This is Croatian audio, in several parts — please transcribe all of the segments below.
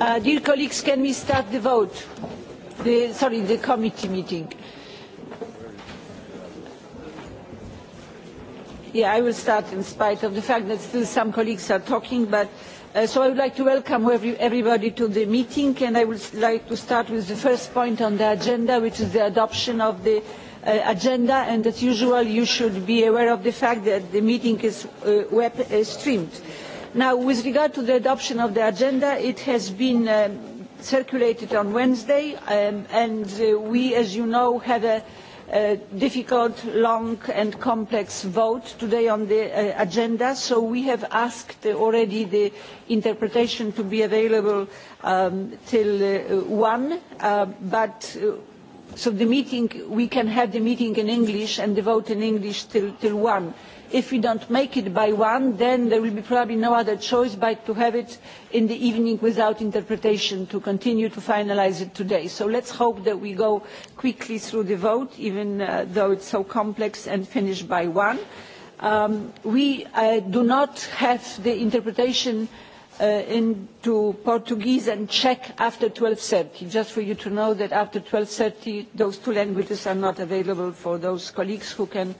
Uh, dear colleagues, can we start the vote? The, sorry, the committee meeting. Yeah, I will start in spite of the fact that still some colleagues are talking, but uh, so I would like to welcome everybody to the meeting, and I would like to start with the first point on the agenda, which is the adoption of the Uh, agenda and as usual you should be aware of the fact that the meeting is uh, web uh, streamed. Now, with regard to the adoption of the agenda, it has been um, circulated on Wednesday, um, and uh, we, as you know, had a, a difficult, long and complex vote today on the uh, agenda, so we have asked already the interpretation to be available um, till uh, 1, uh, but uh, so the meeting, we can have the meeting in English and the vote in English till, till 1 if we don't make it by one then there will be probably no other choice but to have it in the evening without interpretation to continue to finalise it today. so let us hope that we go quickly through the vote even uh, though it is so complex and finish by one. Um, we uh, do not have the interpretation uh, into Portuguese and Czech after 12.30, just for you to know that after 12.30 those two languages are not available for those colleagues who can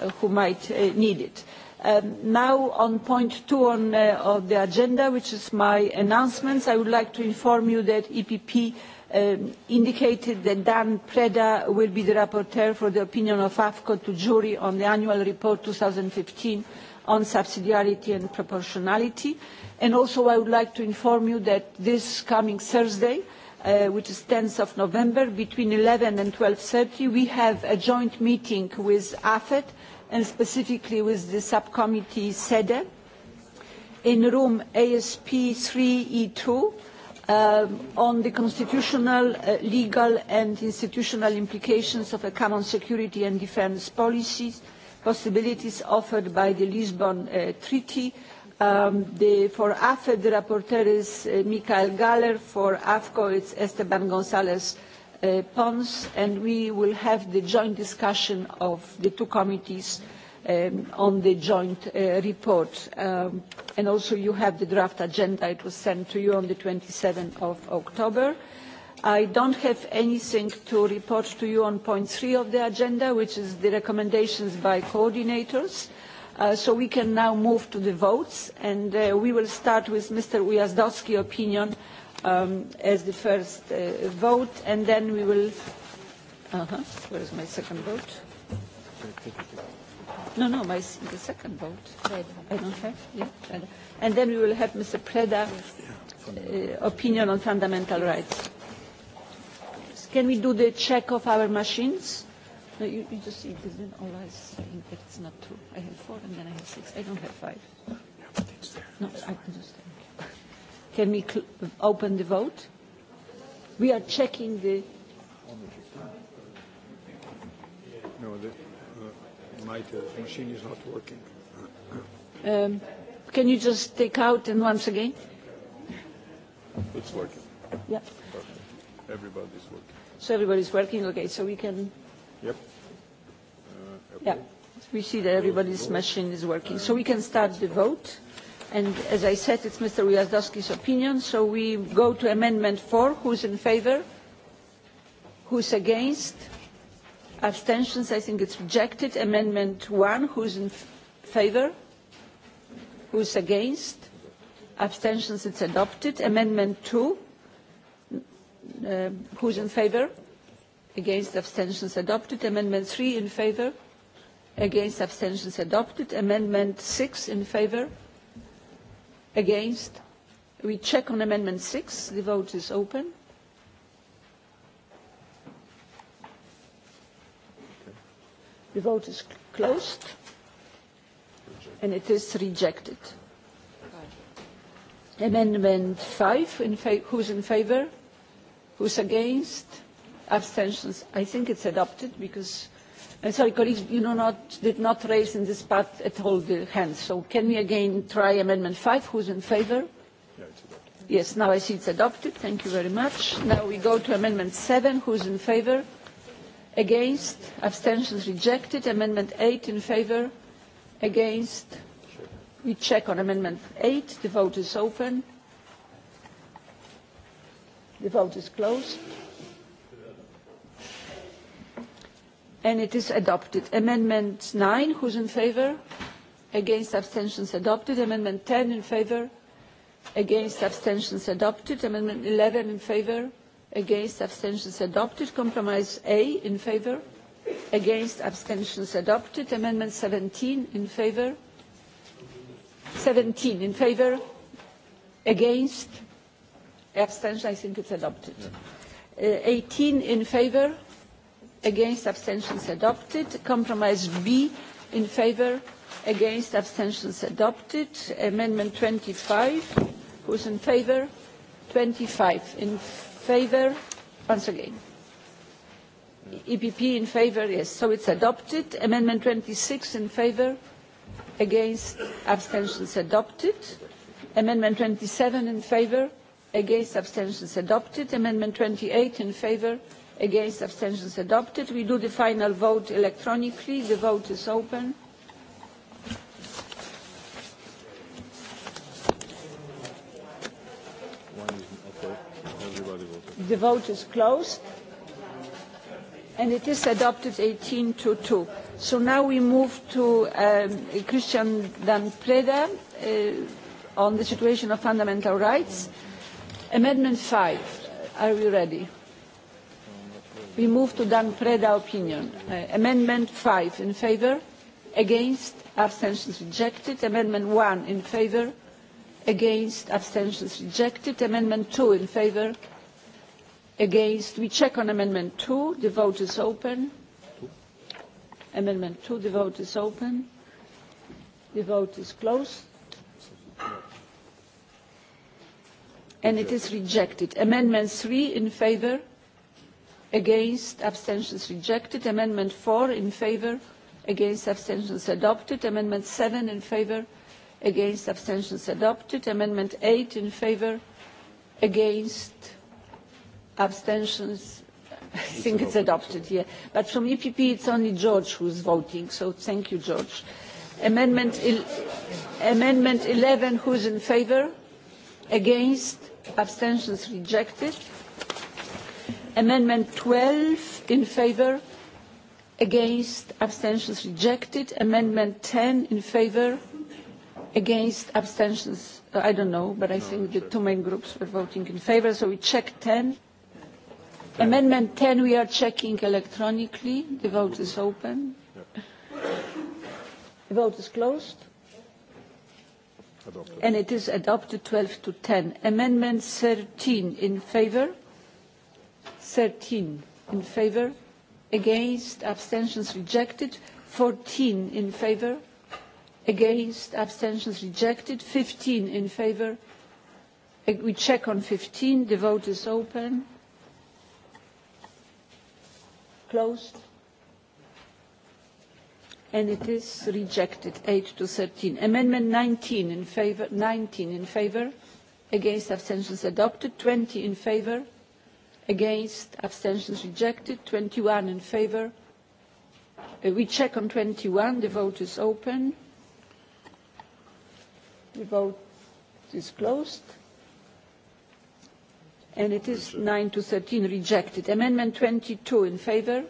Uh, who might uh, need it. Um, now on point two on, uh, of the agenda, which is my announcements, I would like to inform you that the EPP um, indicated that Dan Preda will be the rapporteur for the opinion of AFCO to jury on the annual report 2015 on subsidiarity and proportionality. And also I would like to inform you that this coming Thursday, which is 10th of November, between 11 and thirty, we have a joint meeting with AFET, and specifically with the subcommittee SEDE e, in room ASP 3E2 e um, on the constitutional, uh, legal and institutional implications of a common security and defence policies, possibilities offered by the Lisbon uh, Treaty. Um, for AFED, the rapporteur is uh, Mikael Galler. For AFCO, it's Esteban González Uh, pons and we will have the joint discussion of the two committees um, on the joint uh, report um, and also you have the draft agenda it was sent to you on the 27th of October i don't have anything to report to you on point three of the agenda which is the recommendations by coordinators uh, so we can now move to the votes and uh, we will start with mr ujazdowski's opinion um, as the first uh, vote, and then we will... Uh-huh, is my second vote? No, no, my the second vote. I don't have. Yeah. And then we will have Mr. Preda uh, opinion on fundamental rights. Can we do the check of our machines? No, you, you just see, because then all I think that's not true. I have four and then I have six. I don't have five. No, but it's there. No, I just Can we cl open the vote? We are checking the... No, the, uh, my uh, machine is not working. Um, can you just take out and once again? It's working. Yeah. Perfect. Everybody's working. So everybody's working, okay, so we can... Yep. Uh, Yeah, we see that everybody's machine is working. So we can start the vote and as I said, it's Mr. Ujazdowski's opinion, so we go to Amendment 4. Who's in favor? Who's against? Abstentions, I think it's rejected. Amendment 1, who's in favor? Who's against? Abstentions, it's adopted. Amendment 2, uh, um, who's in favor? Against, abstentions, adopted. Amendment 3, in favor? Against, abstentions, adopted. Amendment 6, in favor? against we check on amendment six. the vote is open the vote is closed and it is rejected amendment five, in who's in favor who's against abstentions i think it's adopted because Uh, sorry, colleagues, you did not raise in this part at all the hands. So can we again try Amendment 5? Who's in favor? Yes, now I see it's adopted. Thank you very much. Now we go to Amendment 7. Who's in favor? Against? Abstentions rejected. Amendment eight in favor? Against? We check on Amendment 8. The vote is open. The vote is closed. and it is adopted. Amendment 9, who's in favor? Against abstentions adopted. Amendment 10 in favor? Against abstentions adopted. Amendment 11 in favor? Against abstentions adopted. Compromise A in favor? Against abstentions adopted. Amendment 17 in favor? 17 in favor? Against? Abstention, I think it's adopted. Uh, 18 in favor? against abstentions adopted compromise b in favor against abstentions adopted amendment twenty five who is in favor twenty five in favor once again epp in favor yes so it's adopted amendment twenty six in favor against abstentions adopted amendment twenty seven in favor against abstentions adopted amendment twenty eight in favor against abstentions adopted we do the final vote electronically the vote is open the vote is closed and it is adopted 18 to 2 so now we move to um, Christian Dan Preda uh, on the situation of fundamental rights amendment 5 are we ready We move to Dan Preda opinion. Uh, amendment 5 in favor, against, abstentions rejected. Amendment one in favor, against, abstentions rejected. Amendment two in favor, against. We check on Amendment two. The vote is open. Amendment two, The vote is open. The vote is closed. And it is rejected. Amendment 3 in favor, against abstentions rejected amendment 4 in favor against abstentions adopted amendment 7 in favor against abstentions adopted amendment 8 in favor against abstentions i think it's adopted yeah but from EPP it's only George who's voting so thank you George amendment amendment 11 who's in favor against abstentions rejected amendment 12 in favor against abstentions rejected amendment 10 in favor against abstentions uh, i don't know but i think the two main groups were voting in favor so we check 10 amendment 10 we are checking electronically the vote is open the vote is closed and it is adopted 12 to 10 amendment 13 in favor thirteen in favour against abstentions rejected fourteen in favour against abstentions rejected fifteen in favour eh, we check on fifteen the vote is open closed and it is rejected eight to thirteen amendment nineteen in favour nineteen in favour against abstentions adopted twenty in favour against abstentions rejected 21 in favor uh, we check on 21 the vote is open the vote is closed and it is 9 to 13 rejected amendment 22 in favor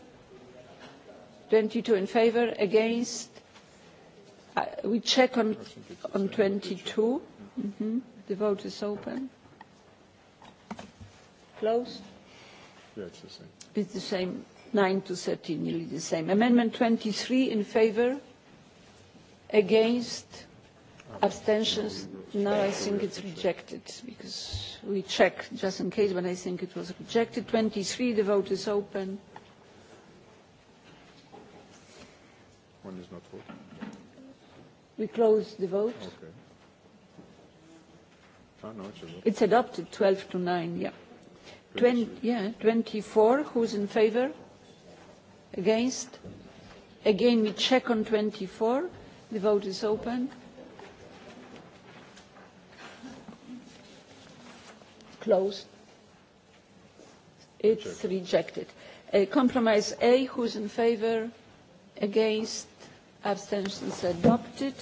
22 in favor against uh, we check on 22 mm-hmm. the vote is open closed it's the same. the same. 9 to 13, nearly the same. Amendment 23 in favor, against, abstentions. Now I think it's rejected because we check just in case, but I think it was rejected. 23, the vote is open. One is not voting. We close the vote. Okay. Oh, no, it's adopted. It's adopted, 12 to 9, yeah. 20, yeah, 24, who's in favor? Against? Again, we check on 24. The vote is open. Closed. It's rejected. Uh, compromise A, who's in favor? Against? Abstentions adopted.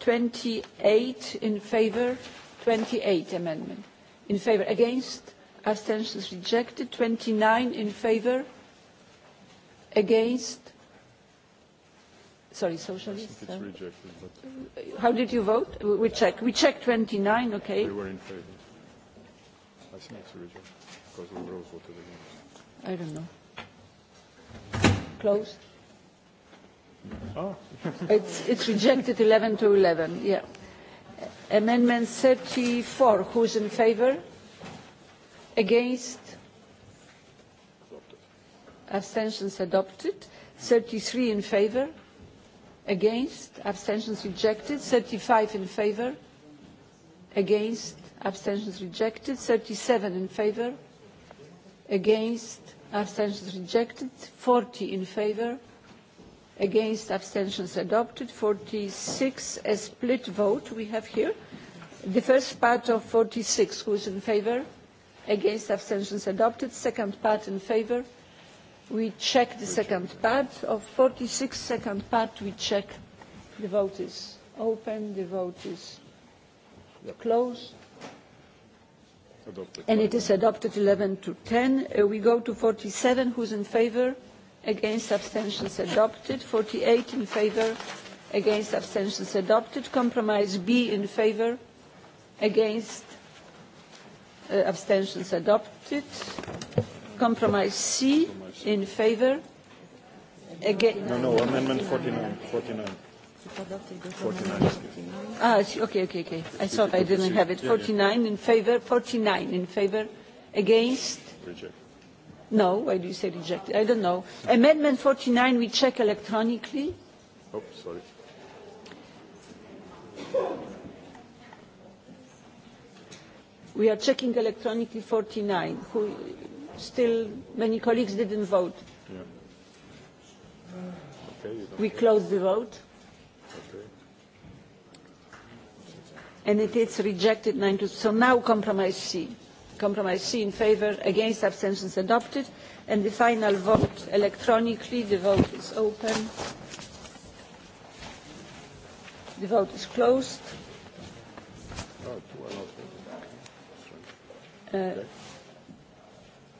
28 in favor. 28 amendment. In favor. Against? abstentions rejected 29 in favor against sorry socialists it's rejected, but... how did you vote we checked we check 29 okay we were in favor I think it's rejected because we were all voted against I don't know closed oh. it's it's rejected 11 to 11 yeah amendment 34 who's in favor against abstentions adopted 33 in favor against abstentions rejected 35 in favor against abstentions rejected 37 in favor against abstentions rejected 40 in favor against abstentions adopted 46 a split vote we have here the first part of 46 who is in favor against abstentions adopted second part in favor we check the second part of 46 second part we check the vote is open the vote is closed and it is adopted 11 to 10 uh, we go to 47 who's in favor against abstentions adopted 48 in favor against abstentions adopted compromise b in favor against Uh, abstentions adopted compromise c in favor again no no amendment 49 49 49 ah okay okay okay i thought i didn't have it 49 in favor 49 in favor against Reject. no why do you say reject? i don't know amendment 49 we check electronically oh sorry we are checking electronically nine who still many colleagues didn't vote yeah. okay, we close the vote and it is rejected nine to so now compromise c compromise c in favor against abstentions adopted and the final vote electronically the vote is open the vote is closed Uh,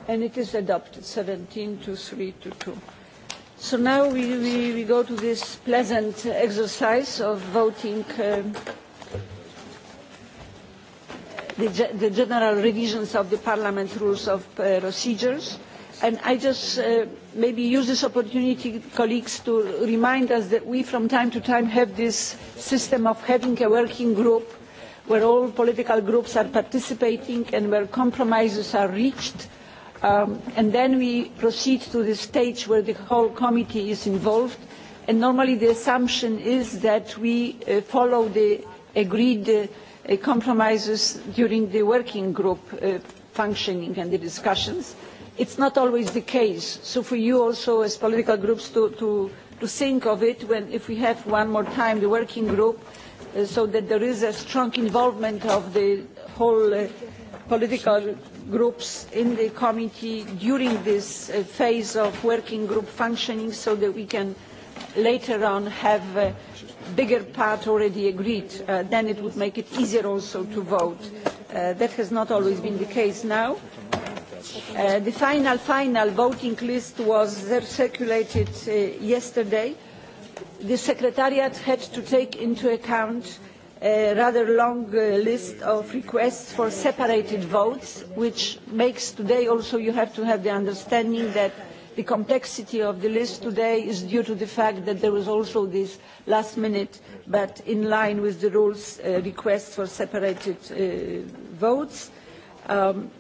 and it is adopted, 17 to 3 to 2. So now we, we, go to this pleasant exercise of voting um, the, general revisions of the Parliament rules of uh, procedures. And I just uh, maybe use this opportunity, colleagues, to remind us that we from time to time have this system of having a working group where all political groups are participating and where compromises are reached um, and then we proceed to the stage where the whole committee is involved and normally the assumption is that we uh, follow the agreed uh, compromises during the working group uh, functioning and the discussions. It's not always the case. So for you also as political groups to, to, to think of it when if we have one more time the working group so that there is a strong involvement of the whole uh, political groups in the committee during this uh, phase of working group functioning so that we can later on have a bigger part already agreed. Uh, then it would make it easier also to vote. Uh, that has not always been the case now. Uh, the final, final voting list was circulated yesterday the secretariat had to take into account a rather long uh, list of requests for separated votes which makes today also you have to have the understanding that the complexity of the list today is due to the fact that there was also this last minute but in line with the rules uh, request for separated uh, votes. Um,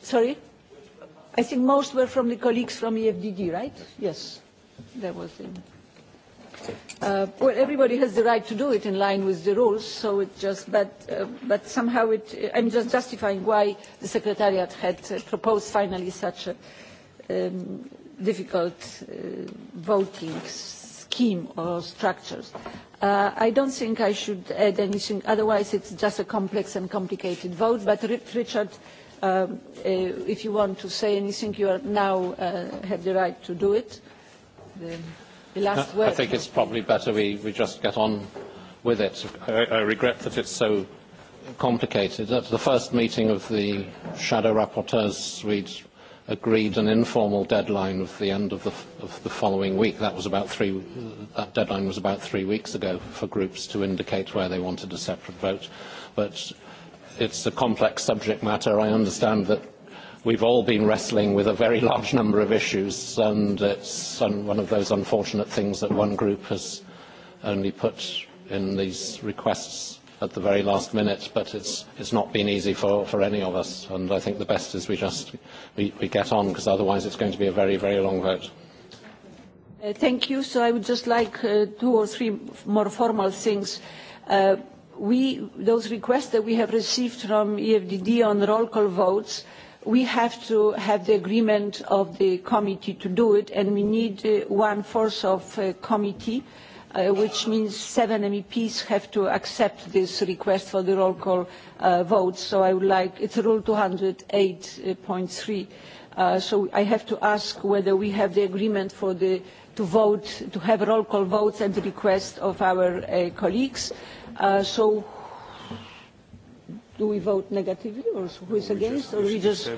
sorry? I think most were from the colleagues from EFDD, right? Yes, there was. In. Uh, well, everybody has the right to do it in line with the rules, so it just, but, uh, but somehow it, I'm just justifying why the Secretariat had uh, proposed finally such a um, difficult uh, voting scheme or structures. Uh, I don't think I should add anything, otherwise it's just a complex and complicated vote, but Richard Uh, eh, if you want to say anything, you are now uh, have the right to do it. The, last uh, word. I think it's probably better we, we just get on with it. I, I regret that it's so complicated. At the first meeting of the shadow rapporteurs, we agreed an informal deadline of the end of the, of the following week. That, was about three, that deadline was about three weeks ago for groups to indicate where they wanted a separate vote. But it's a complex subject matter. I understand that we've all been wrestling with a very large number of issues, and it's one of those unfortunate things that one group has only put in these requests at the very last minute, but it's, it's not been easy for, for any of us, and I think the best is we just we, we get on, because otherwise it's going to be a very, very long vote. Uh, thank you. So I would just like uh, two or three more formal things. Uh, we, those requests that we have received from EFDD on roll call votes, we have to have the agreement of the committee to do it, and we need uh, one-fourth of uh, committee, uh, which means seven MEPs have to accept this request for the roll call votes. So I would like, it's Rule 208.3, uh, so I have to ask whether we have the agreement for the, to vote, to have roll call votes at the request of our colleagues Uh, so do we vote negatively or who is against or we just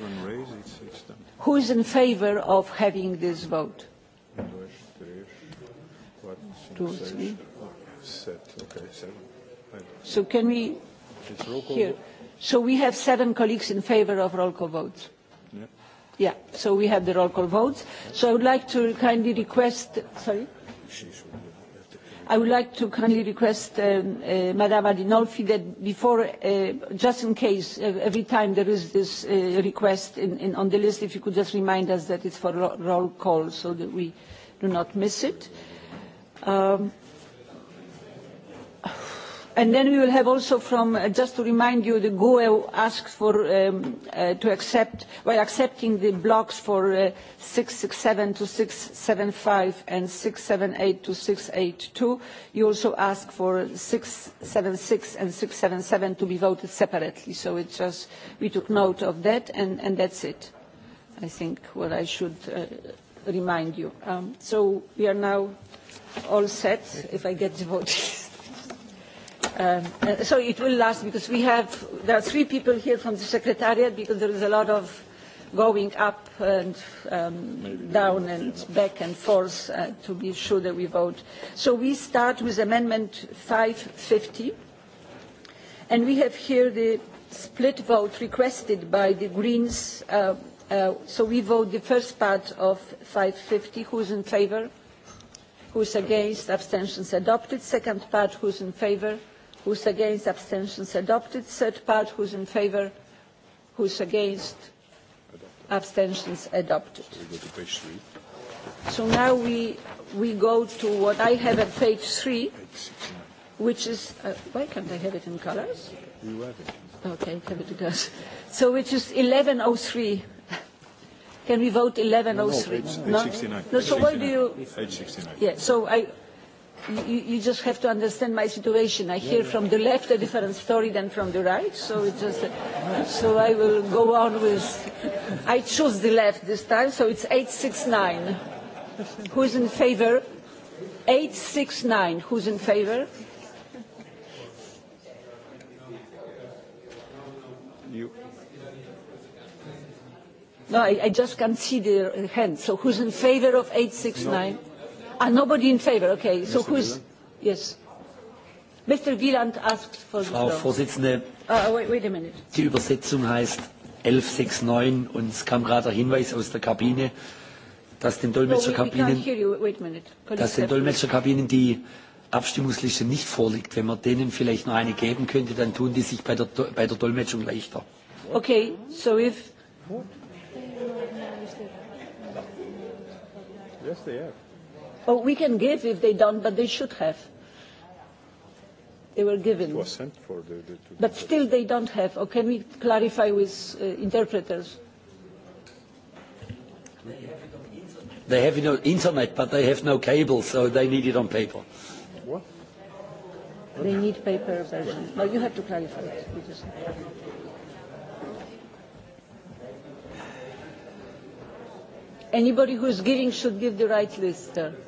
who is in favor of having this vote? Two, three. So can we here? So we have seven colleagues in favor of roll call votes. Yeah. yeah. So we have the roll call votes. So I would like to kindly request. Sorry. I would like to kindly request um, uh, Madame Adinolfi that before, uh, just in case, uh, every time there is this uh, request in, in, on the list, if you could just remind us that it's for roll call so that we do not miss it. Um, And then we will have also from, uh, just to remind you, the GUE asks for, um, uh, to accept, by accepting the blocks for uh, 667 to 675 and 678 to 682. You also ask for 676 and 677 to be voted separately. So it's just, we took note of that and, and that's it. I think what I should uh, remind you. Um, so we are now all set if I get the vote. Um, uh, so it will last because we have, there are three people here from the Secretariat because there is a lot of going up and um, down and back and forth uh, to be sure that we vote. So we start with Amendment 550 and we have here the split vote requested by the Greens. Uh, uh, so we vote the first part of 550. Who is in favour? Who is against? Abstentions adopted. Second part, who is in favour? who's against abstentions adopted third part who's in favor who's against abstentions adopted so now we we go to what i have at page three which is uh, why can't i have it in colors okay have it in colors so which is 1103 can we vote 1103 no, no, no, no, so why do you yeah so i you, you just have to understand my situation. I hear from the left a different story than from the right, so it's just so I will go on with. I choose the left this time, so it's 869. is in favor? 869. Who's in favor? No, I, I just can't see the hand. So who's in favor of 869? nine? And ah, nobody in favor, okay. So who is... Yes. Mr. Wieland asked for the Frau Vorsitzende, uh, wait, wait a minute. die Übersetzung heißt 1169 und es kam gerade ein Hinweis aus der Kabine, dass den Dolmetscherkabinen, dass den Dolmetscherkabinen die Abstimmungsliste nicht vorliegt. Wenn man denen vielleicht noch eine geben könnte, dann tun die sich bei der, bei der Dolmetschung leichter. Okay, so if... Yes, they have. Oh, we can give if they don't, but they should have. They were given. It was for the, the, but still they don't have. Or can we clarify with uh, interpreters? They have no internet, but they have no cable, so they need it on paper. What? They need paper version. No, you have to clarify Anybody who is giving should give the right list. Sir. Uh.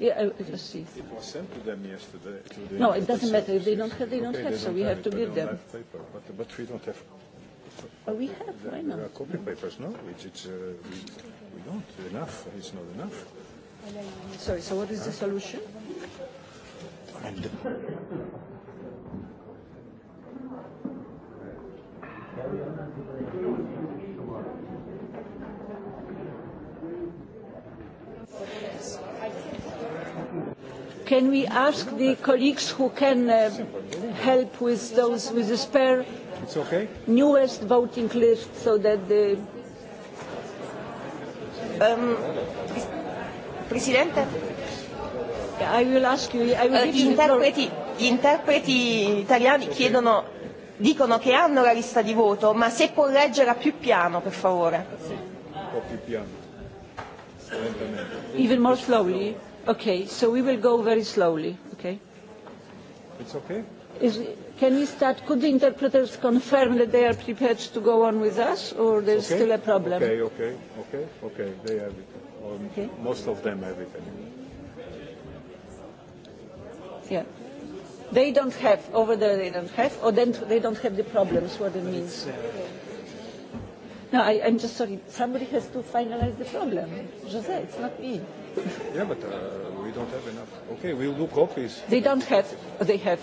Yeah, uh, uh, see. It was sent to them yesterday. To the no, it doesn't matter. If they don't have, they don't okay, have, they so don't we have, have to give them. Paper, but, but we don't have. Oh, we have. There, why not? There are papers, no? Which it's, uh, we, we don't. Enough. It's not enough. Sorry, so what is the solution? And Can we ask the colleagues who can uh, help with those with the spare It's okay. newest voting list so that the um, Presidente I will ask you I will uh, gli, interpreti, gli interpreti italiani okay. chiedono dicono che hanno la lista di voto ma se può a più piano per favore un po' più piano even more slowly Okay, so we will go very slowly, okay? It's okay? Is, can we start? Could the interpreters confirm that they are prepared to go on with us, or there's okay. still a problem? Okay, okay, okay, okay. They have it. okay. Most of them have it. Yeah. They don't have, over there they don't have, or then they don't have the problems, what it means. No, I, I'm just sorry. Somebody has to finalize the problem. José, it's not me. Yeah, but uh, we don't have enough. Okay, we'll do copies. They don't have. They have.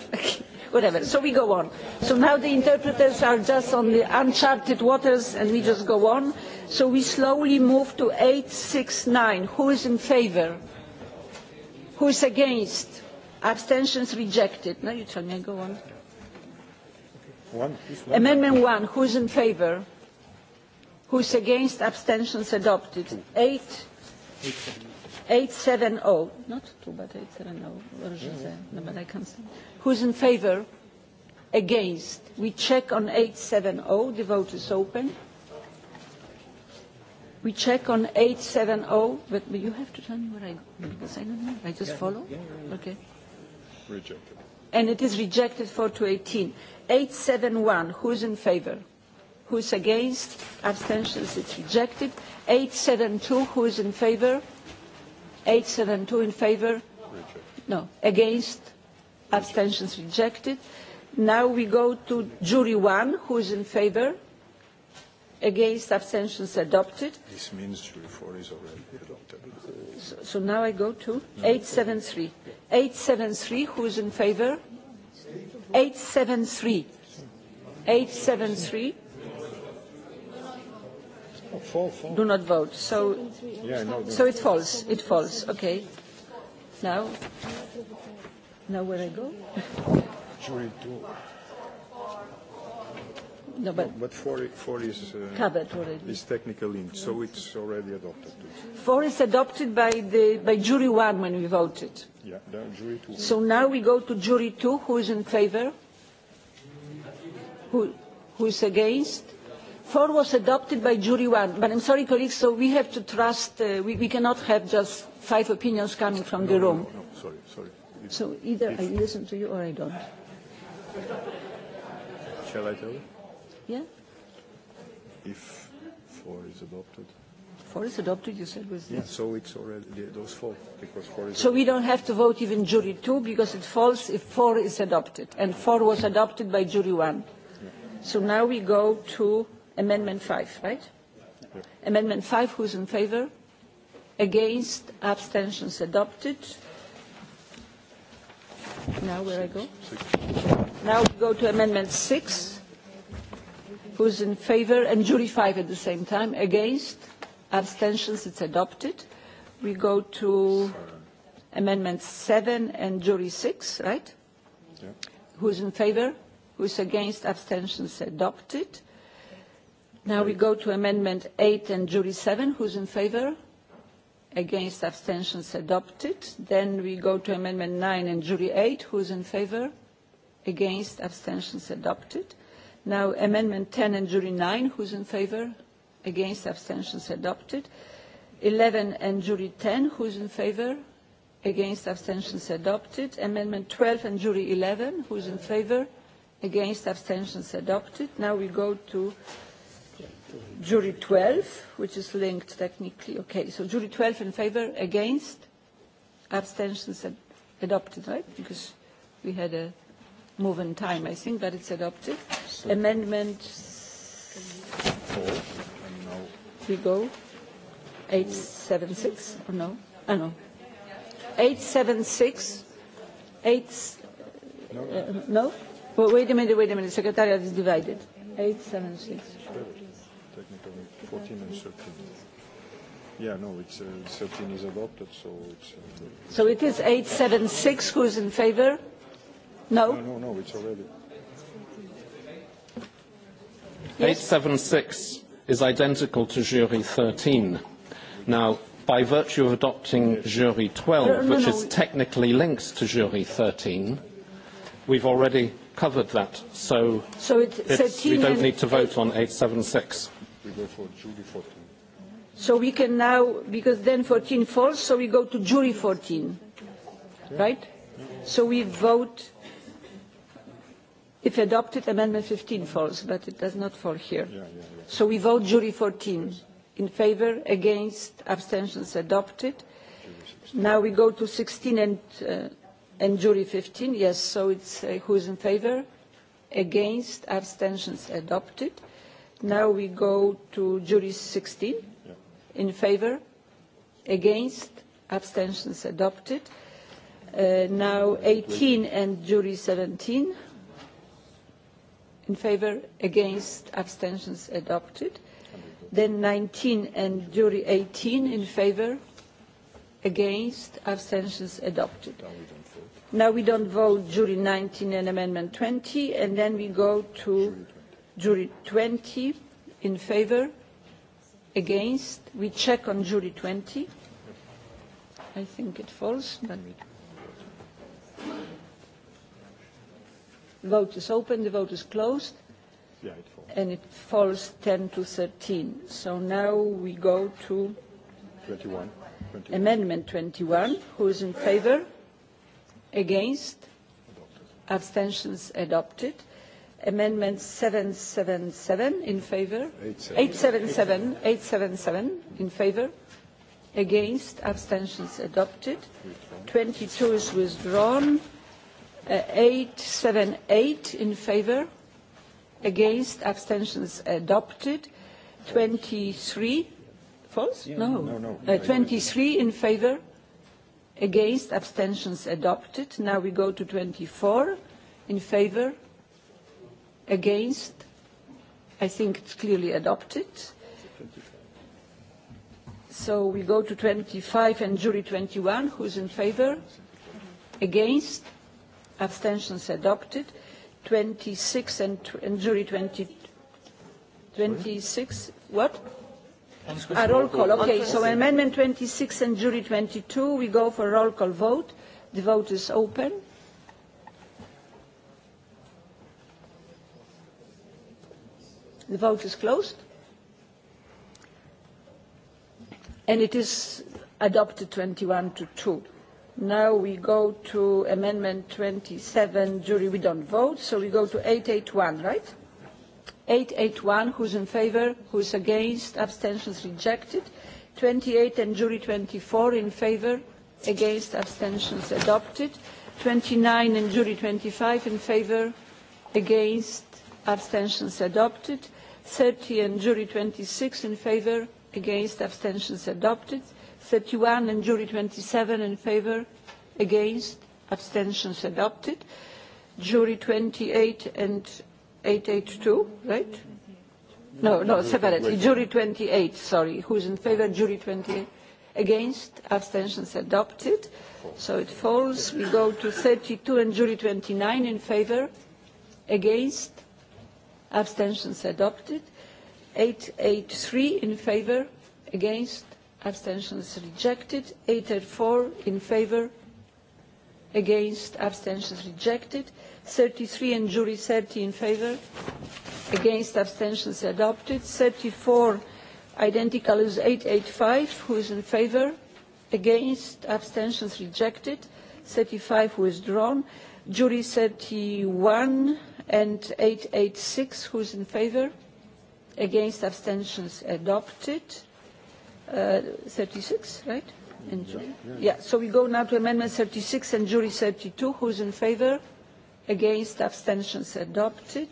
Whatever. So we go on. So now the interpreters are just on the uncharted waters, and we just go on. So we slowly move to 869. Who is in favor? Who is against? Abstentions rejected. No, you tell me. I go on. One, one. Amendment one. Who is in favor? Who is against? Abstentions adopted. Eight. Eight 870, not 2, but 870, no, mm. but Who's in favor? Against. We check on 870. The vote is open. We check on 870, but you have to tell me where I go, because I don't know. I just follow? Okay. Rejected. And it is rejected 4 to 18. 871, who's in favor? Who's against? Abstentions, it's rejected. 872, who is in favor? 872 in favor? No. Against? Abstentions rejected. Now we go to jury one. Who is in favor? Against? Abstentions adopted. This means jury four is already adopted. So, so now I go to 873. 873. Who is in favor? 873. 873 do not vote. So, so it falls. It falls. Okay. Now, now where I go? Jury No, but, but four, four is uh, covered already. Is technical in, so it's already adopted. Four is adopted by the by jury one when we voted. Yeah, no, jury two. So now we go to jury two. Who is in favor? Who, who is against? four was adopted by jury one but i'm sorry colleagues so we have to trust uh, we, we cannot have just five opinions coming from the room no, no, sorry sorry so either i listen to you or i don't shall i tell you yeah if four is adopted four is adopted you said was yeah, so it's already those four because four is so adopted. we don't have to vote even jury two because it falls if four is adopted and four was adopted by jury one so now we go to Amendment 5, right? Amendment 5, who's in favor? Against, abstentions adopted. Now where I go? Now we go to Amendment 6. Who's in favor? And jury 5 at the same time. Against, abstentions, it's adopted. We go to Amendment 7 and jury 6, right? Who's in favor? Who's against? Abstentions adopted. Now we go to amendment 8 and jury 7. Who's in favor? Against abstentions adopted. Then we go to amendment 9 and jury 8. Who's in favor? Against abstentions adopted. Now amendment 10 and jury 9. Who's in favor? Against abstentions adopted. 11 and jury 10. Who's in favor? Against abstentions adopted. Amendment 12 and jury 11. Who's in favor? Against abstentions adopted. Now we go to jury 12 which is linked technically okay so jury 12 in favor against abstentions ad adopted right because we had a move in time i think but it's adopted so amendment four no. we go 876 or no i oh, no 876 8 no, Uh, no? Well, wait a minute wait a minute secretariat is divided 876 14 and 13. Yeah, no, it's uh, 13 is adopted, so it's... Uh, so it is 876 who's in favor? No? No, no, no, it's already... Yes. 876 is identical to jury 13. Now, by virtue of adopting jury 12, no, no, which is technically linked to jury 13, we've already covered that, so, so it's it's, we don't need to vote on 876. We go for jury 14. So we can now, because then 14 falls, so we go to jury 14, right? So we vote, if adopted, amendment 15 falls, but it does not fall here. Yeah, yeah, yeah. So we vote jury 14, in favor, against, abstentions adopted. Now we go to 16 and, uh, and jury 15, yes, so it's uh, who is in favor, against, abstentions adopted. Now we go to jury 16. In favor? Against? Abstentions adopted. Uh, now 18 and jury 17. In favor? Against? Abstentions adopted. Then 19 and jury 18. In favor? Against? Abstentions adopted. Now we don't vote jury 19 and amendment 20. And then we go to jury 20 in favor against we check on jury 20 i think it falls but vote is open the vote is closed yeah, it falls. and it falls 10 to 13 so now we go to 21, 21. amendment 21 who is in favor against abstentions adopted Amendment 777 in favor. 877. 877 in favor. Against. Abstentions adopted. 22 is withdrawn. 878 uh, in favor. Against. Abstentions adopted. 23. False? no. no, 23 uh, in favor. Against. Abstentions adopted. Now we go to 24. In favor Against? I think it's clearly adopted. So we go to 25 and jury 21. Who's in favor? Against? Abstentions adopted. 26 and, and jury 20, 26. What? A roll call. Okay, so amendment 26 and jury 22. We go for roll call vote. The vote is open. The vote is closed. And it is adopted 21 to 2. Now we go to Amendment 27. Jury, we don't vote, so we go to 881, right? 881, who's in favor, who's against, abstentions rejected. 28 and Jury 24 in favor, against, abstentions adopted. 29 and Jury 25 in favor, against, abstentions adopted. 30 and jury 26 in favor against abstentions adopted 31 and jury 27 in favor against abstentions adopted jury 28 and 882 right no no separately jury 28 sorry who's in favor jury 28 against abstentions adopted so it falls we go to 32 and jury 29 in favor against abstentions adopted 883 in favor against abstentions rejected four in favor against abstentions rejected 33 and jury 30 in favor against abstentions adopted 34 identical is 885 who is in favor against abstentions rejected 35 withdrawn jury 31 and 886 who's in favor against abstentions adopted 36 uh, right yeah so we go now to amendment 36 and jury 32 who's in favor against abstentions adopted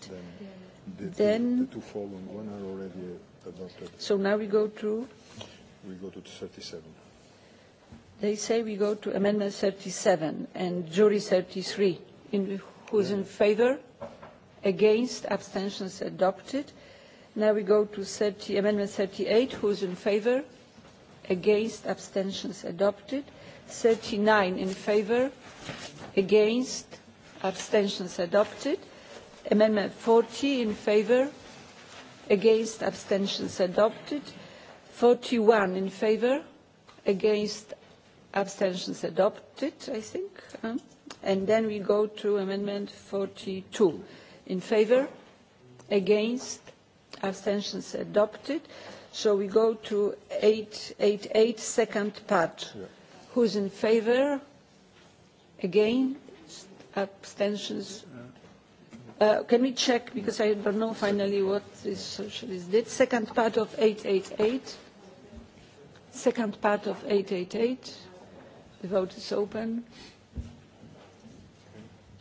the, two following one are already adopted so now we go to we go to 37 they say we go to amendment 37 and jury 33 who's in favor against abstentions adopted now we go to 30, amendment 38 who's in favor against abstentions adopted 39 in favor against abstentions adopted amendment 40 in favor against abstentions adopted 41 in favor against abstentions adopted i think and then we go to amendment 42 in favor against abstentions adopted so we go to 888 second part who's in favor against abstentions uh, can we check because i don't know finally what this socialist did second part of 888 second part of 888 the vote is open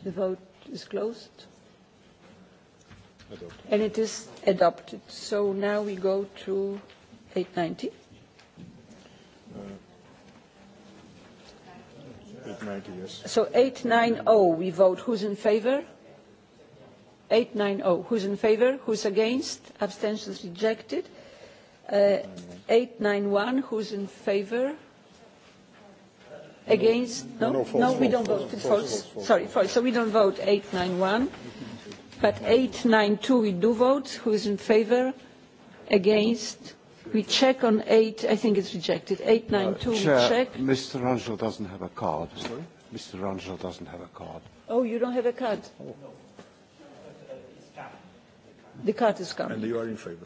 the vote is closed And it is adopted. So now we go to 890. Uh, so 890, we vote. Who's in favor? 890. Who's in favor? Who's against? Abstentions rejected. Uh, 891, who's in favor? Against? No, no, no, false, we don't vote. False, false. false. Sorry, false. So we don't vote 891 but 892 we do vote who is in favor against we check on 8 i think it's rejected 892 uh, Chair, we check mr rangel doesn't have a card sorry mr rangel doesn't have a card oh you don't have a card oh. the card is coming and you are in favor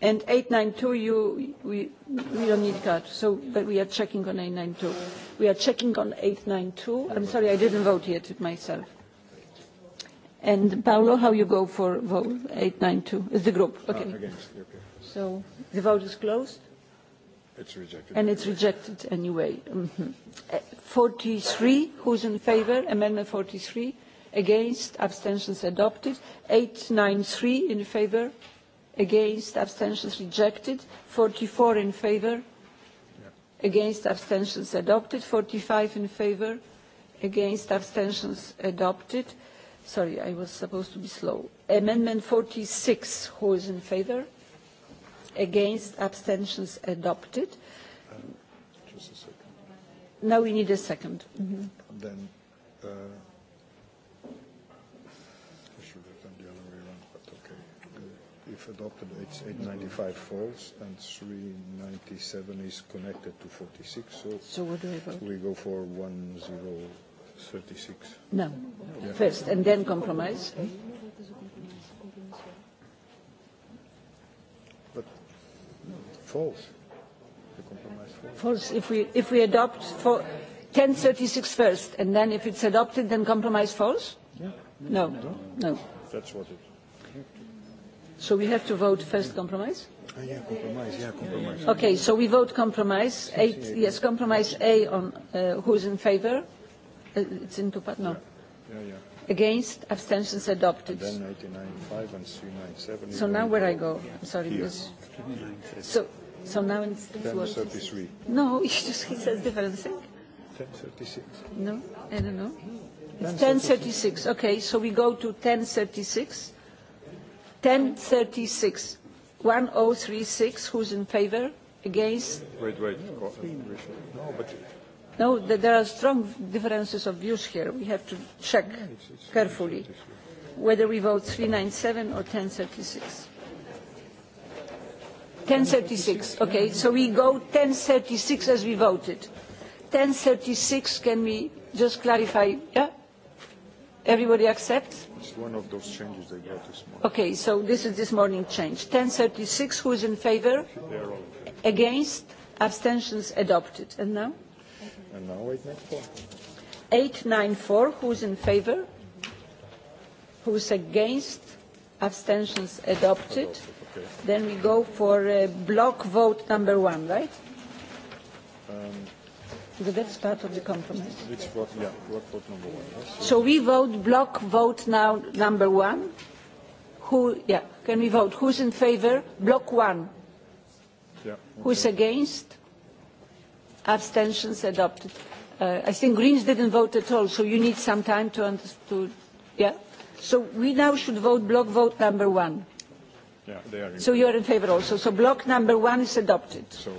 and 892 you we we don't need card so but we are checking on 892 we are checking on 892 i'm sorry i didn't vote yet myself And Paolo, how you go for vote 892? Is the group. Okay. Uh, against, So the vote is closed. It's rejected. And it's rejected anyway. 43, mm-hmm. uh, who's in favor? Amendment 43. Against, abstentions adopted. 893 in favor. Against, abstentions rejected. 44 in favor. Against, abstentions adopted. 45 in favor. Against, abstentions adopted sorry i was supposed to be slow amendment 46 who is in favor against abstentions adopted now we need a second mm -hmm. then uh, the other uh, if adopted it's 895 falls and 397 is connected to 46 so, so what do we, vote? we go for 10. 36. No. First, and then compromise. But false. false. If we, if we adopt for 1036 first, and then if it's adopted, then compromise false? Yeah. No. No. That's what it... So we have to vote first compromise? Uh, yeah, compromise, yeah, compromise. Okay, so we vote compromise. Eight, yes, compromise A on uh, who's in favor? into No. Against? Abstentions adopted. And and 397. So now where I go? I'm sorry. Yes. So, so now it's... 1033. No, he just he says different thing. 1036. No, I don't know. It's 1036. Okay, so we go to 1036. 1036. 1036, who's in favor? Against? Wait, wait. No, but no, there are strong differences of views here. We have to check carefully whether we vote 397 or 1036. 1036, okay. So we go 1036 as we voted. 1036, can we just clarify? Yeah? Everybody accepts? It's one of those changes they got this morning. Okay, so this is this morning change. 1036, who is in favor? Against? Abstentions adopted. And now? 894. who's in favor? Who's against? Abstentions adopted. Then we go for a uh, block vote number one, right? Um, of the compromise? vote, yeah, block vote number one. Yes. So we vote block vote now number one. Who, yeah, can we vote? Who's in favor? Block one. Yeah, okay. Who's against? abstentions adopted uh, i think greens didn't vote at all so you need some time to understand yeah so we now should vote block vote number one yeah they are so you are in favor also so block number one is adopted so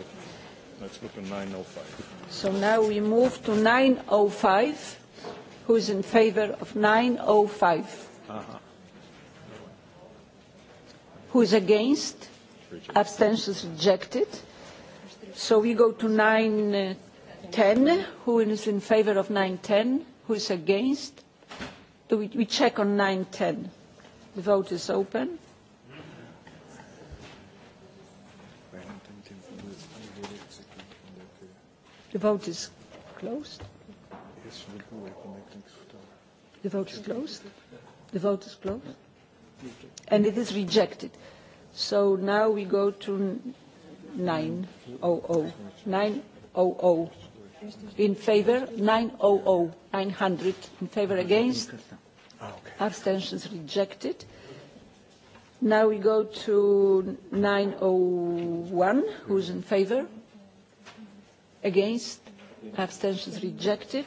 let's 905 so now we move to 905 who is in favor of 905 uh -huh. who is against abstentions rejected So we go to 910. Uh, Who is in favor of 910? Who is against? Do we, we check on 910. The vote is open. The vote is closed. The vote is closed. The vote is closed. And it is rejected. So now we go to 900. 900. In favor, 900. 900. In favor, against. Abstentions rejected. Now we go to 901. Who's in favor? Against. Abstentions rejected.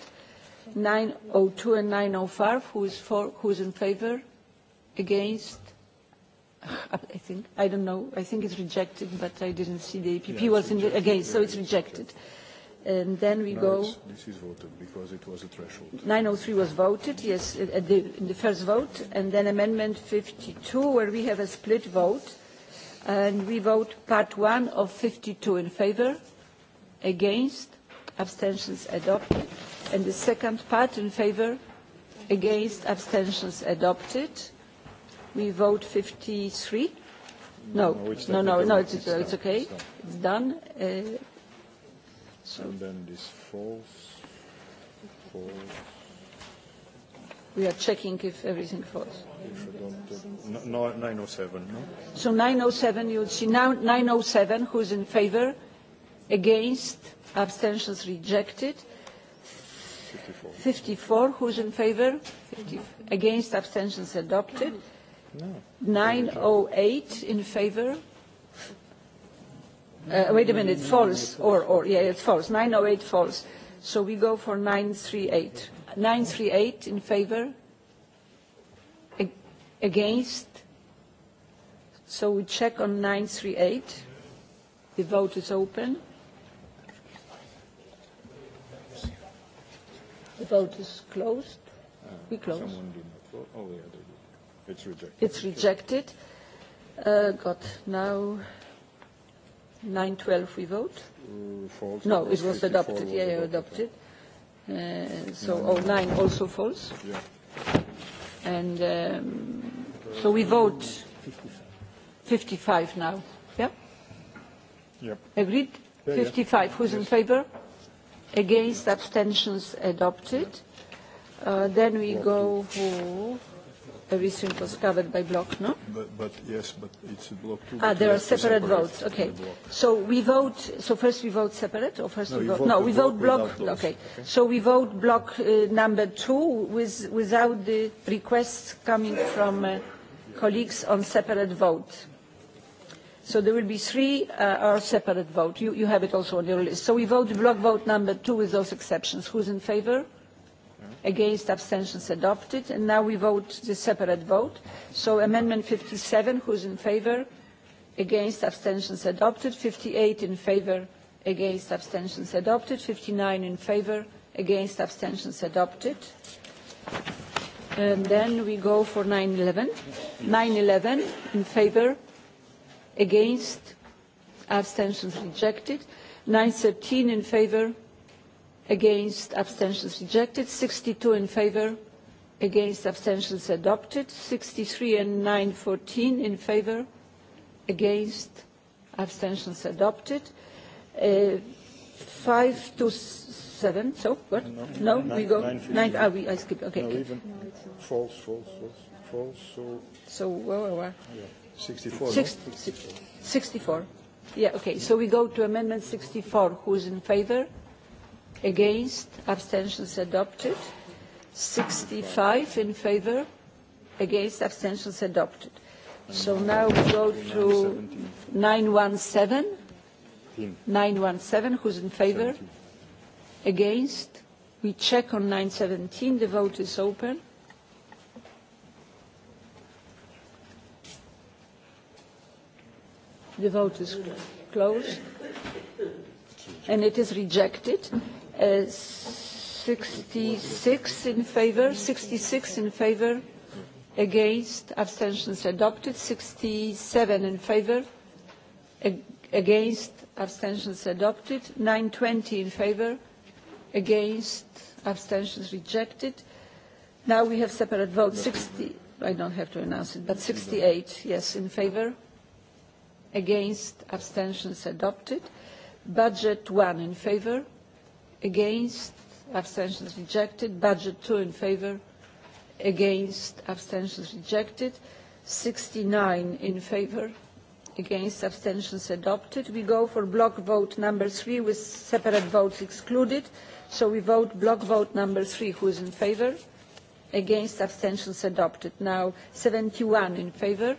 902 and 905. Who is Who's in favor? Against i think, I don't know, I think it's rejected, but I didn't see the EPP was in the, again, so it's rejected. And then we go. This is voted because it was a threshold. 903 was voted, yes, at in the first vote, and then Amendment 52, where we have a split vote, and we vote part one of 52 in favor, against, abstentions adopted, and the second part in favor, against, abstentions adopted we vote 53. No, no, it's no, no, no it's, it's, okay. It's, done. Uh, then this falls. We are checking if everything falls. 907, no? So 907, you'll see now 907, who's in favor, against, abstentions rejected. 54. 54, who's in favor? 50, against, abstentions adopted. 908 in favor. Uh, wait a minute, false. Or, or, yeah, it's false. 908 false. So we go for 938. 938 in favor. against. So we check on 938. The vote is open. The vote is closed. We close. Someone Oh, yeah, It's rejected. It's rejected. Uh, got now 912 we vote. Mm, no, it was adopted. Yeah, yeah, adopted. Uh, so 09 also false. Yeah. And um, so we vote 55 now. Yeah? Yep. Agreed? 55. Who's in favor? Against abstentions adopted. Uh, then we go for everything was covered by block, no? But, but yes, but it's a block two. Ah, there are separate, votes. Okay. So we vote. So first we vote separate, or first no, we vote. no, we vote block. block okay. okay. So we vote block uh, number two with without the requests coming from uh, colleagues on separate vote. So there will be three uh, or separate vote. You, you have it also on your list. So we vote block vote number two with those exceptions. Who's in favor? against abstentions adopted and now we vote the separate vote so amendment 57 who's in favor against abstentions adopted 58 in favor against abstentions adopted 59 in favor against abstentions adopted and then we go for 911 911 in favor against abstentions rejected 913 in favor against abstentions rejected 62 in favor against abstentions adopted 63 and 914 in favor against abstentions adopted uh, 5 to 7 so what no, we go 9 ah, we, I skipped okay no, even no, false false false false so so where, were we? Yeah. 64 Six, 64 yeah okay so we go to amendment 64 who is in favor against abstentions adopted 65 in favor against abstentions adopted so now we go to 917 917 who's in favor against we check on 917 the vote is open the vote is closed and it is rejected 66 uh, in favor, 66 in favor, against, abstentions adopted, 67 in favor, against, abstentions adopted, 920 in favor, against, abstentions rejected. Now we have separate votes, 60, I don't have to announce it, but 68, yes, in favor, against, abstentions adopted, budget one in favor, against abstentions rejected budget 2 in favor against abstentions rejected 69 in favor against abstentions adopted we go for block vote number 3 with separate votes excluded so we vote block vote number 3 who is in favor against abstentions adopted now 71 in favor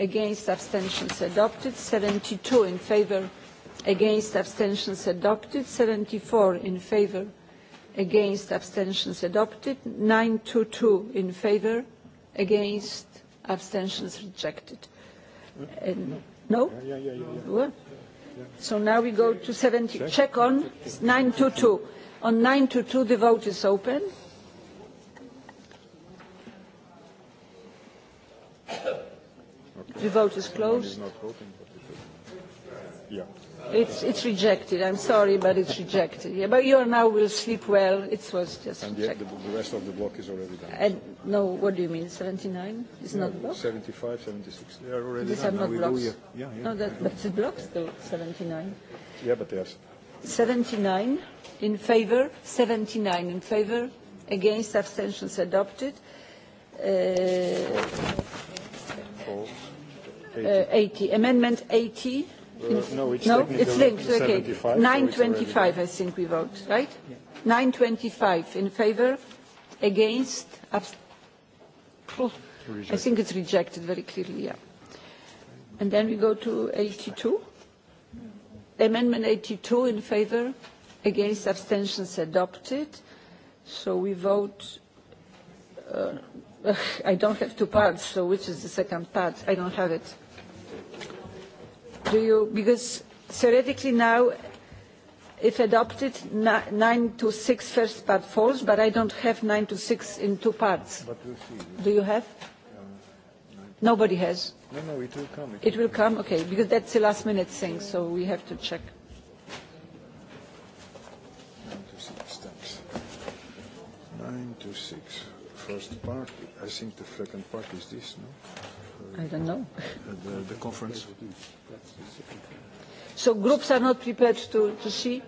against abstentions adopted 72 in favor against abstentions adopted 74 in favor against abstentions adopted 922 in favor against abstentions rejected and, uh, no so now we go to 70 check, on 922 on 922 the vote is open the vote is closed yeah It's, it's rejected. I'm sorry, but it's rejected. Yeah, but you now will sleep well. It was just And the, the, the rest of the block is already done. And no, what do you mean? 79? It's not blocked? 75, 76. They are already These done. are not now blocks. yeah, yeah. No, that, but block blocks, though, 79. Yeah, but yes. 79 in favor, 79 in favor, against abstentions adopted. Uh, Four. Four. 80. Uh, 80. Amendment 80 no, it's, no, it's linked. 75, okay. 925, I think we vote, right? Yeah. 925 in favor, against, I think it's rejected very clearly, yeah. And then we go to 82. Amendment 82 in favor, against, abstentions adopted. So we vote, uh, I don't have two parts, so which is the second part? I don't have it do you because theoretically now if adopted nine to six first part falls but i don't have nine to six in two parts do you have nobody has no no it will come it, will come okay because that's the last minute thing so we have to check nine to six nine to six first part i think the second part is this no i don't know. The, the conference. So groups are not prepared to, to see?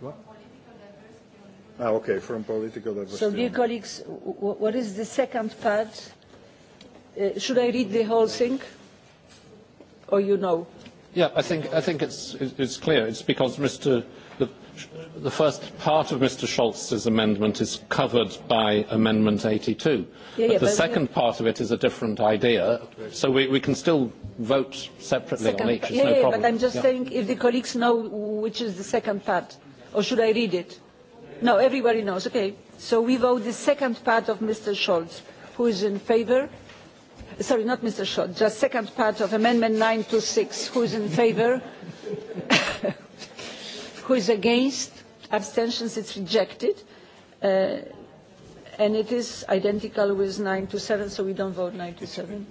What? Ah, okay, from political diversity. So, dear colleagues, what is the second part? Uh, should I read the whole thing? Or you know? Yeah, I think, I think it's, it's clear. It's because Mr the first part of Mr. Schultz's amendment is covered by Amendment 82. Yeah, yeah, but the second part of it is a different idea, so we, we can still vote separately second, on each. yeah, pa- no yeah, but I'm just yeah. saying if the colleagues know which is the second part, or should I read it? No, everybody knows. Okay. So we vote the second part of Mr. Schultz. Who is in favor? Sorry, not Mr. Schultz, just second part of Amendment 926. Who is in favor? who is against abstentions it's rejected uh, and it is identical with 9 to 7 so we don't vote 9 to 7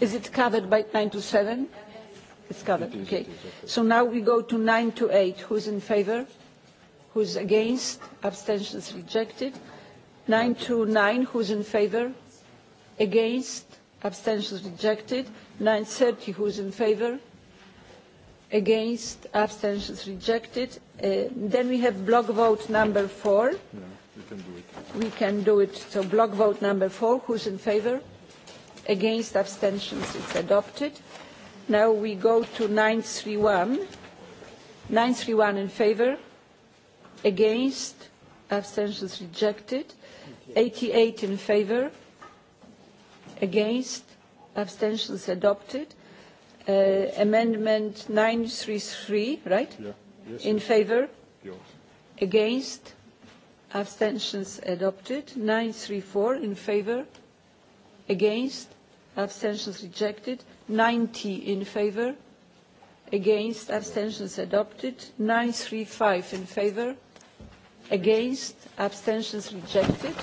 is it covered by 9 to 7 it's covered okay. okay so now we go to 9 to 8 who's in favor who's against abstentions rejected 9 to 9 who's in favor against abstentions rejected 930 who's in favor against abstentions rejected uh, then we have block vote number four we, can do it. we can do it so block vote number four who's in favor against abstentions it's adopted now we go to 931 931 in favor against abstentions rejected 88 in favor against abstentions adopted Uh, amendment 933, right? Yeah. Yes, In favor? Against? Abstentions adopted. 934 in favor? Against? Abstentions rejected. 90 in favor? Against? Abstentions adopted. 935 in favor? Against? Abstentions rejected.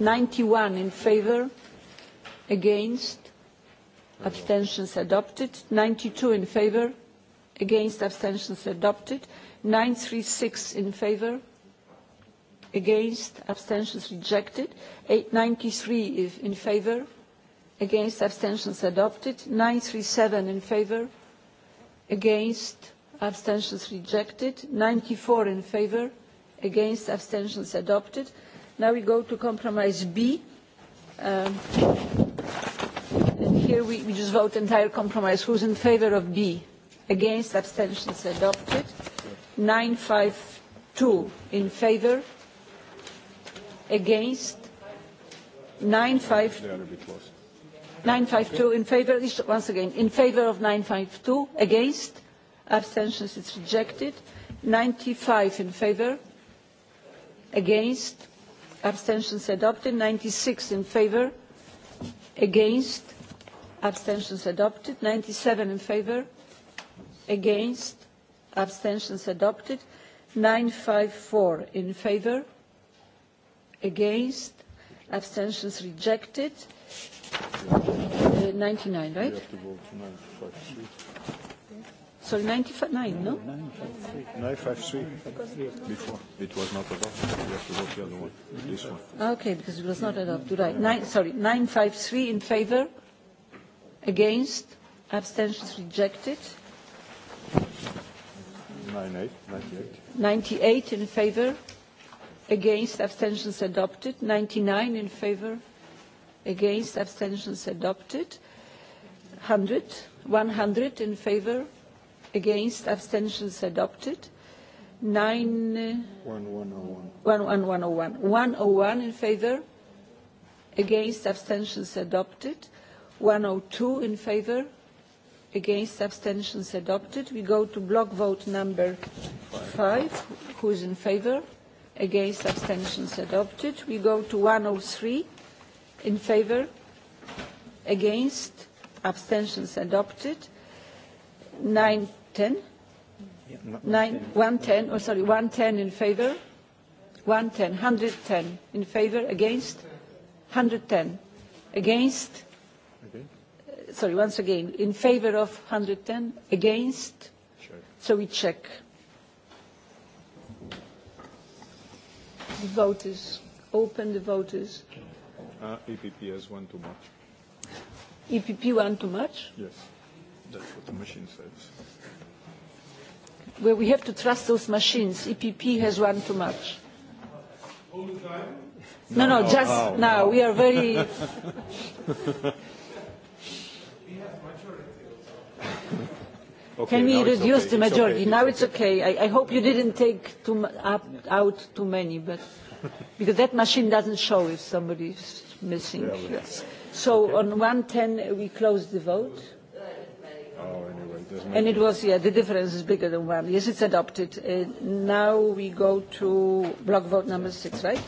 91 in favor? Against? abstentions adopted 92 in favor against abstentions adopted 936 in favor against abstentions rejected 893 in favor against abstentions adopted 937 in favor against abstentions rejected 94 in favor against abstentions adopted now we go to compromise b um, here we, we just vote entire compromise. Who's in favor of B? Against abstentions adopted. 952 in favor. Against. 952. 952 in favor. Once again, in favor of 952. Against. Abstentions it's rejected. 95 in favor. Against. Abstentions adopted. 96 in favor. Against abstentions adopted 97 in favor against abstentions adopted 954 in favor against abstentions rejected uh, 99 right sorry 953. no 953 before it was not adopted we have to vote the other one this one okay because it was not adopted right Nine, sorry 953 in favor against abstentions rejected 98 98, in favor against abstentions adopted 99 in favor against abstentions adopted 100 100 in favor against abstentions adopted 9 1101 1101 101 in favor against abstentions adopted 102 in favor against abstentions adopted we go to block vote number five who is in favor against abstentions adopted we go to 103 in favor against abstentions adopted 910 110 oh sorry 110 in favor 110 110 in favor against 110 against sorry, once again, in favor of 110, against? So we check. The vote is open, the vote is... Uh, EPP has one too much. EPP one too much? Yes, that's what the machine says. Well, we have to trust those machines. EPP has one too much. All the time? No, no, just now. We are very... Can we reduce the majority? now it's okay. I, I hope you didn't take too up, out too many, but because that machine doesn't show if somebody is missing. yes. So on 110 we close the vote. Oh, and it was, yeah, the difference is bigger than one. Yes, it's adopted. Uh, now we go to block vote number six, right?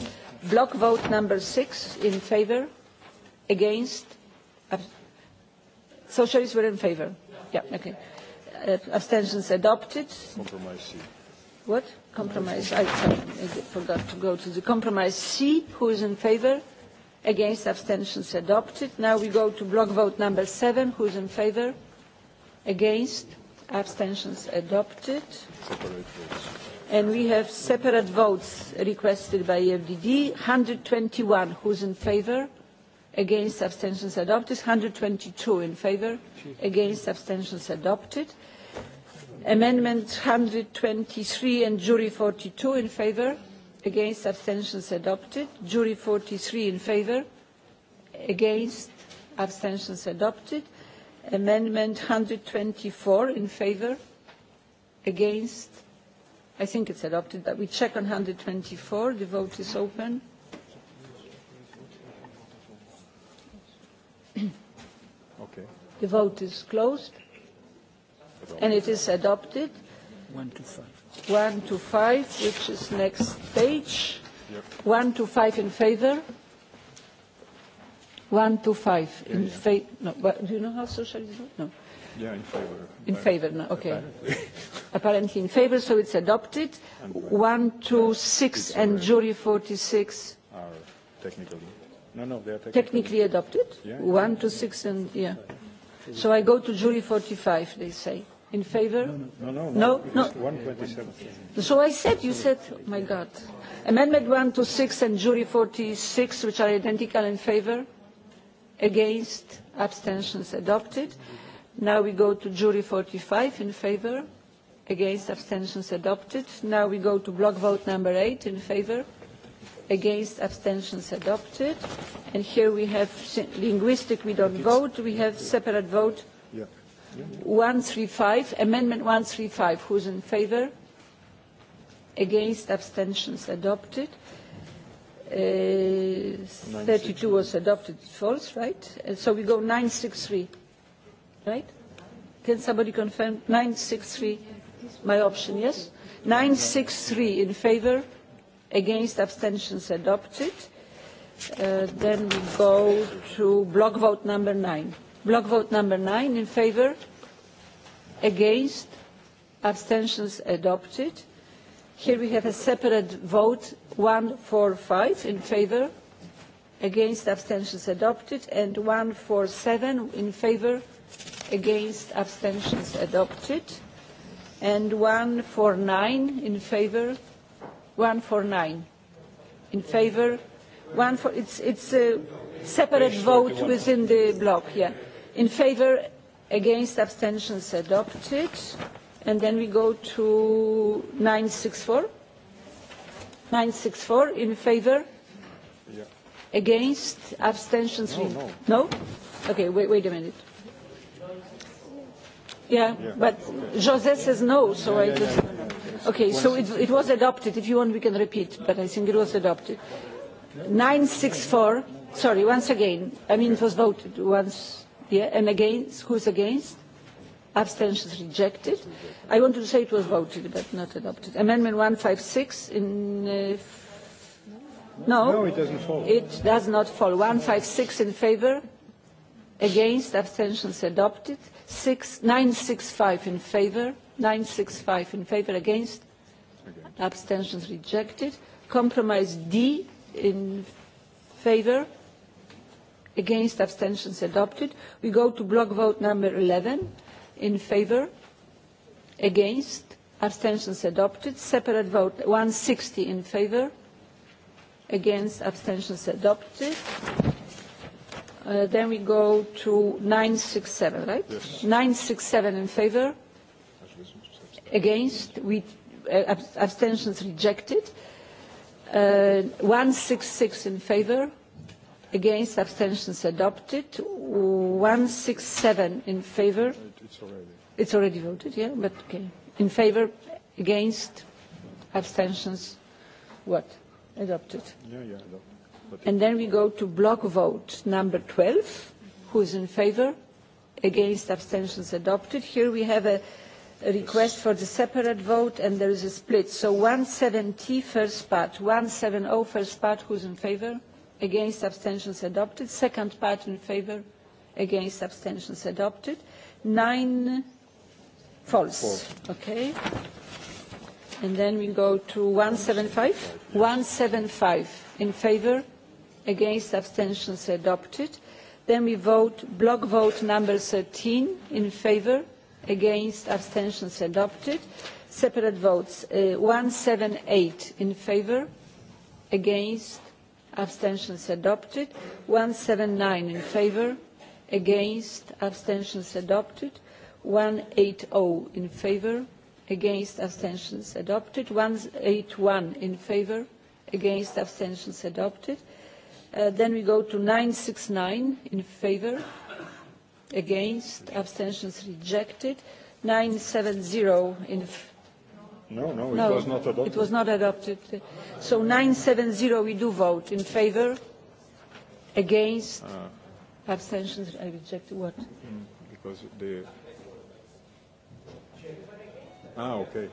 Block vote number six in favor, against. Socialists were in favor. Yeah, okay. Uh, abstentions adopted what compromise i I forgot to go to the compromise c who is in favor against abstentions adopted now we go to block vote number seven who is in favor against abstentions adopted and we have separate votes requested by fdd 121 is in favor against abstentions adopted 122 in favor against abstentions adopted amendment 123 and jury 42 in favor against abstentions adopted jury 43 in favor against abstentions adopted amendment 124 in favor against i think it's adopted but we check on 124 the vote is open okay the vote is closed and it is adopted. One to five. One to five, which is next page. Yep. One to five in favor. One to five yeah, in yeah. favor. No, do you know how socialism? No. Yeah, in favor. In favor, no, okay. Apparently. Apparently in favor, so it's adopted. And One to yeah, six and jury jury 46 are technically. No, no, they are technically, technically adopted. Yeah, One to six and yeah. So I go to jury 45, they say in favor? No, no, no. No, no. So I said, you said, oh my God. Amendment 1 to 6 and jury 46, which are identical in favor? Against? Abstentions adopted. Now we go to jury 45 in favor? Against? Abstentions adopted. Now we go to block vote number 8 in favor? Against? Abstentions adopted. And here we have linguistic, we don't vote. We have separate vote 135, amendment 135. Who's in favor? Against, abstentions adopted. 32 uh, was adopted, false, right? Uh, so we go 963, right? Can somebody confirm 963? My option, yes? 963 in favor, against, abstentions adopted. Uh, then we go to block vote number nine. Block vote number nine in favor, against, abstentions adopted. Here we have a separate vote, one, four, five in favor, against, abstentions adopted, and one, four, seven in favor, against, abstentions adopted, and one, four, nine in favor, one, four, nine in favor, one, four, it's, it's a separate vote within the block, yeah in favor against abstentions adopted and then we go to 964 964 in favor yeah. against abstentions no, no. okay wait, wait a minute yeah, but okay. says no so I just okay so it, it was adopted if you want we can repeat but I think it was adopted 964 sorry once again I mean it was voted once and against, who's against? Abstentions rejected. I want to say it was voted, but not adopted. Amendment 156 in... Uh, no, no, it doesn't fall. It does not fall. 156 in favor, against, abstentions adopted. Six, 965 in favor, 965 in favor, against, abstentions rejected. Compromise D in favor, against abstentions adopted we go to block vote number 11 in favor against abstentions adopted separate vote 160 in favor against abstentions adopted uh, then we go to 967 right yes. 967 in favor against we uh, abstentions rejected uh, 166 in favor against abstentions adopted 167 in favor it's already it's already voted yeah but okay in favor against abstentions what adopted and then we go to block vote number 12 who is in favor against abstentions adopted here we have a, request for the separate vote and there is a split so 170 first part 170 first part who's in favor against abstentions adopted second part in favor against abstentions adopted nine false okay and then we go to 175 175 in favor against abstentions adopted then we vote block vote number 13 in favor against abstentions adopted separate votes uh, 178 in favor against abstentions adopted 179 in favor against abstentions adopted 180 in favor against abstentions adopted 181 in favor against abstentions adopted uh, then we go to 969 in favor against abstentions rejected 970 in favor no, no, it no, was not adopted. It was not adopted. So 970 we do vote in favor, against, uh, abstentions, I reject what? Because the... Ah, okay.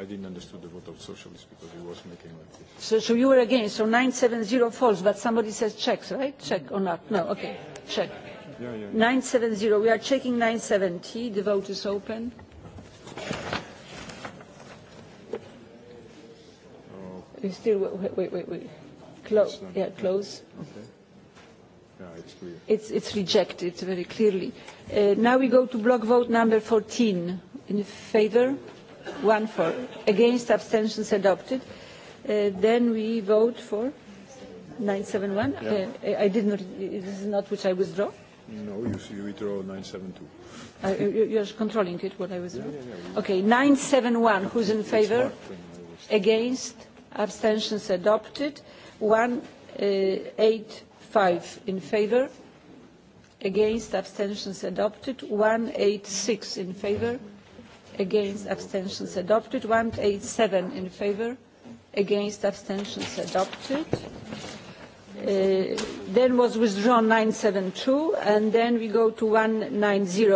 I didn't understand the vote of socialists because he was making like this. So, so you were against, so 970 false, but somebody says checks, right? Check or not? No, okay, check. Yeah, yeah, yeah. 970, we are checking 970, the vote is open. You still wait, wait, wait, wait. Close. Yeah, close. Okay. Yeah, it's clear. It's, it's rejected very clearly. Uh, now we go to block vote number 14. In favor? One for. Against abstentions adopted. Uh, then we vote for 971. Yeah. Uh, I didn't. This is not which I withdraw. No, you, you withdraw 972. Uh, you, you're controlling it, what I withdraw? Yeah, yeah, yeah. Okay, 971. Who's in favor? Against? abstentions adopted 185 uh, in favor against abstentions adopted 186 in favor against abstentions adopted 187 in favor against abstentions adopted uh, then was withdrawn 972 and then we go to 190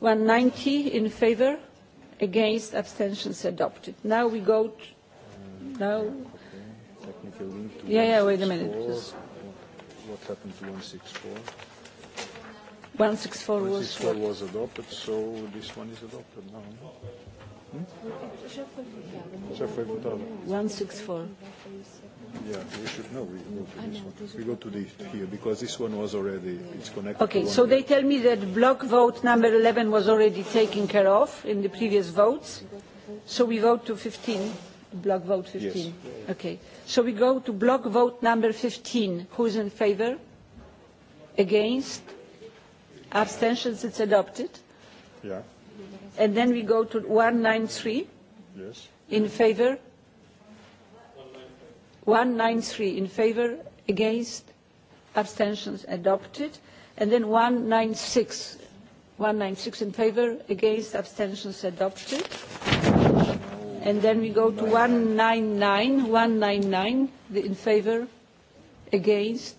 190 in favor against abstentions adopted now we go no. Technical link to yeah, yeah, wait a minute. Just... What happened to 164? 164 was... was adopted, so this one is adopted now. Hmm? 164. Yeah, we should know. We go to this one. We go to the here because this one was already it's connected. Okay, so they tell me that block vote number 11 was already taken care of in the previous votes. So we vote to 15 block vote 15? Yes. Okay. So we go to block vote number 15. Who is in favor? Against? Abstentions? It's adopted. Yeah. And then we go to 193. Yes. In favor? 193 in favor, against, abstentions adopted. And then 196 196 in favor, against, abstentions adopted. And then we go to 199, 199 in favor, against,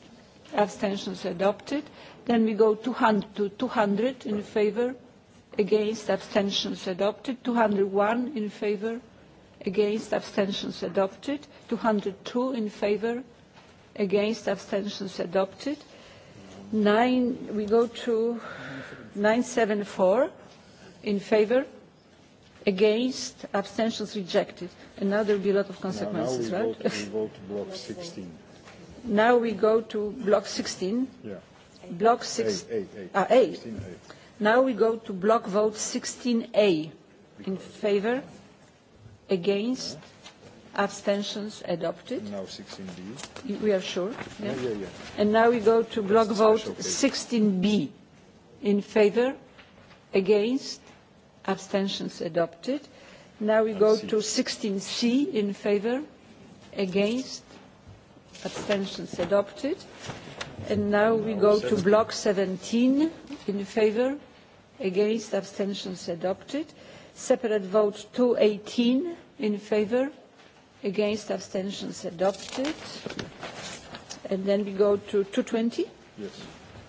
abstentions adopted. Then we go 200 to 200 in favor, against, abstentions adopted. 201 in favor, against, abstentions adopted. 202 in favor, against, abstentions adopted. Nine, we go to 974 in favor against abstentions rejected and now there will be a lot of consequences now, now we go to, block 16 now we go to block 16 yeah block 16, a ah, now we go to block vote 16a in favor against abstentions adopted now 16b we are sure yeah, yeah, yeah. and now we go to block vote 16b in favor against abstentions adopted now we go to 16c in favor against abstentions adopted and now we go to block 17 in favor against abstentions adopted separate vote 218 in favor against abstentions adopted and then we go to 220 yes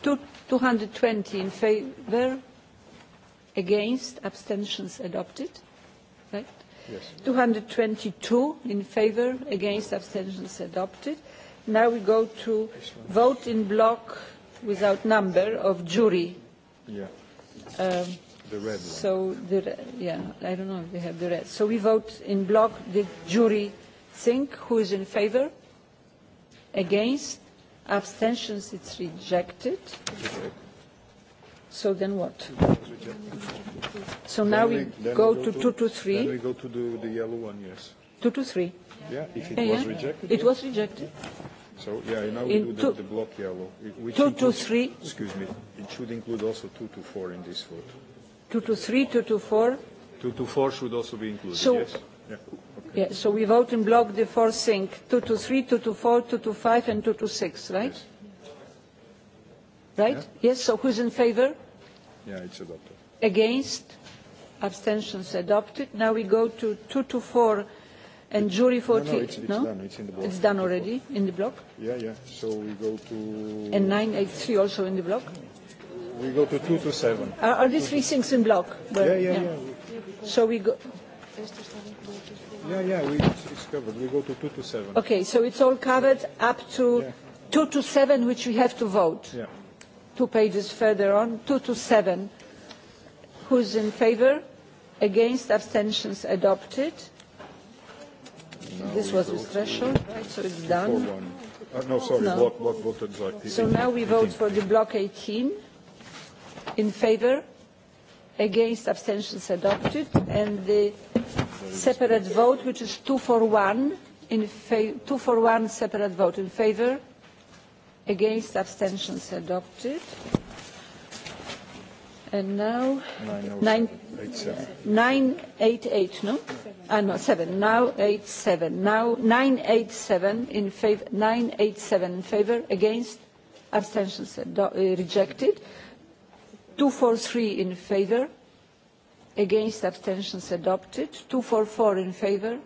two 220 in favor against abstentions adopted right yes. 222 in favor against abstentions adopted now we go to vote in block without number of jury yeah um, the red one. so the yeah i don't know if they have the red so we vote in block the jury think who is in favor against abstentions it's rejected so then what so now we go to two to three then we go to the, yellow one yes two to three yeah if it was rejected it was rejected so yeah now we do the, block yellow to three excuse me it should include also two to four in this vote two to three two to four two to four should also be included yes Yeah, so we vote in block the four sync, 223, 224, 225 and 226, right? Yes. Right? Yeah. Yes, so who's in favor? Yeah, it's adopted. Against? Abstentions adopted. Now we go to 224 and jury 14. No, it's, it's, Done. in the block. already in the block? Yeah, yeah. So we go to... And 983 also in the block? We go to 227. Are, are these three sinks in block? yeah, yeah, yeah. So we go... Yeah, yeah, we, it's covered. We go to 2 to 7. Okay, so it's all covered up to yeah. 2 to 7, which we have to vote. Yeah. Two pages further on, 2 to 7. Who's in favor? Against? Abstentions adopted. Now this was the threshold, right? So it's done. Uh, no, sorry, no. What, what voted like So now we vote 18. for the block 18. In favor? Against? Abstentions adopted. And the separate vote, which is two for one, in two for one separate vote in favor, against abstentions adopted. And now 988, no? Ah, no, 7. Now 87. Now 987 in favor, 987 in favor, against abstentions eh, rejected. 243 in favor, against abstentions adopted 244 in favor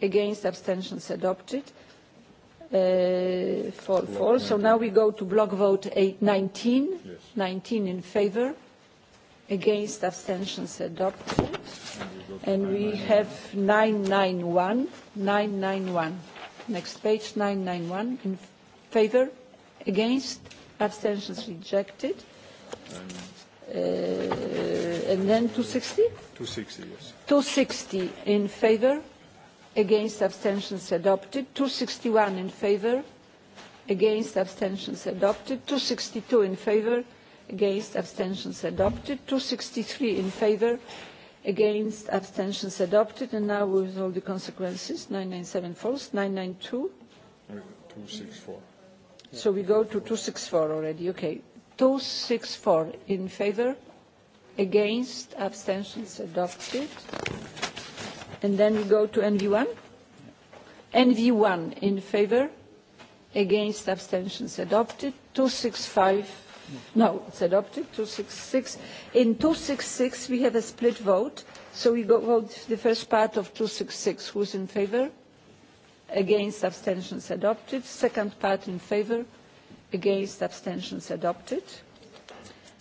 against abstentions adopted uh, four so now we go to block vote eight 19 Nineteen in favor against abstentions adopted and we have 991 991 next page 991 in favor against abstentions rejected Eh, and then 260? 260, yes. 260 in favor, against abstentions adopted. 261 in favor, against abstentions adopted. 262 in favor, against abstentions adopted. 263 in favor, against abstentions adopted. And now with all the consequences, 997 false, 992. 264. So we go to 264 already. Okay. 264 in favor against abstentions adopted and then we go to NV1 NV1 in favor against abstentions adopted 265 no it's adopted 266 in 266 we have a split vote so we go vote the first part of 266 who's in favor against abstentions adopted second part in favor against abstentions adopted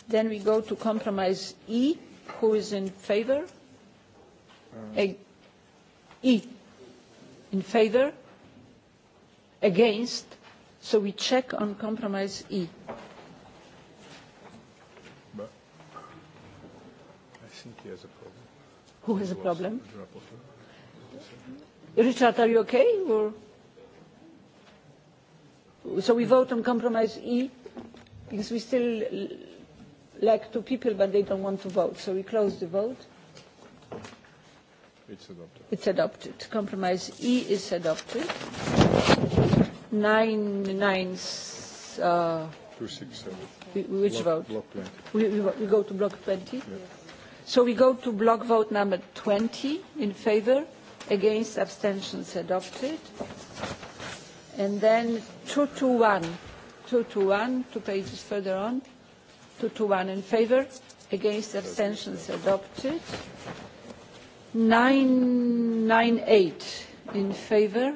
then we go to compromise e who is in favor uh, A e in favor against so we check on compromise e i think problem who has a problem richard are you okay or so we vote on compromise E because we still like two people but they don't want to vote. So we close the vote. It's adopted. It's adopted. Compromise E is adopted. Nine, nine, uh, Two, six, seven. which block, vote? Block 20. We, we, we go to block 20. Yes. So we go to block vote number 20 in favor, against abstentions adopted and then 221 221 two pages further on 221 in favor against abstentions adopted 998 in favor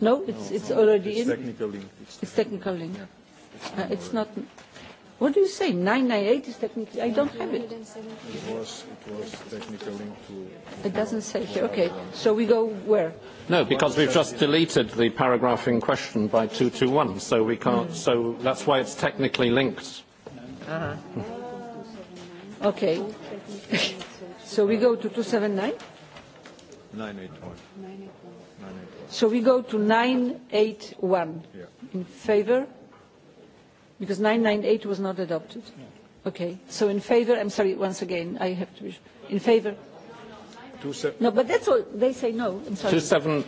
no it's it's already it's in technical link. it's technical link uh, it's not What do you say? 998 is technically... I don't have it. It was, it was technically linked to... It doesn't say here. Okay. So we go where? No, because we've just deleted the paragraph in question by 221. So we can't... So that's why it's technically linked. Uh -huh. Okay. so we go to 279? 981. So we go to 981. In favor? Because 998 was not adopted. Okay. So in favor, I'm sorry, once again, I have to in favor? Two seven. No, but that's all, they say no, I'm sorry. Two seven.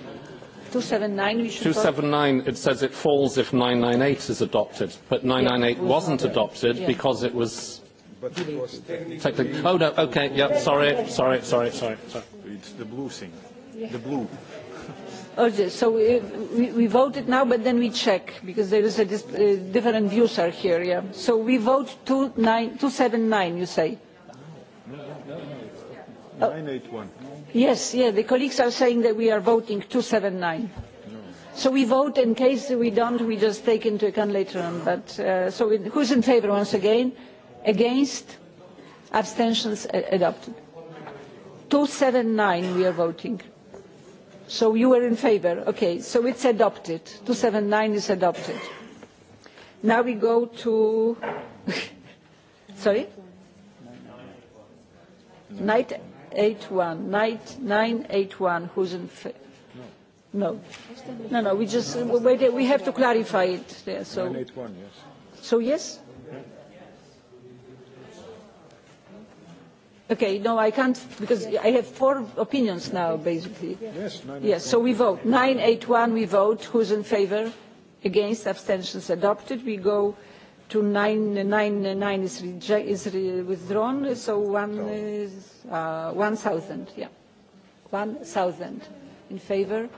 279, 279, it says it falls if 998 is adopted, but 998 yeah, was wasn't there. adopted yeah. because it was but it was technically... technically. Oh, no, okay, yeah, sorry, sorry, sorry, sorry. sorry. It's the blue thing, yeah. the blue. Oh, so we, we, voted now, but then we check because there is a dis, uh, different views are here. Yeah. So we vote two seven nine. You say. eight one. Yes, yeah. The colleagues are saying that we are voting two seven nine. So we vote in case we don't, we just take into account later on. But uh, so we, who's in favor once again? Against, abstentions adopted. Two seven nine. We are voting so you were in favour okay so it's adopted 279 is adopted now we go to sorry night eight night 981 who's in favor? no no no we just we, we have to clarify it there so so yes Okay, no, I can't, because I have four opinions now, basically. Yes, yes so we vote. 981, we vote. Who's in favor? Against, abstentions adopted. We go to 999 is, is re withdrawn, so one is, uh, 1,000, yeah. 1,000 in favor.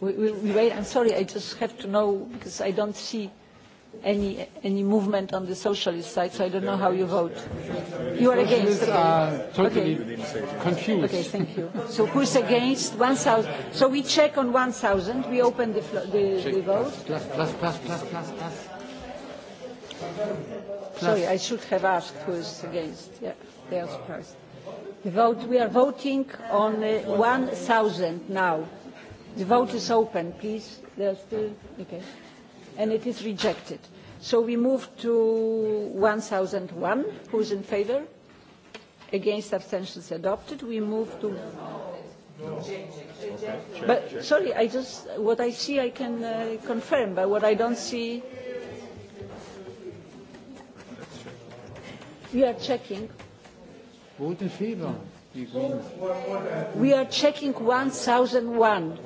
We, we, we wait, I'm sorry, I just have to know, because I don't see any any movement on the socialist side, so I don't know how you vote. You are against. Okay. Are totally okay. confused. Okay, thank you. So who's against? 1,000. So we check on 1,000. We open the, flo the, the vote. Plus, plus, plus, plus, plus, plus. Sorry, I should have asked who is against. Yeah, they are surprised. The vote, we are voting on uh, 1,000 now. The vote is open, please. There are still... Okay and it is rejected. So we move to 1001. Who is in favour? Against abstentions adopted. We move to... sorry, I just what I see I can uh, confirm, but what I don't see. we are checking. Vote in favor. We are checking 1001.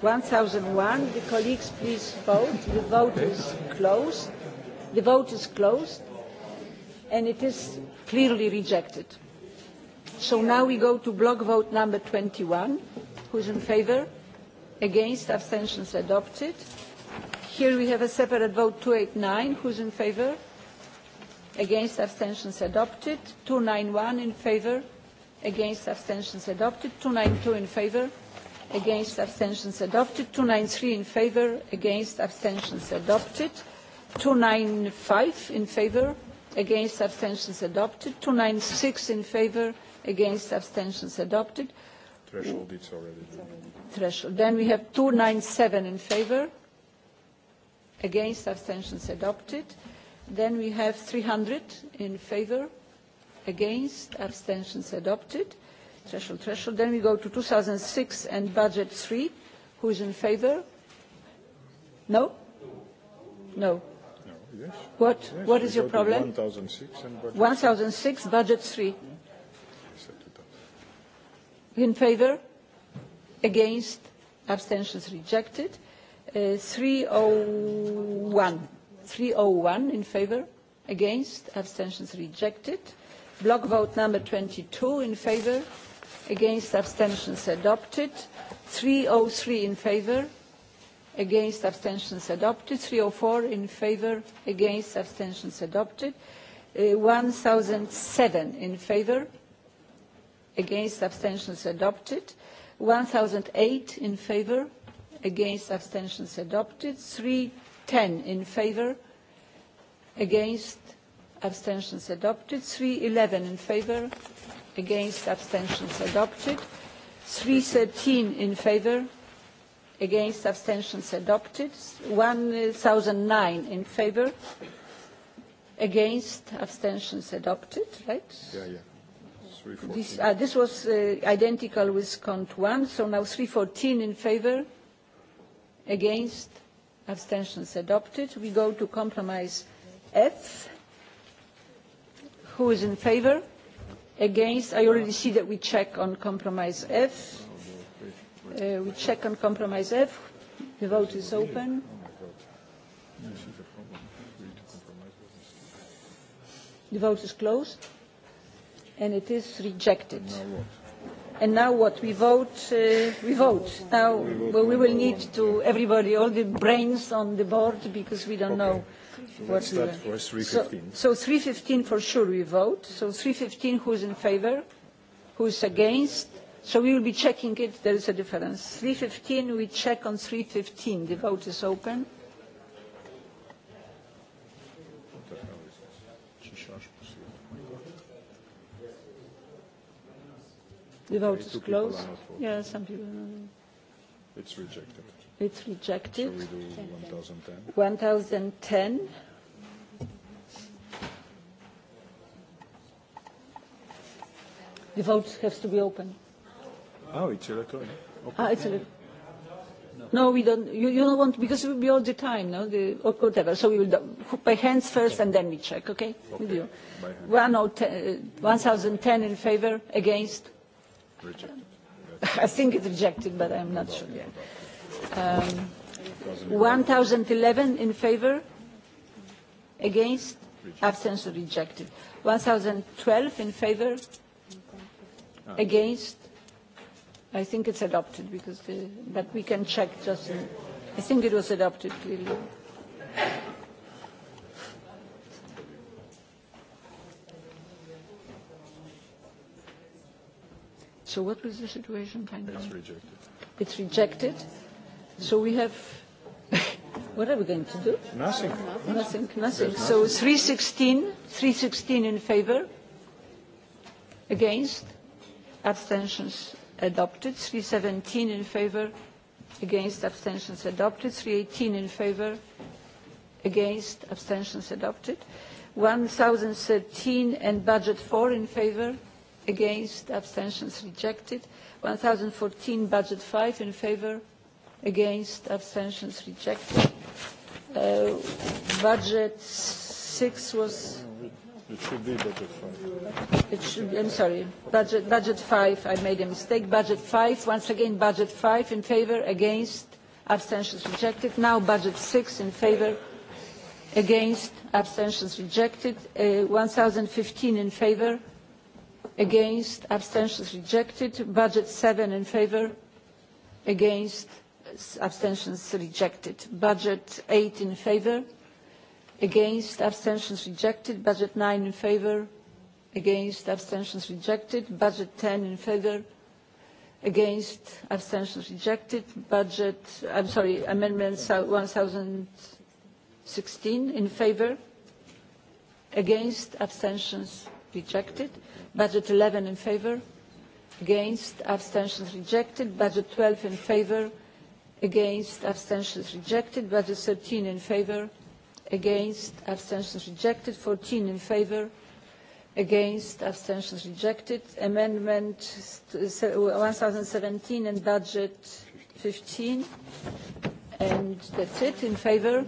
1001. The colleagues, please vote. The vote is closed. The vote is closed, and it is clearly rejected. So now we go to block vote number 21. Who's in favor? Against? Abstentions adopted. Here we have a separate vote 289. Who's in favor? Against? Abstentions adopted. 291 in favor? Against? Abstentions adopted. 292 in favor? against abstentions adopted 293 in favor against abstentions adopted 295 in favor against abstentions adopted 296 in favor against abstentions adopted threshold it's already threshold then we have 297 in favor against abstentions adopted then we have 300 in favor against abstentions adopted threshold, threshold. Then we go to 2006 and budget 3. Who is in favor? No? No. no yes. What, yes, what is your problem? 1006 and budget 1006, budget 3. In favor? Against? Abstentions rejected. Uh, 301. 301 in favor? Against? Abstentions rejected. Block vote number 22 in favor? against abstentions adopted 303 in favour? against abstentions adopted 304 in favour. against abstentions adopted uh, 1007 in favour. against abstentions adopted 1008 in favour. against abstentions adopted 310 in favour. against abstentions adopted 311 in favour? against abstentions adopted 313 in favor against abstentions adopted 1009 in favor against abstentions adopted right yeah yeah this, uh, this was uh, identical with count one, so now 314 in favor against abstentions adopted we go to compromise f who is in favor against i already see that we check on compromise f uh, we check on compromise f the vote is open the vote is closed and it is rejected and now what we vote uh, we vote now well, we will need to everybody all the brains on the board because we don't know What's that for So, so 315 for sure we vote. So 315, who's in favor? Who's against? So we will be checking it. There is a difference. 315, we check on 315. The vote is open. The vote is closed. Yeah, some people. It's rejected. It's rejected. So we do 1010. 1010. The vote has to be open. Oh, it's electronic. Okay. Ah, it's electronic. No, we don't. You, you don't want because it will be all the time, no? The, or whatever. So we will do, by hands first, and then we check. Okay? okay. With you. By hand. One uh, ten, 1,010 in favor, against. Rejected. I think it's rejected, but I'm not sure. Yeah. Um, 1,011 in favor, against, abstention rejected. 1,012 in favor, Ah. Against? I think it's adopted because uh, the, but we can check just in, I think it was adopted clearly. So what was the situation It's rejected. It's rejected. So we have what are we going to do? Nothing. Nothing, nothing. There's so 316, 316 in favor. Against? abstentions adopted three seventeen in favor against abstentions adopted three eighteen in favor against abstentions adopted one thousand thirteen and budget four in favor against abstentions rejected one thousand fourteen budget five in favor against abstentions rejected uh, budget six was It should be budget five. It should, I'm sorry. Budget, budget five, I made a mistake. Budget five, once again, budget five in favor, against, abstentions rejected. Now budget six in favor, against, abstentions rejected. Uh, 1015 in favor, against, abstentions rejected. Budget seven in favor, against, abstentions rejected. Budget eight in favor, against abstentions rejected budget 9 in favor against abstentions rejected budget 10 in favor against abstentions rejected budget i'm sorry amendments 1016 uh, in favor against abstentions rejected budget 11 in favor against abstentions rejected budget 12 in favor against abstentions rejected budget 13 in favor against abstentions rejected 14 in favor against abstentions rejected amendment 1017 and budget 15 and that's it in favor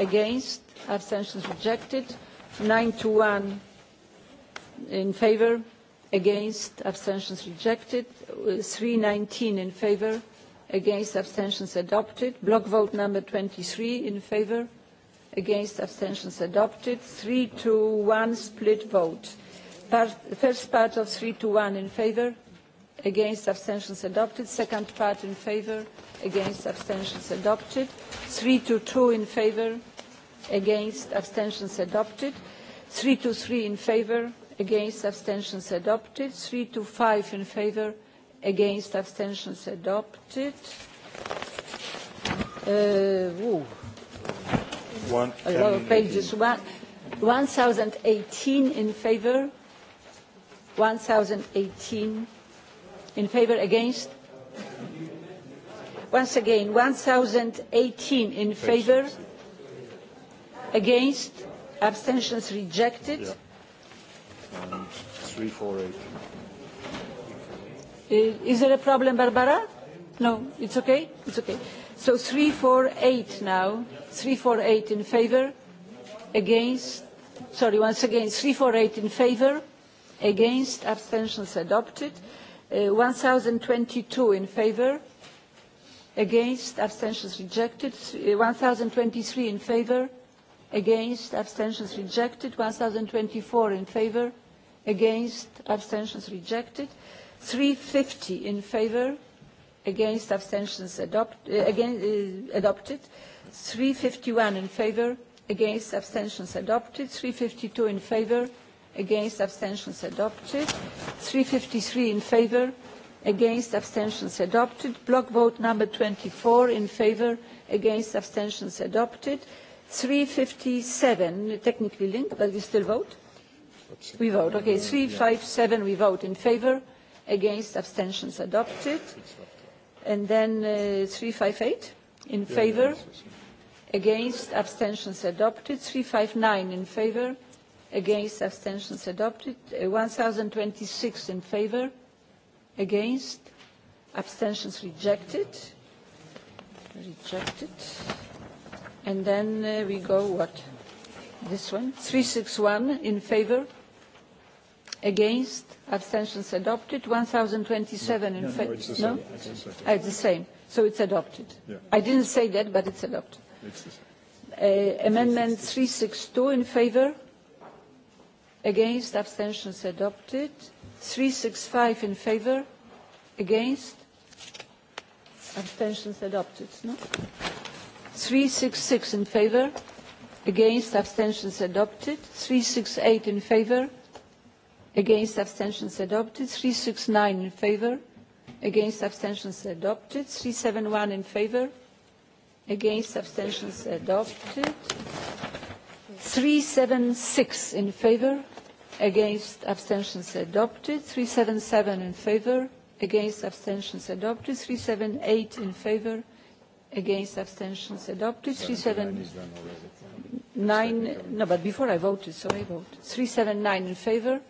against abstentions rejected 9 to 1 in favor against abstentions rejected 319 in favor against abstentions adopted block vote number 23 in favor against abstentions adopted three to one split vote first part of three to one in favor against abstentions adopted second part in favor against abstentions adopted three to two in favor against abstentions adopted three to three in favor against abstentions adopted three to five in favor against abstentions adopted uh, pages. 1018 in favor. 1018 in favor against. Once again, 1018 in favor against. Abstentions rejected. 348. Is there a problem, Barbara? No, it's okay. It's okay. So 348 now. 348 in favor against sorry once again 348 in favor against abstentions adopted 1022 uh, in favor against abstentions rejected 1023 uh, in favor against abstentions rejected 1024 in favor against abstentions rejected 350 in favor against abstentions uh, adopted 351 in favor against abstentions adopted 352 in favor against abstentions adopted 353 in favor against abstentions adopted block vote number 24 in favor against abstentions adopted 357 technically linked but we still vote we vote okay 357 we vote in favor against abstentions adopted and then uh, 358 in favor against abstentions adopted three five nine in favor against abstentions adopted uh, one thousand twenty six in favor against abstentions rejected rejected and then uh, we go what this one three six one in favor against abstentions adopted one thousand twenty seven in favor no, no? Ah, it's the same, so it's adopted i didn't say that but it's adopted Uh, amendment 362 in favor? Against? Abstentions adopted. 365 in favor? Against? Abstentions adopted. No? 366 in favor? Against? Abstentions adopted. 368 in favor? Against? Abstentions adopted. 369 in favor? Against? Abstentions adopted. 371 in favor? against abstentions adopted 376 in favor against abstentions adopted 377 in favor against abstentions adopted 378 in favor against abstentions adopted 379 no but before I voted so I voted 379 in favor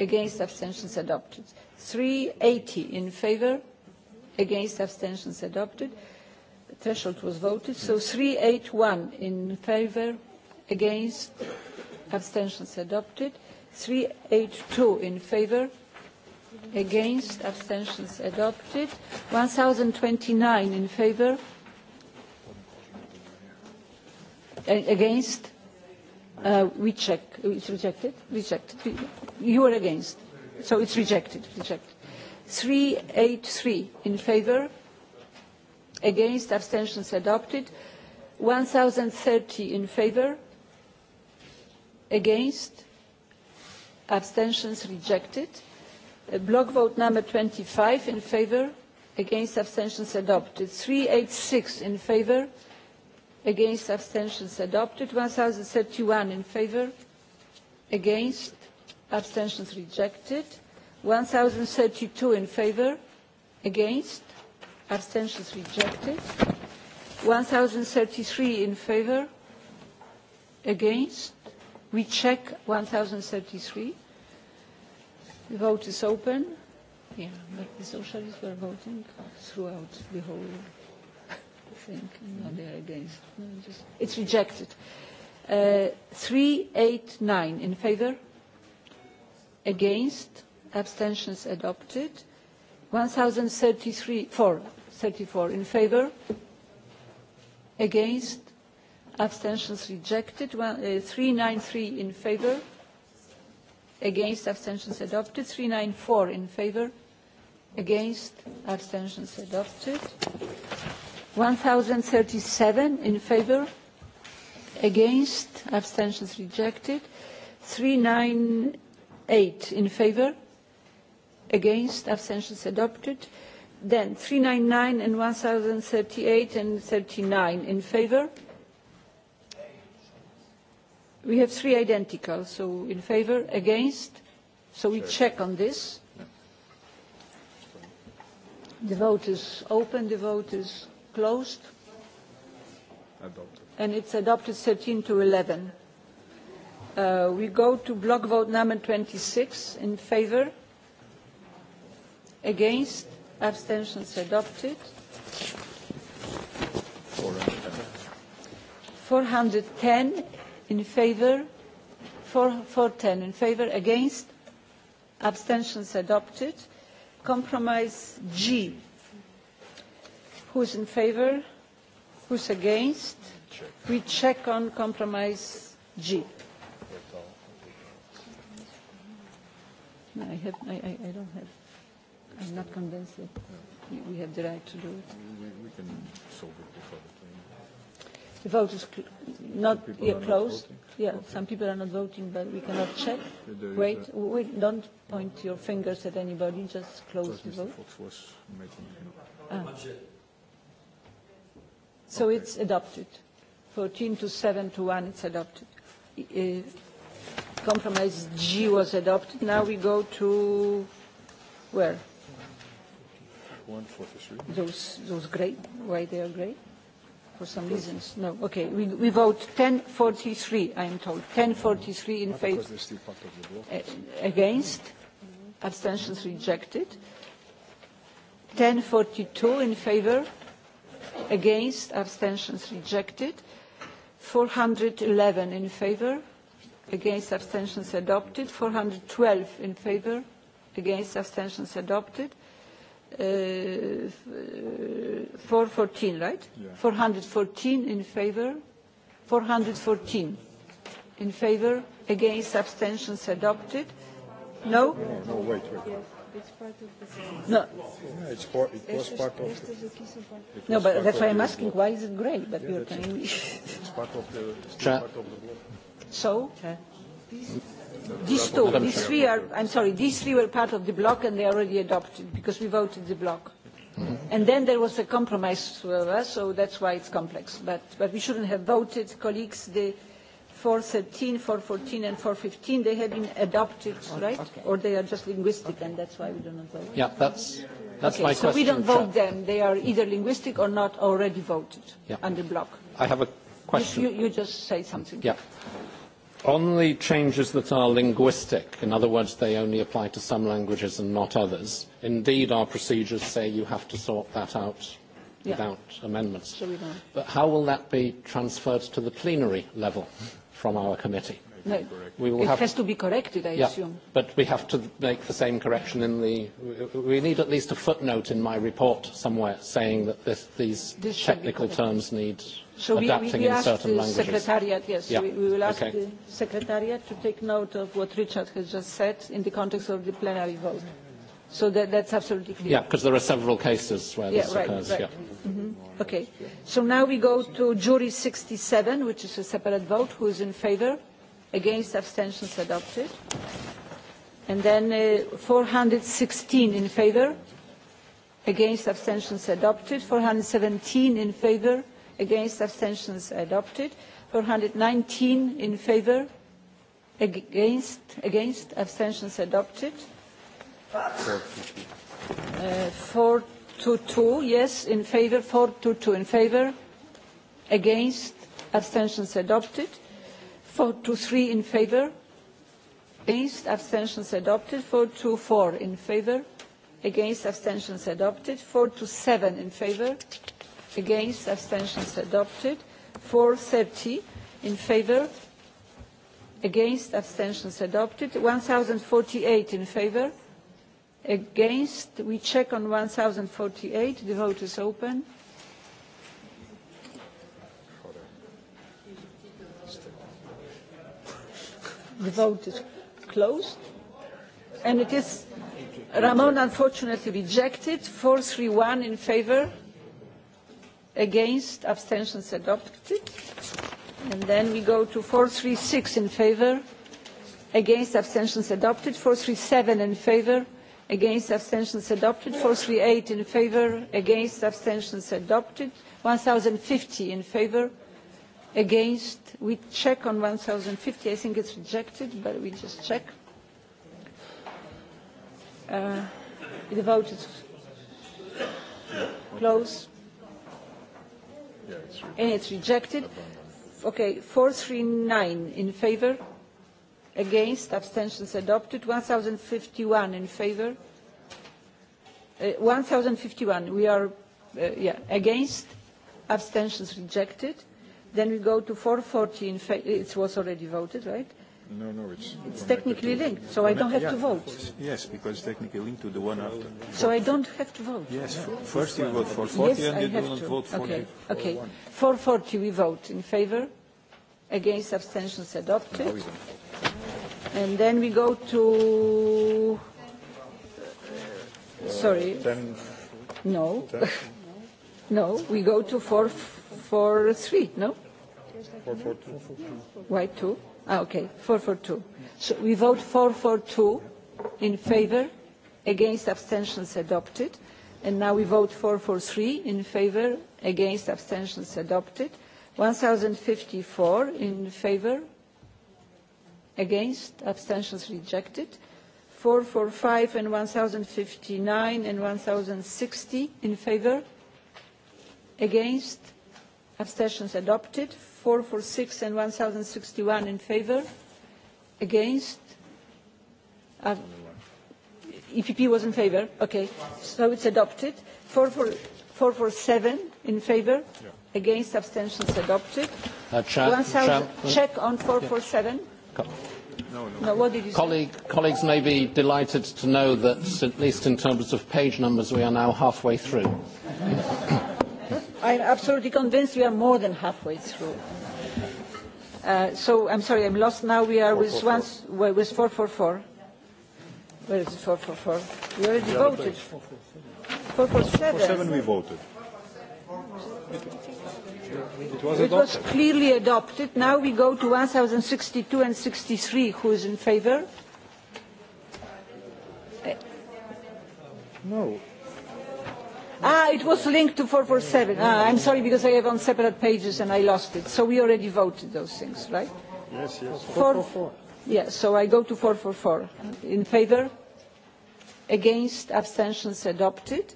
against abstentions adopted 380 in favor against abstentions adopted threshold was voted. So 381 in favor, against, abstentions adopted. 382 in favor, against, abstentions adopted. 1029 in favor, against, uh, we check, it's rejected, rejected. You are against, so it's rejected, rejected. 383 in favor, against abstentions adopted 1030 in favor against abstentions rejected uh, block vote number 25 in favor against abstentions adopted 386 in favor against abstentions adopted 1031 in favor against abstentions rejected 1032 in favor against abstentions rejected 1033 in favor against we check 1033 the vote is open yeah but the socialists were voting throughout the whole thing no they are against it's rejected 389 uh, in favor against abstentions adopted 1033 4 34 in favor against abstentions rejected 393 uh, in favor against abstentions adopted 394 in favor against abstentions adopted 1037 in favor against abstentions rejected 398 in favor against abstentions adopted then 399 and 1038 and 39 in favor we have three identical so in favor against so we check on this the vote is open the vote is closed adopted. and it's adopted 13 to 11 uh, we go to block vote number 26 in favor against abstentions adopted 410 in favor 410 in favor against abstentions adopted compromise G who's in favor who's against we check on compromise G I, have, I, I don't have I'm not convinced that we have the right to do it. We, we can solve it before the time. The vote is cl not yeah, closed. Not yeah, okay. some people are not voting, but we cannot check. wait, wait, don't point your fingers at anybody. Just close the vote. was making, you know. ah. So okay. it's adopted. 14 to 7 to 1, it's adopted. Uh, compromise G was adopted. Now we go to where? the Those, those gray, why they are gray? For some reasons. No, okay. We, we vote 1043, I am told. 1043 in favor. Against. Abstentions rejected. 1042 in favor. Against. Abstentions rejected. 411 in favor. Against. Abstentions adopted. 412 in favor. Against. Abstentions adopted. 414, uh, uh, right? Yeah. 414 in favor. 414 in favor. Against abstentions adopted. No? No, wait, wait. it's part of the... No. it's part, it was part of... It no, but that's why I'm asking, why is it gray? But you're telling me... It's part of the... Part of the so? Please. These two, these three are, I'm sorry, these three were part of the block and they already adopted because we voted the block. Mm-hmm. And then there was a compromise, so that's why it's complex. But, but we shouldn't have voted, colleagues, the 413, 414 and 415, they have been adopted, right? Or they are just linguistic and that's why we do not vote. Yeah, that's, that's okay, so we don't vote them. They are either linguistic or not already voted yeah. under block. I have a question. You, you, you just say something. Yeah. On the changes that are linguistic, in other words, they only apply to some languages and not others. Indeed, our procedures say you have to sort that out yeah. without amendments. So we don't. But how will that be transferred to the plenary level from our committee? No, we will it have, has to be corrected, I yeah, assume. But we have to make the same correction in the... We need at least a footnote in my report somewhere saying that this, these this technical terms need So we, we ask certain the Secretariat, yes, yeah. we, we will ask okay. the Secretariat to take note of what Richard has just said in the context of the plenary vote. So that, that's absolutely clear. Yeah, because there are several cases where yeah, this right, occurs. Right. Yeah. Mm -hmm. Okay. So now we go to jury 67, which is a separate vote. Who is in favor? Against abstentions adopted. And then uh, 416 in favor. Against abstentions adopted. 417 in favor against abstentions adopted four hundred nineteen in favor? against against abstentions adopted uh, four to two yes in favor. four to two in favor. against abstentions adopted four to three in favor. against abstentions adopted four to four in favor? against abstentions adopted four to seven in favour against abstentions adopted 430 in favor against abstentions adopted 1048 in favor against we check on 1048 the vote is open the vote is closed and it is ramon unfortunately rejected 431 in favor against abstentions adopted and then we go to 436 in favor against abstentions adopted 437 in favor against abstentions adopted 438 in favor against abstentions adopted 1050 in favor against we check on 1050 i think it's rejected but we just check uh, the vote is closed and it's rejected. Okay, 439 in favor, against, abstentions adopted. 1051 in favor. Uh, 1051, we are, uh, yeah, against, abstentions rejected. Then we go to 440 in favor. It was already voted, right? No, no, it's. It's technically linked, so I don't have yeah, to vote. Yes, because it's technically linked to the one after. So I don't have to vote. Yes, first you vote for 40 yes, and you do not to. vote for okay. Okay, for 40 we vote in favor, against abstentions adopted. And then we go to. Sorry. Uh, ten. No. Ten. no, we go to 443, no? 442. Why two? Ah, four okay, 442. So we vote four two in favor, against abstentions adopted. And now we vote four three in favor, against abstentions adopted. one thousand fifty four in favor, against abstentions rejected. four five and one 1059 and one thousand sixty in favor, against abstentions adopted. 446 and 1061 in favor against uh, EPP was in favor okay so it's adopted 447 in favor against abstentions adopted uh, check, 1000, check on 447 yeah. No, no. No, Colleague, colleagues may be delighted to know that, at least in terms of page numbers, we are now halfway through. I am absolutely convinced we are more than halfway through. Uh, so I'm sorry, I'm lost now. We are four, with four, one, four. with 444. Where is it 444? We already we voted. 447. seven we voted. It was, it was clearly adopted. Now we go to 1062 and 63. Who is in favor? No, Ah, it was linked to 447. Ah, I'm sorry because I have on separate pages and I lost it. So we already voted those things, right? Yes, yes. 444. Yes, yeah, so I go to 444. In favor? Against? Abstentions adopted.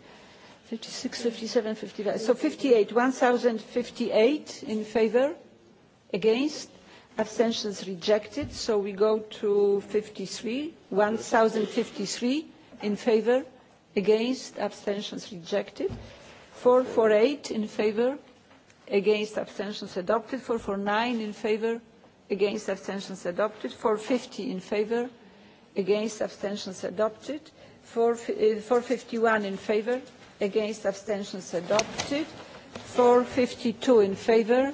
56, 57, 55. So 58, 1058 in favor? Against? Abstentions rejected. So we go to 53, 1053 in favor? against abstentions rejected eight in favor against abstentions adopted nine in favor against abstentions adopted fifty in favor against abstentions adopted eh, one in favor against abstentions adopted two in favor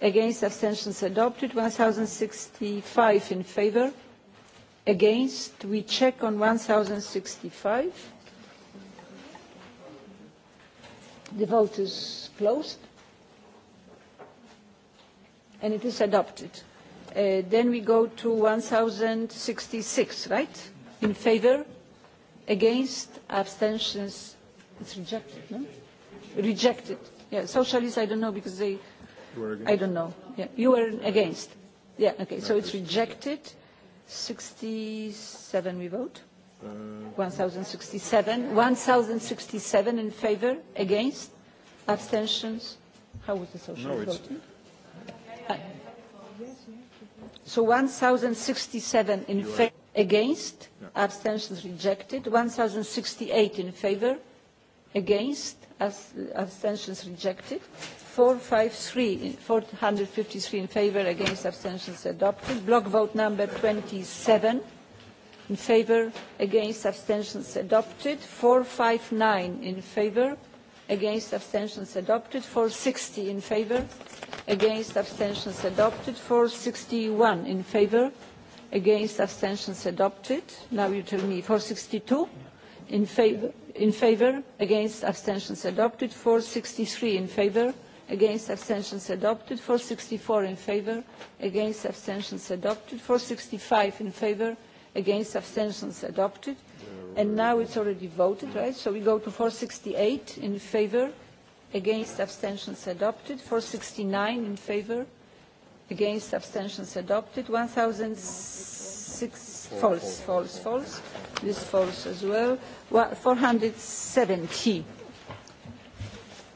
against abstentions adopted 1065 in favor against we check on 1065 The vote is closed. And it is adopted. Uh, then we go to 1066, right? In favor? Against? Abstentions? It's rejected, no? Rejected. Yeah, socialists, I don't know because they... were against. I don't know. Yeah, you were against. Yeah, okay, so it's rejected. 67 we vote. 1067. 1067 in favor, against, abstentions. How was the social voting? so 1067 in favor, against, abstentions rejected. 1068 in favor, against, abstentions rejected. 453, 453 in favor, against, abstentions adopted. Block vote number 27 in favour against abstentions adopted four five nine in favour against abstentions adopted four sixty in favour against abstentions adopted four sixty one in favour against abstentions adopted now you tell me four sixty two in favour against abstentions adopted four sixty three in favour against abstentions adopted four sixty four in favour against abstentions adopted four sixty five in favour against abstentions adopted and now it's already voted right so we go to 468 in favor against abstentions adopted 469 in favor against abstentions adopted 1006 false false false this false as well 470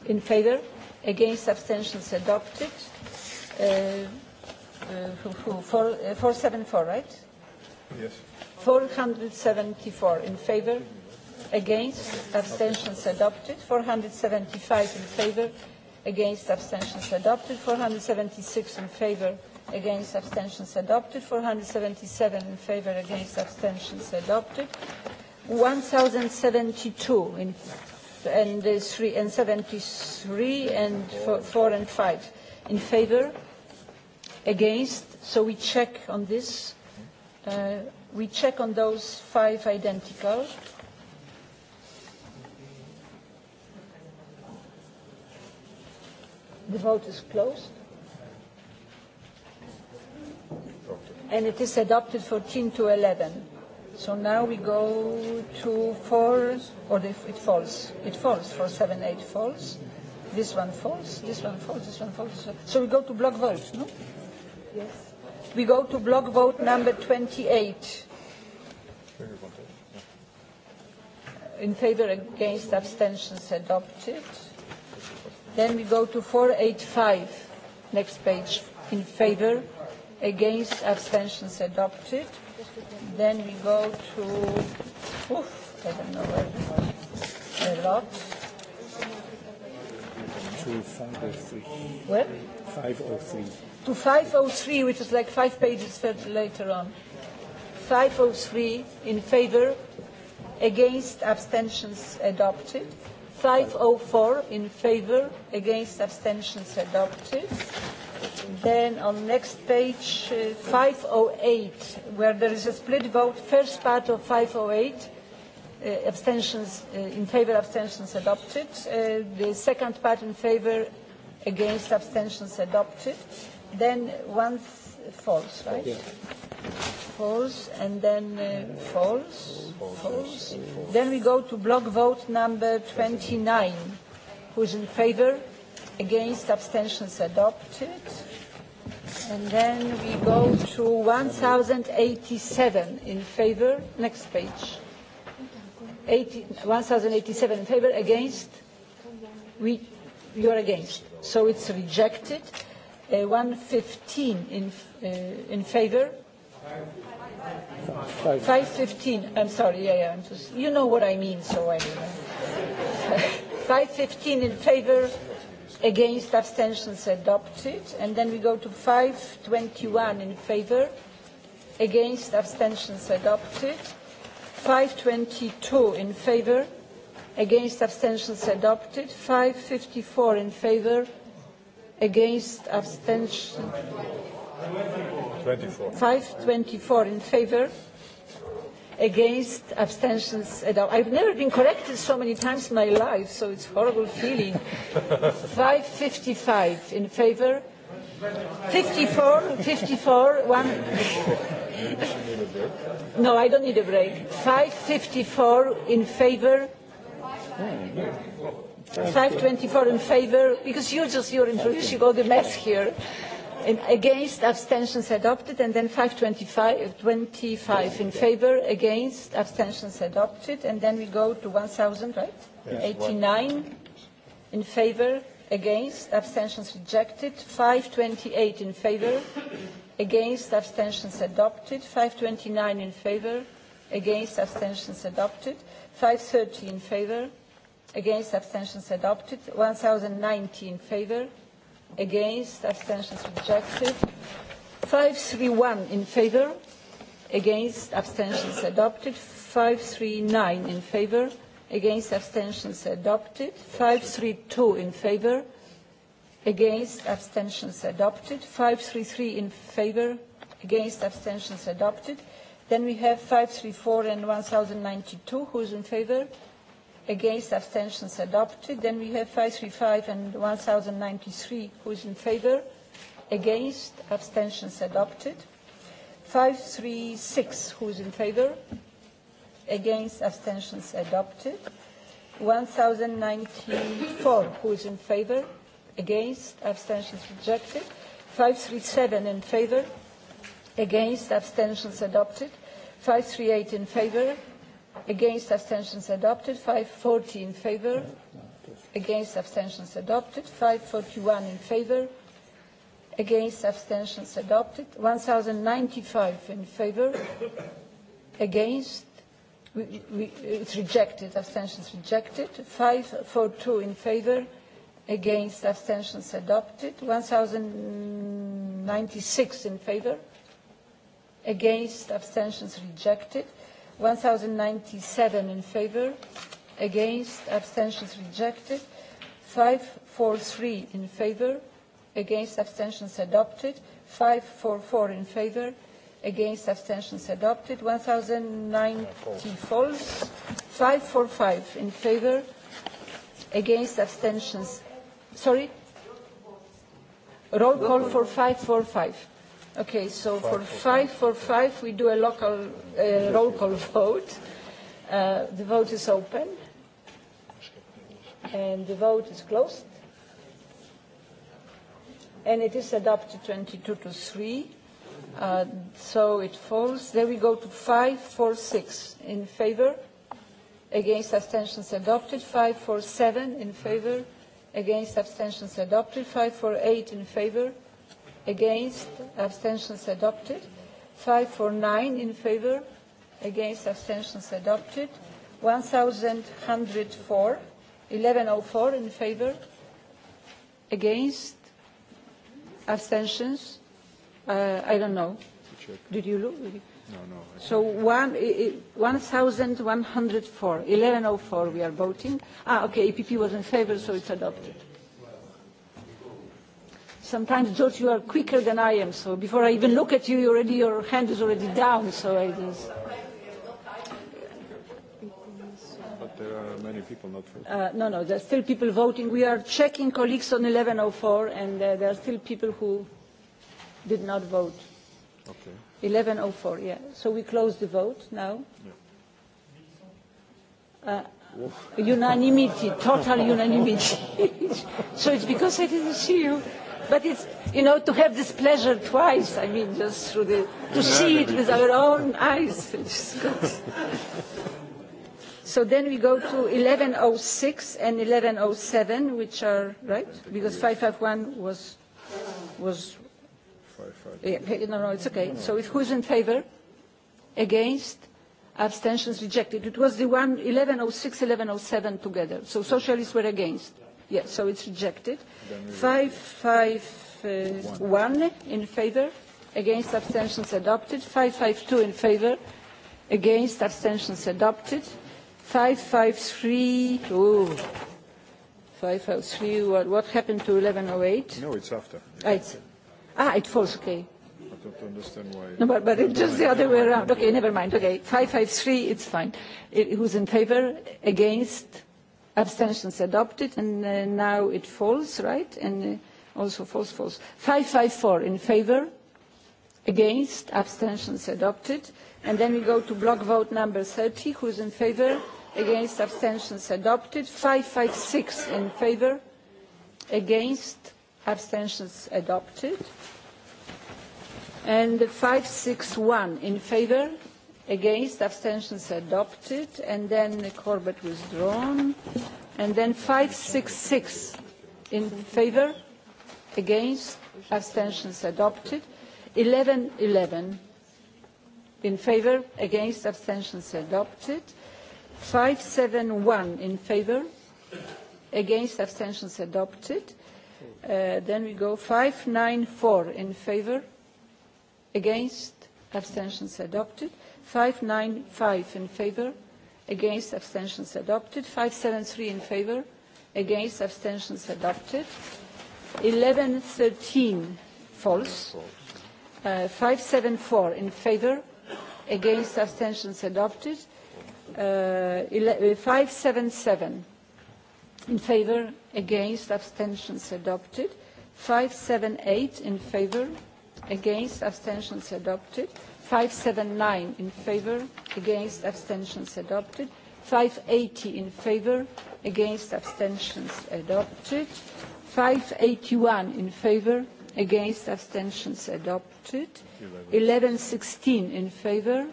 in favor against abstentions adopted uh, uh, 474 uh, right 474 in favor, against, abstentions adopted. 475 in favor, against, abstentions adopted. 476 in favor, against, abstentions adopted. 477 in favor, against, abstentions adopted. 1072 in and uh, three and 73 and four, four and five in favor, against. So we check on this. Uh, we check on those five identical. The vote is closed. And it is adopted 14 to 11. So now we go to four, or if it falls, it falls for seven, eight falls. This one falls, this one falls, this one falls. So we go to block votes, no? Yes we go to block vote number 28. In favor, against, abstentions adopted. Then we go to 485. Next page. In favor, against, abstentions adopted. Then we go to, oof, I don't know where, a lot. To 503. Where? 503 to 503, which is like five pages later on. 503 in favor, against abstentions adopted. 504 in favor, against abstentions adopted. Then on next page, uh, 508, where there is a split vote, first part of 508, uh, abstentions uh, in favor, abstentions adopted. Uh, the second part in favor, against abstentions adopted then one false, right? Yeah. False, and then uh, false, false, Then we go to block vote number 29. Who's in favor? Against, abstentions adopted. And then we go to 1087 in favor. Next page. 80, 1087 in favor, against. We, you are against. So it's rejected. 115 uh, uh, in, favor? 515. I'm sorry, yeah, yeah, just, you know what I mean, so I 515 in favor, against abstentions adopted. And then we go to 521 in favor, against abstentions adopted. 522 in favor, against abstentions adopted. 554 in favor, against abstention 524 in favor against abstentions at all. I've never been corrected so many times in my life, so it's a horrible feeling. 555 in favor, 54, 54, one. no, I don't need a break. 554 in favor, hmm. 524 in favor, because you're just you're you got the mess here. And against, abstentions adopted, and then 525 25 in favor, against, abstentions adopted, and then we go to 1,000, right? Yes. 89 in favor, against, abstentions rejected, 528 in favor, against, abstentions adopted, 529 in favor, against, abstentions adopted, 530 in favor, against abstentions adopted 1019 in favor against abstentions rejected 531 in favor against abstentions adopted 539 in favor against abstentions adopted 532 in favor against abstentions adopted 533 in favor against abstentions adopted then we have 534 and 1092 who's in favor against abstentions adopted then we have 535 and 1093 who is in favor against abstentions adopted 536 who is in favor against abstentions adopted 1094 who is in favor against abstentions rejected 537 in favor against abstentions adopted 538 in favor against abstentions adopted 540 in favor against abstentions adopted 541 in favor against abstentions adopted 1095 in favor against we, we, it's rejected abstentions rejected 542 in favor against abstentions adopted 1096 in favor against abstentions rejected 1097 in favor against abstentions rejected 543 in favor against abstentions adopted 544 in favor against abstentions adopted 1090 false 545 in favor against abstentions sorry roll call for 545 Okay, so for five for five we do a local uh, roll call vote. Uh, the vote is open and the vote is closed. And it is adopted 22 to 3. Uh, so it falls. Then we go to 5, 4, 6. In favor? Against abstentions adopted. 5, 4, 7. In favor? Against abstentions adopted. 5, 4, 8. In favor? against abstentions adopted 549 in favor against abstentions adopted 1104 1104 in favor against abstentions uh, i don't know did you look no no so one, 1104 1104 we are voting ah okay epp was in favor so it's adopted sometimes, George, you are quicker than I am. So before I even look at you, already, your hand is already down. So I just... But there are many people not voting. Uh, no, no, there are still people voting. We are checking colleagues on 1104, and uh, there are still people who did not vote. Okay. 1104, yeah. So we close the vote now. Yeah. Uh, unanimity, total unanimity. so it's because I didn't see you but it's you know to have this pleasure twice i mean just through the to see it with our own eyes so then we go to 1106 and 1107 which are right because 551 was was yeah, no no it's okay so if who's in favor against abstentions rejected it was the one 1106 1107 together so socialists were against Yes, so it's rejected. Five, five, uh, one in favor, against abstentions adopted. Five, five, two in favor, against abstentions adopted. Five, five, three. Ooh. Five, five, three. What, what happened to 1108? No, it's after. Ah, it's, ah, it falls. Okay. I don't understand why. No, but, but it's just the other way around. Okay, never mind. Okay, 553, five, It's fine. It, who's in favor? Against? abstentions adopted and uh, now it falls right and uh, also falls falls 554 in favor against abstentions adopted and then we go to block vote number 30 is in favor against abstentions adopted 556 in favor against abstentions adopted and 561 in favor against abstentions adopted and then corbett withdrawn and then 566 in favor against abstentions adopted 1111 in favor against abstentions adopted 571 in favor against abstentions adopted uh, then we go 594 in favor against abstentions adopted 595 in favor against abstentions adopted 573 in favor against abstentions adopted 1113 false uh, 574 in favor against abstentions adopted uh, uh, seven 577 in favor against abstentions adopted 578 in favor against abstentions adopted 579 in favor against abstentions adopted 580 in favor against abstentions adopted 581 in favor against abstentions adopted 1116 in favor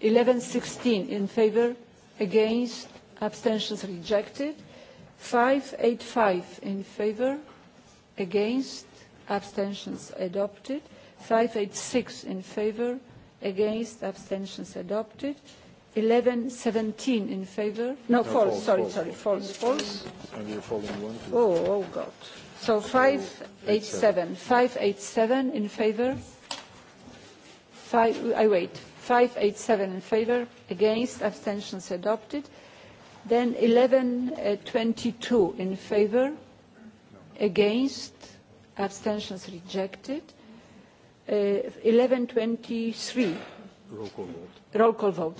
1116 in favor against abstentions rejected 585 in favor against abstentions adopted 586 in favor against abstentions adopted 1117 in favor no, no false, sorry false. sorry false false and you're following one two. oh oh god so 587 587 in favor five i wait 587 in favor against abstentions adopted then 1122 in favor against abstentions rejected 1123. Uh, roll call vote. Roll call vote.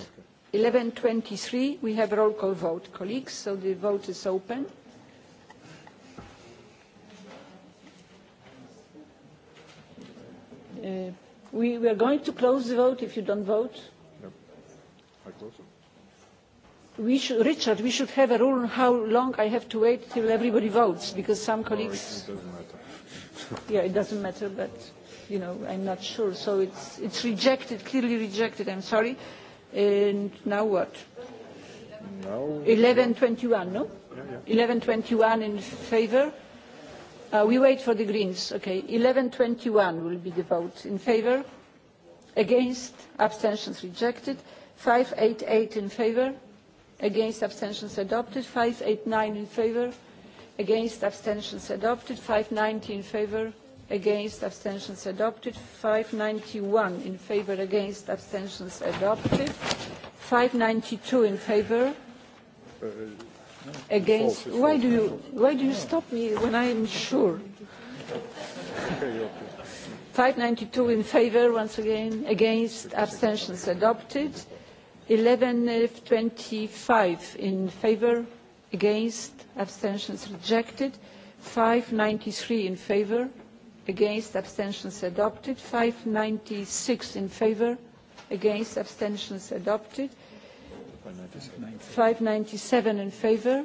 1123, we have roll call vote, colleagues, so the vote is open. Uh, we, are going to close the vote if you don't vote. Yep. I close We should, Richard, we should have a rule on how long I have to wait till everybody votes, because some colleagues... it doesn't matter. yeah, it doesn't matter, but you know i'm not sure so it's it's rejected clearly rejected i'm sorry and now what twenty 1121 no yeah, yeah. 1121 in favor uh, we wait for the greens okay 1121 will be the vote in favor against abstentions rejected 588 in favor against abstentions adopted 589 in favor against abstentions adopted 590 in favor against abstentions adopted 591 in favor against abstentions adopted 592 in favor uh, against why do you why do you stop me when I am sure 592 in favor once again against abstentions adopted 1125 in favor against abstentions rejected 593 in favor against abstentions adopted 596 in favor against abstentions adopted 597 in favor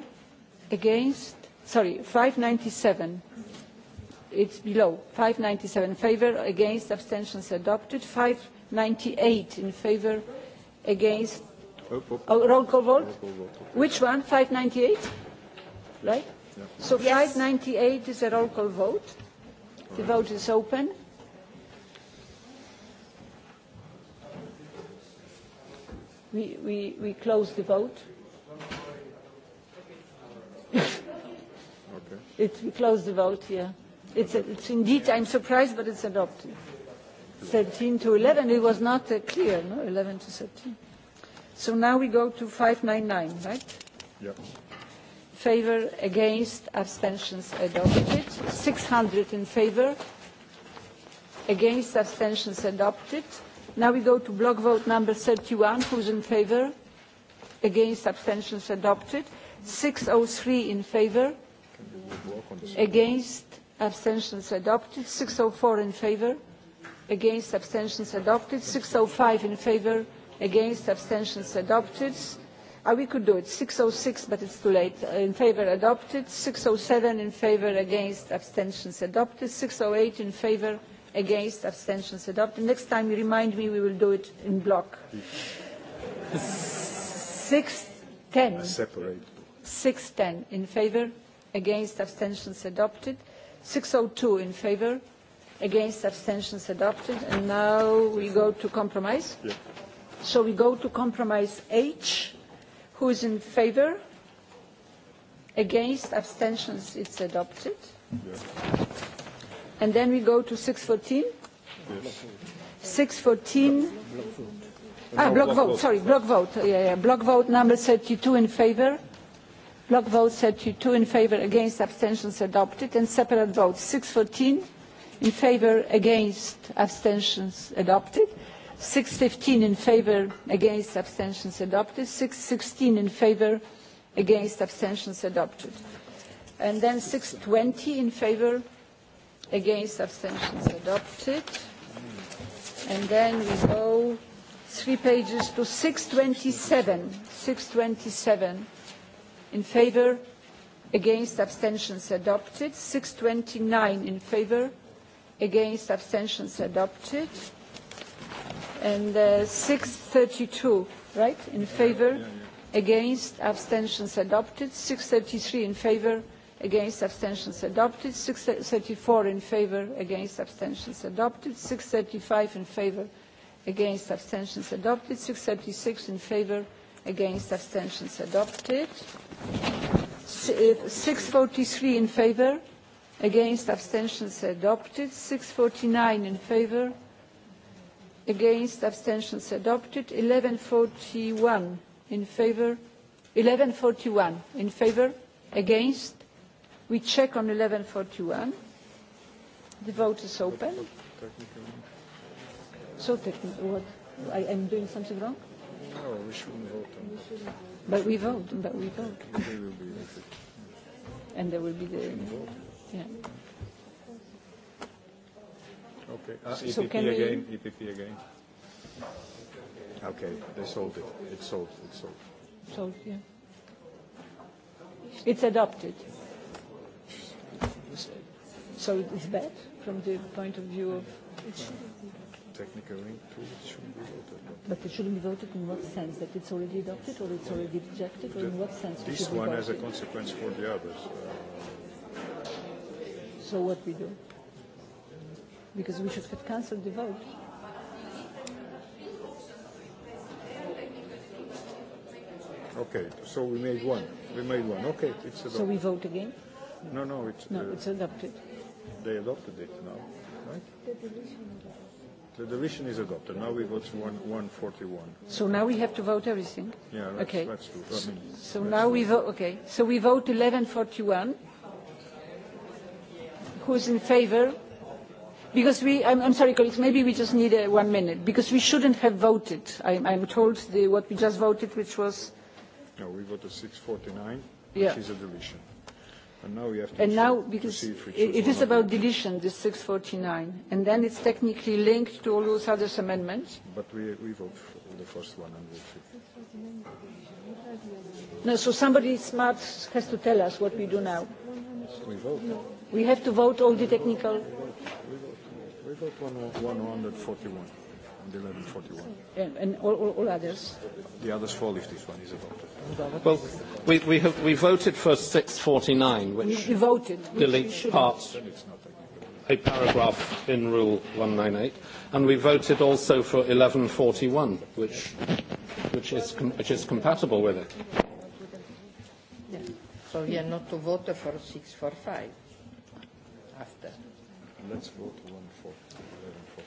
against sorry 597 it's below 597 in favor against abstentions adopted 598 in favor against oh, roll call vote which one 598 right so 598 is a roll call vote The vote is open. We, we, we close the vote. Okay. we close the vote, yeah. It's, it's indeed, I'm surprised, but it's adopted. 13 to 11, it was not uh, clear, no? 11 to 13. So now we go to 599, right? Yeah favor against abstentions adopted 600 in favor against abstentions adopted now we go to block vote number 31 who's in favor against abstentions adopted 603 in favor against abstentions adopted 604 in favor against abstentions adopted 605 in favor against abstentions adopted Uh, we could do it. 606, but it's too late. Uh, in favor, adopted. 607 in favor, against, abstentions adopted. 608 in favor, against, abstentions adopted. Next time you remind me, we will do it in block. 610. Separate. 610 in favor, against, abstentions adopted. 602 in favor, against, abstentions adopted. And now we go to compromise. So we go to compromise H who is in favor against abstentions it's adopted and then we go to 614 six 614 ah block, vote. sorry block vote yeah, yeah block vote number two in favor block vote two in favor against abstentions adopted and separate vote 614 in favor against abstentions adopted Six fifteen in favor against abstentions adopted six sixteen in favor against abstentions adopted and then six twenty in favor against abstentions adopted and then we go three pages to six twenty seven. in favor against abstentions adopted six twenty nine in favor against abstentions adopted and uh, 632 right in favor against abstentions adopted 633 in favor against abstentions adopted 634 in favor against abstentions adopted 635 in favor against abstentions adopted 636 in favor against abstentions adopted 643 in favor against abstentions adopted 649 in favor against abstentions adopted eleven forty one in favor eleven forty one in favor against we check on eleven forty one the vote is open so technical what I am doing something wrong no we shouldn't vote on that. but we vote but we vote and there will be the yeah Okay. Uh, so e can again. We... again. Okay, they sold it. It's sold. It's sold. Sold. Yeah. It's adopted. So it's bad from the point of view of. It should be Technically, too, it shouldn't be voted. But it shouldn't be voted in what sense? That it's already adopted or it's already rejected or in what sense? This one has a consequence for the others. Uh, so what we do? because we should have cancelled the vote. Okay, so we made one. We made one. Okay, it's adopted. So we vote again? No, no, it's... No, uh, it's adopted. They adopted it now, right? The deletion The is adopted. Now we vote 141. So now we have to vote everything? Yeah, let's, okay. let's do I mean, So now we vote, okay. So we vote 1141. Who's in favor? because we I'm, I'm sorry colleagues maybe we just need a uh, one minute because we shouldn't have voted I'm, I'm told the, what we just voted which was no we voted 649 which is a deletion and now we have to and now because it, it is about deletion this 649 and then it's technically linked to all those other amendments but we, we vote for the first one and we no so somebody smart has to tell us what we do now we vote we have to vote all the technical We got one, 141 and 1141. And, and all, all, others? The others fall if this one is adopted. Well, we, we, have, we voted for 649, which we voted, deletes which parts, a paragraph in Rule 198, and we voted also for 1141, which, which, is, com which is compatible with it. So we are not to vote for 645 after. Let's vote one.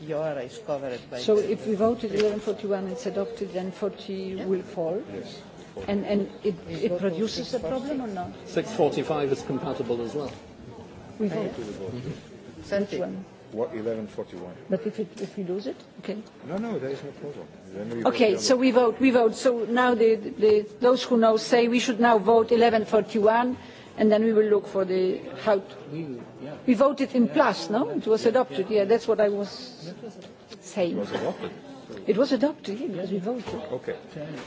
Your is covered by. So if we voted 1141 it's adopted, then 40 yeah. will fall. Yes. And and it, it produces a problem or not? 645 is compatible as well. We vote. Mm -hmm. Which one? What, 1141. But if, it, if we lose it, okay. No, no, there is no problem. Then we okay, so we vote, we vote. So now the, the, those who know say we should now vote 1141 and then we will look for the how to, we, yeah. we voted in yeah. plus no it was adopted yeah that's what i was saying it was adopted it was adopted yeah, we voted okay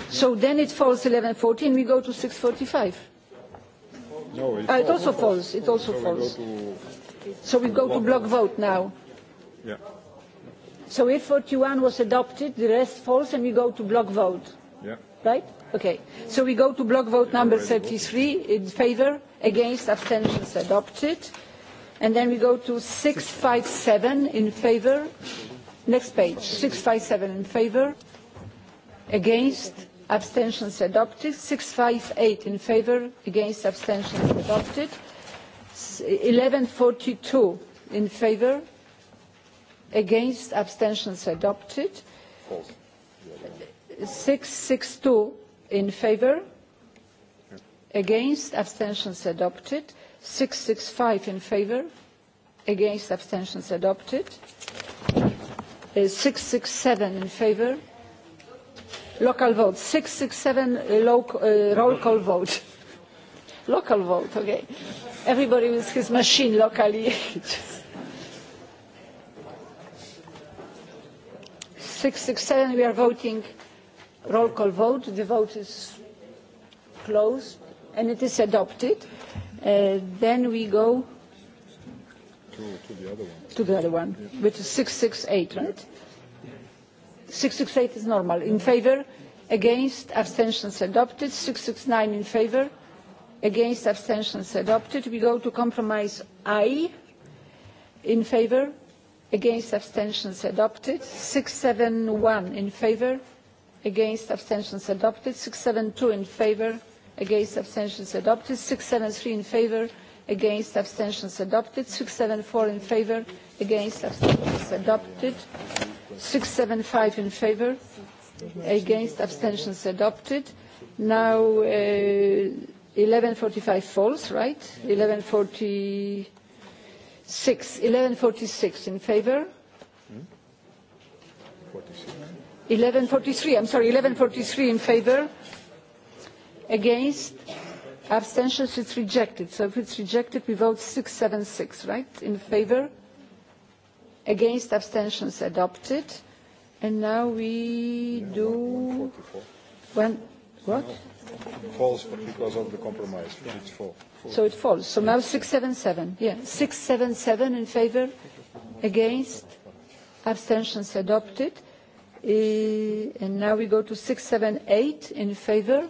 so then it falls 1114, we go to 645 no it, uh, it also falls it also so falls to... so we go to block vote now yeah so if 41 was adopted the rest falls and we go to block vote yeah right Okay. So we go to block vote number 33 in favor, against, abstentions adopted. And then we go to 657 in favor. Next page, 657 in favor, against, abstentions adopted. 658 in favor, against, abstentions adopted. 1142 in favor, against, abstentions adopted. 662 in favor against abstentions adopted Six five in favor against abstentions adopted uh, Six seven in favor local vote 667 local, seven uh, uh, roll call vote local vote okay everybody with his machine locally Six seven we are voting roll call vote. The vote is closed and it is adopted. Uh, then we go to, the other one. To the other one, which is 668, right? 668 is normal. In favor, against, abstentions adopted. 669 in favor, against, abstentions adopted. We go to compromise I. In favor, against, abstentions adopted. 671 in favor, against abstentions adopted six seven two in favor, against abstentions adopted six seven three in favor, against abstentions adopted six seven four in favor, against abstentions adopted six seven five in favor against abstentions adopted now uh, eleven forty five falls right eleven forty six eleven forty six in favour hmm? 1143, I'm sorry, 1143 in favor, against, abstentions, it's rejected. So if it's rejected, we vote 676, right? In favor, against, abstentions, adopted. And now we do... 144. what? falls because of the compromise. It's So it falls. So now 677. Yeah, 677 in favor, against, abstentions adopted and now we go to six seven eight in favor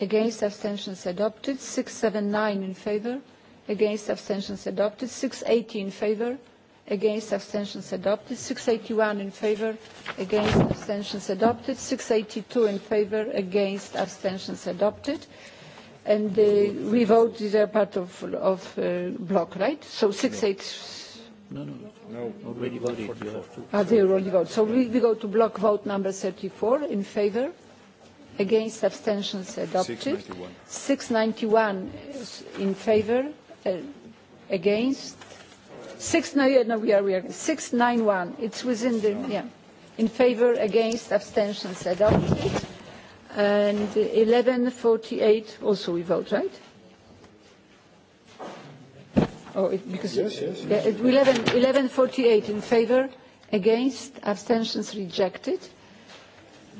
against abstentions adopted six seven nine in favor against abstentions adopted six 680 in favor against abstentions adopted six eighty one in favor against abstentions adopted six eighty two in favor against abstentions adopted and uh, we vote these are part of, of uh, block right so six eight no, no. No. Already voted. You Ah, they already voted. So we, we go to block vote number 34 in favor. Against abstentions adopted. 691. 691 in favor. Uh, against. Six, no, yeah, no, we are, we are. 691. It's within the, yeah. In favor, against, abstentions adopted. And 1148 also we vote, right? Oh, because yes, yes, yes. 11, 1148 in favor, against, abstentions rejected.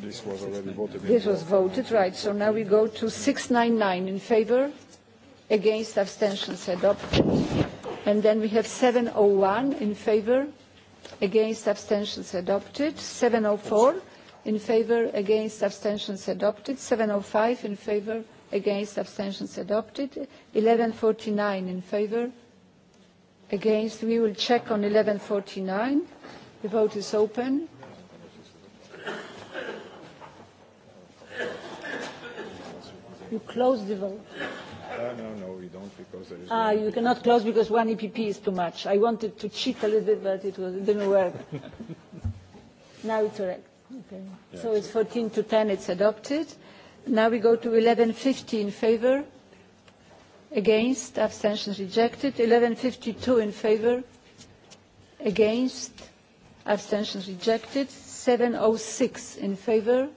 This was already voted. This was voted, right. So now we go to 699 in favor, against, abstentions adopted. And then we have 701 in favor, against, abstentions adopted. 704 in favor, against, abstentions adopted. 705 in favor, against, abstentions adopted. 1149 in favor, against we will check on 1149 the vote is open you close the vote uh, no no we don't because there is ah you cannot close because one epp is too much i wanted to cheat a little bit but it was it didn't work now it's correct okay yeah, so it's 14 to 10 it's adopted now we go to 1150 in favor against abstentions rejected 1152 in favor against abstentions rejected 706 in favor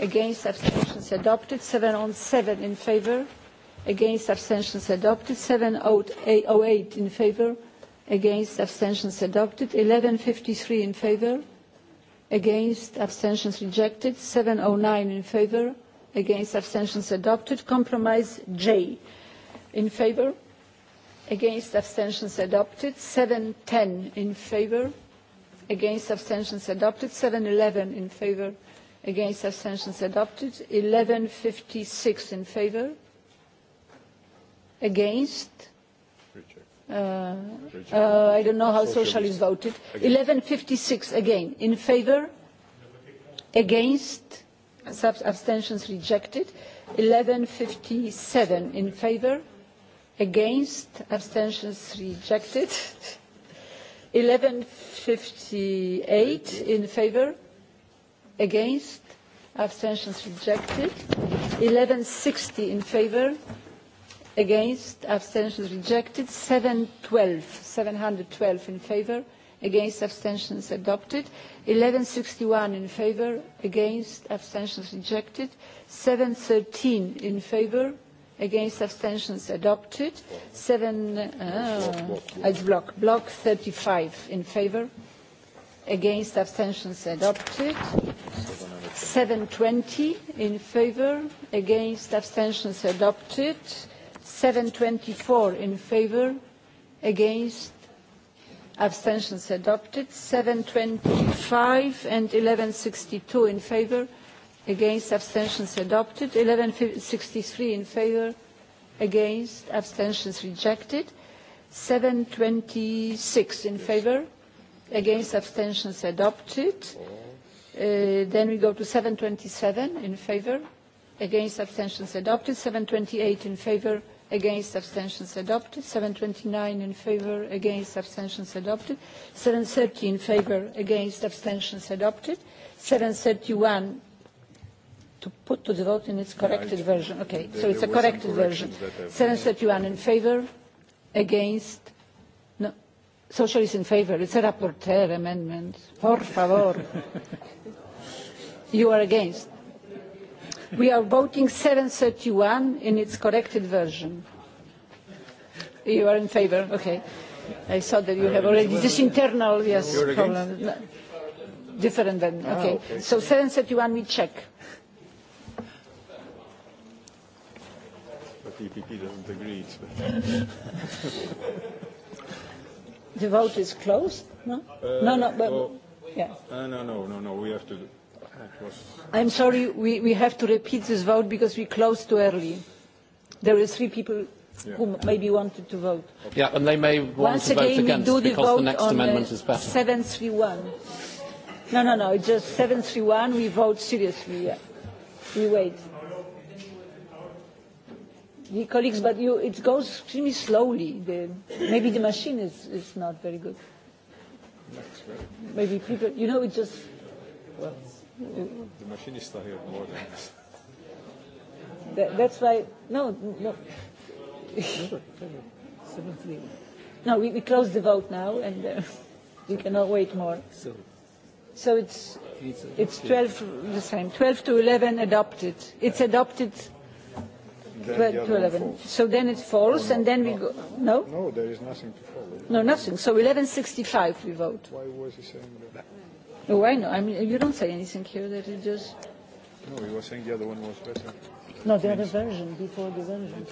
against abstentions adopted seven oh in favor against abstentions adopted 708 in favor against abstentions adopted 1153 in favor against abstentions rejected 709 in favor against abstentions adopted compromise j in favor against abstentions adopted seven ten in favor against abstentions adopted seven eleven in favor against abstentions adopted eleven fifty six in favor against uh, uh, I don't know how socialists voted. 1156 again. In favor? Against? Abstentions rejected. 1157 in favor? against abstentions rejected 1158 in favor against abstentions rejected 1160 in favor against abstentions rejected 712 712 in favor against abstentions adopted 1161 in favor against abstentions rejected 713 in favor against abstentions adopted seven uh, block block block 35 in favor against abstentions adopted 720 in favor against abstentions adopted 724 in favor against abstentions adopted 725 and 1162 in favor against abstentions adopted 1163 in favor against abstentions rejected 726 in favor against abstentions adopted uh, then we go to 727 in favor against abstentions adopted 728 in favor against abstentions adopted 729 in favor against abstentions adopted 730 in favor against abstentions adopted one to put to the vote in its corrected version. Okay, so it's a corrected version. 731 in favor, against, no, socialists in favor. It's a rapporteur amendment. Por favor. you are against. We are voting 731 in its corrected version. You are in favor, okay. I saw that you uh, have already this internal, yes, problem. Different than, ah, okay. So 731 we check. EPP doesn't agree. the vote is closed? No? Uh, no, no, but... well, yeah. Uh, no, no, no, no, we have to... I'm sorry, we, we have to repeat this vote because we closed too early. There are three people yeah. who maybe wanted to vote. Yeah, and they may want Once to again, vote against do the because vote the next on amendment is better. 731. No, no, no, it's just 731. We vote seriously. Yeah. We wait colleagues, but you, it goes extremely slowly. The, maybe the machine is, is not very good. Maybe people, you know, it just. Well, the machine is still here more than us. That, that's why. No, no. no, we, we close the vote now and uh, we cannot wait more. So, so it's, it's 12 the same. 12 to 11 adopted. It's adopted Then So then it falls, and then we go. No? No, there is nothing to fall. No, nothing. So 1165 we vote. Why was he saying that? Oh, I know. I mean, you don't say anything here. That it just. No, he was saying the other one was better. No, the other version before the version.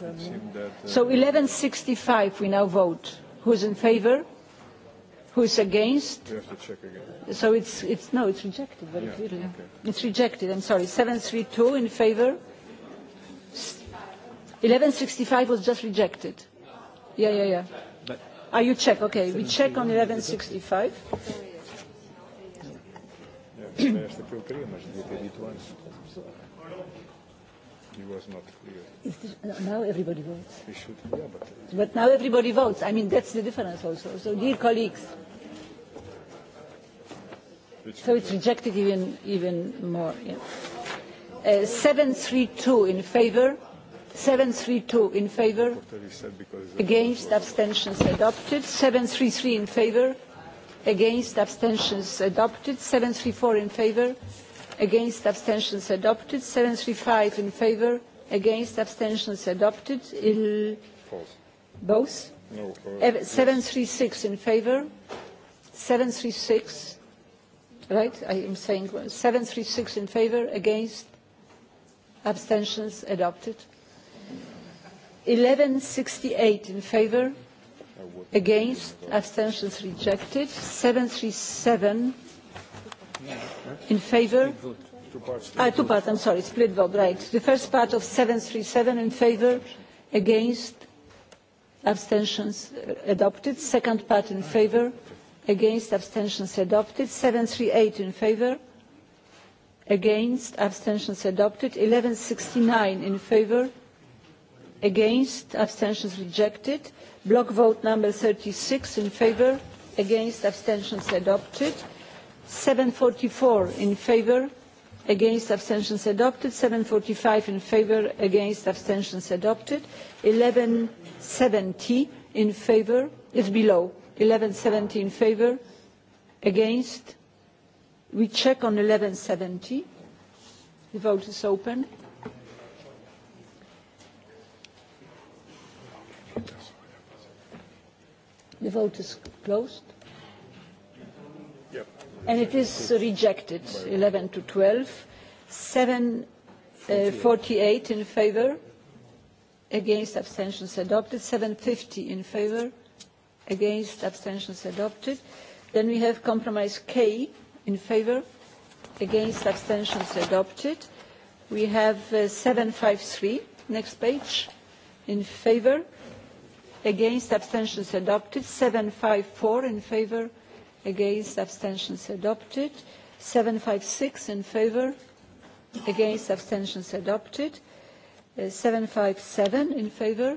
uh, so 1165 we now vote. Who's in favor? Who's against? We have to check again. So it's it's no, it's rejected very yeah, clearly. Okay. It's rejected. I'm sorry. 732 in favor 1165 was just rejected. Yeah, yeah, yeah. Are ah, you check? Okay, we check on 1165. was not now everybody votes. Uh, but, now everybody votes. I mean, that's the difference also. So, dear colleagues, so it's rejected even even more. Yeah. Uh, 732 in favor 732 in favour against abstentions adopted 733 in favour? against abstentions adopted 734 in favour. against abstentions adopted 735 in favour. against abstentions adopted Il... both no, uh, 736 in favor 736 right i am saying 736 in favour. against abstentions adopted 1168 in favor against abstentions rejected 737 in favor ah, two parts i'm sorry split vote right the first part of 737 in favor against abstentions uh, adopted second part in favor against abstentions adopted 738 in favor against abstentions adopted 1169 in favor against abstentions rejected block vote number 36 in favor against abstentions adopted 744 in favor against abstentions adopted 745 in favor against abstentions adopted 1170 in favor is below 1170 in favor against we check on 1170 the vote is open The vote is closed. Yep. And it is rejected, 11 to 12. 7, uh, in favor, against abstentions adopted. 750 in favor, against abstentions adopted. Then we have compromise K in favor, against abstentions adopted. We have uh, 753, next page, in favor against abstentions adopted seven five four in favor against abstentions adopted seven five six in favor against abstentions adopted uh, seven five seven in favor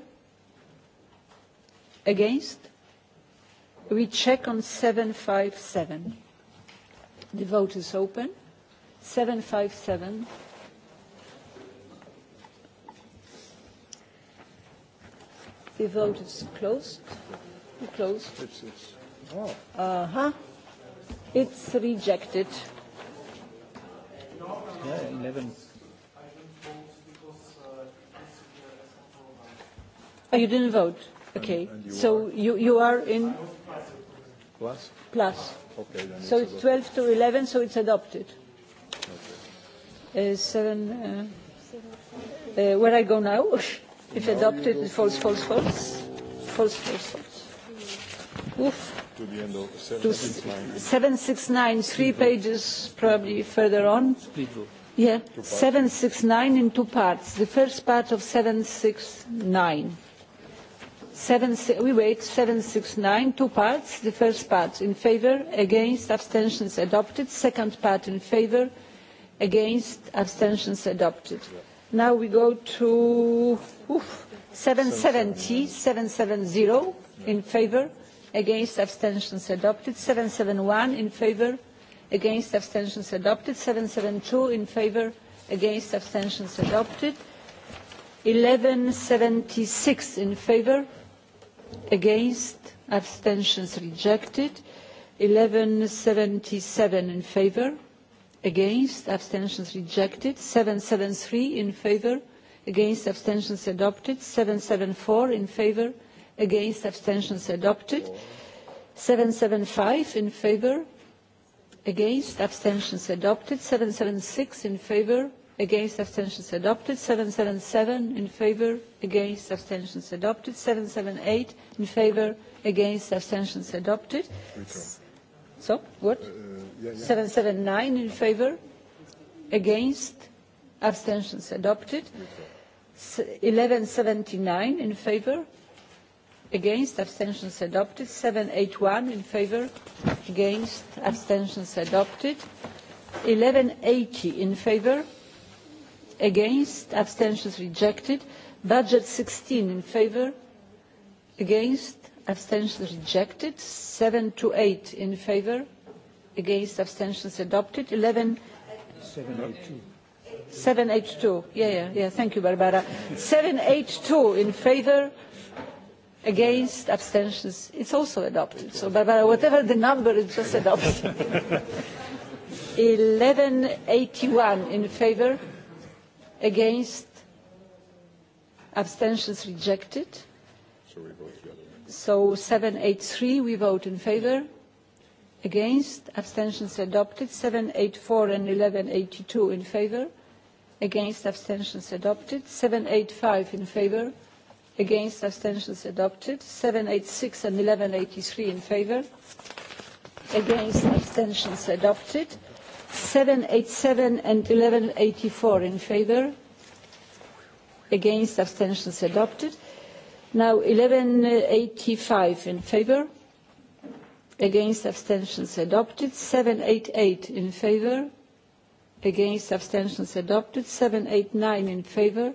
against we check on seven five seven the vote is open seven five seven The vote is closed. Closed. It's, it's, oh. Uh-huh. It's rejected. Yeah, 11. Oh, you didn't vote. Okay. so you, you are in? Plus? Plus. Okay, so it's, it's 12 to 11, so it's adopted. Okay. Uh, seven, uh, uh, where I go now? If adopted, it falls, falls, falls. Falls, falls, falls. Oof. To the end of 769. three pages probably further on. Split vote. Yeah, 769 in two parts. The first part of 769. Seven, we wait, 769, two parts. The first part in favor, against, abstentions adopted. Second part in favor, against, abstentions adopted. Now we go to oof, 770, 770 in favor, against abstentions adopted, 771 in favor, against abstentions adopted, 772 in favor, against abstentions adopted, 1176 in favor, against abstentions rejected, 1177 in favor, against abstentions rejected seven seven three in favor against abstentions adopted seven seven four in favor against abstentions adopted seven seven five in favor against abstentions adopted seven seven six in favor against abstentions adopted seven seven seven in favor against abstentions adopted seven seven eight in favor against abstentions adopted so what uh, 779 in favor against abstentions adopted 1179 in favor against abstentions adopted 781 in favor against abstentions adopted 1180 in favor against abstentions rejected budget 16 in favor against abstentions rejected 728 to in favor against abstentions adopted 11 782 782 yeah yeah yeah thank you barbara 782 in favor against abstentions it's also adopted so barbara whatever the number it's just adopted 1181 in favor against abstentions rejected so 783 we vote in favor against abstentions adopted 784 and 1182 in favor against abstentions adopted 785 in favor against abstentions adopted 786 and 1183 in favor against abstentions adopted 787 and 1184 in favor against abstentions adopted now 1185 in favor against abstentions adopted 788 in favor against abstentions adopted 789 in favor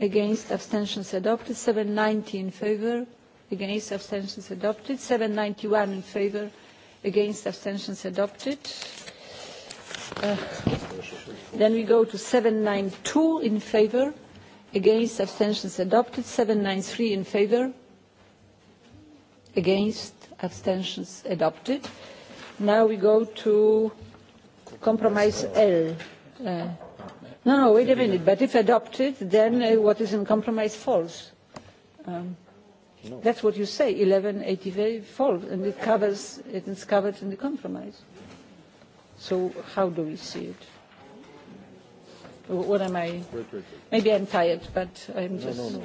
against abstentions adopted ninety in favor against abstentions adopted 791 in favor against abstentions adopted uh, then we go to 792 in favor against abstentions adopted 793 in favor against abstentions adopted. Now we go to compromise L. Uh, no, no, wait a minute. But if adopted, then uh, what is in compromise falls. Um, no. That's what you say. 1185 falls, and it covers. It is covered in the compromise. So how do we see it? What am I? Maybe I'm tired, but I'm just. No, no, no.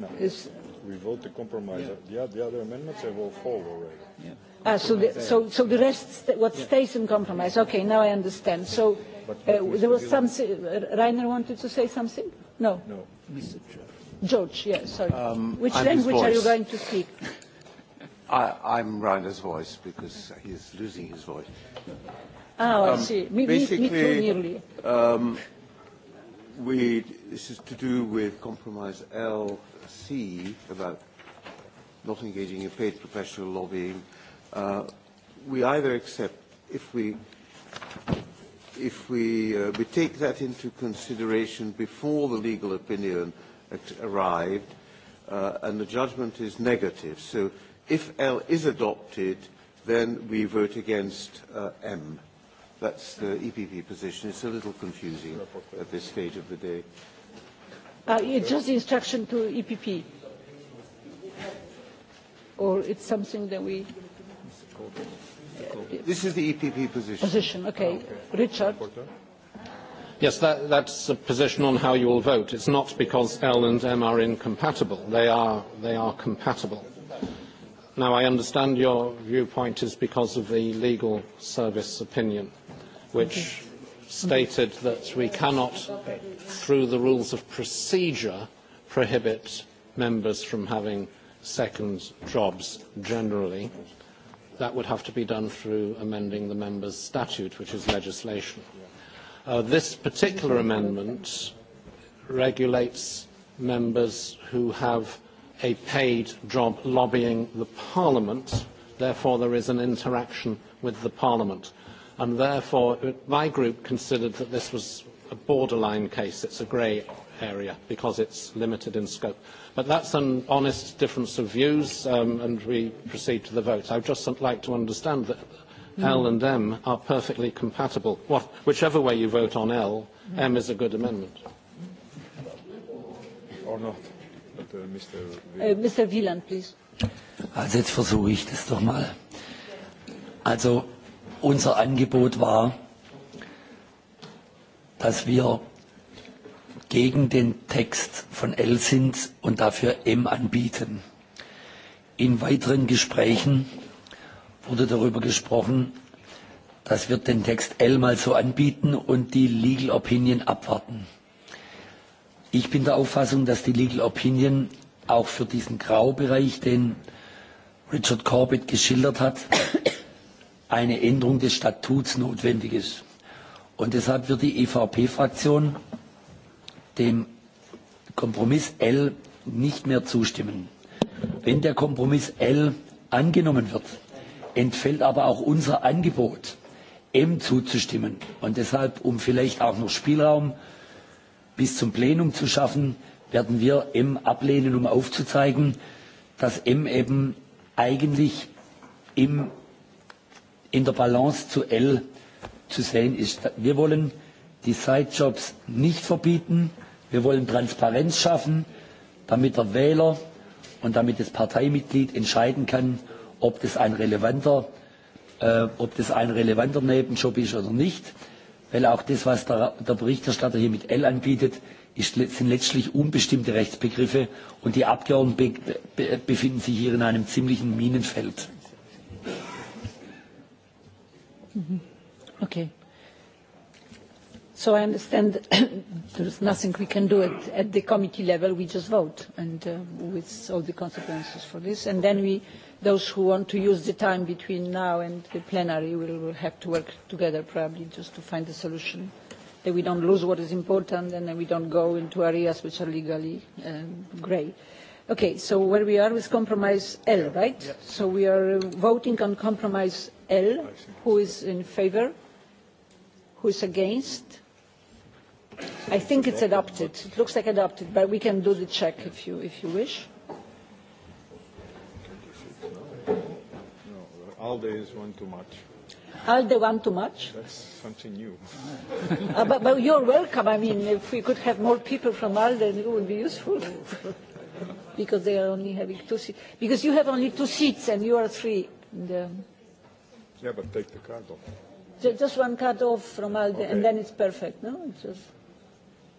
no. Is, we vote the compromise. Yeah. The, the other amendments have will fall already. Yeah. Ah, so, the, so, so the rest, what stays in compromise. Okay, now I understand. So uh, there was something, uh, Reiner wanted to say something? No. No. Mr. George, yeah, sorry. Um, Which I'm language are you going to speak? I, I'm Reiner's voice because he's losing his voice. Oh, um, I see. Me, basically, me too nearly. Um, we, this is to do with compromise L C about not engaging in paid professional lobbying, uh, we either accept, if we, if we, uh, we take that into consideration before the legal opinion arrived, uh, and the judgment is negative. So if L is adopted, then we vote against uh, M. That's the EPP position. It's a little confusing at this stage of the day. Uh, it's just the instruction to EPP. Or it's something that we... This is the EPP e position. Position, oh, okay. Richard. Yes, that, that's a position on how you will vote. It's not because L and M are incompatible. They are, they are compatible. Now, I understand your viewpoint is because of the legal service opinion, which stated that we cannot, through the rules of procedure, prohibit members from having second jobs generally. That would have to be done through amending the members' statute, which is legislation. Uh, this particular amendment regulates members who have a paid job lobbying the Parliament. Therefore, there is an interaction with the Parliament and therefore my group considered that this was a borderline case. It's a grey area because it's limited in scope. But that's an honest difference of views um, and we proceed to the vote. I would just like to understand that L and M are perfectly compatible. whichever way you vote on L, M is a good amendment. Mr. Uh, uh, Wieland. please. Ah, also Unser Angebot war, dass wir gegen den Text von L sind und dafür M anbieten. In weiteren Gesprächen wurde darüber gesprochen, dass wir den Text L mal so anbieten und die Legal Opinion abwarten. Ich bin der Auffassung, dass die Legal Opinion auch für diesen Graubereich, den Richard Corbett geschildert hat, eine Änderung des Statuts notwendig ist. Und deshalb wird die EVP-Fraktion dem Kompromiss L nicht mehr zustimmen. Wenn der Kompromiss L angenommen wird, entfällt aber auch unser Angebot, M zuzustimmen. Und deshalb, um vielleicht auch noch Spielraum bis zum Plenum zu schaffen, werden wir M ablehnen, um aufzuzeigen, dass M eben eigentlich im in der Balance zu L zu sehen ist. Wir wollen die Sidejobs nicht verbieten. Wir wollen Transparenz schaffen, damit der Wähler und damit das Parteimitglied entscheiden kann, ob das ein relevanter, äh, ob das ein relevanter Nebenjob ist oder nicht. Weil auch das, was der, der Berichterstatter hier mit L anbietet, ist, sind letztlich unbestimmte Rechtsbegriffe und die Abgeordneten befinden sich hier in einem ziemlichen Minenfeld. Mm-hmm. Okay. So I understand there's nothing we can do at, at the committee level. We just vote, and uh, with all the consequences for this. And then we, those who want to use the time between now and the plenary, will, will have to work together probably just to find a solution that we don't lose what is important and that we don't go into areas which are legally um, grey. Okay, so where we are with compromise L, right? So we are uh, voting on compromise L. Who is in favor? Who is against? I think it's adopted. It looks like adopted, but we can do the check if you, if you wish. ALDE is one too much. ALDE one too much? That's something new. uh, but, but you're welcome. I mean, if we could have more people from ALDE, it would be useful. because they are only having two seats. Because you have only two seats and you are three. And, um, Yeah, but take the card off. Just one card off from Alde, okay. and then it's perfect, no? It's just...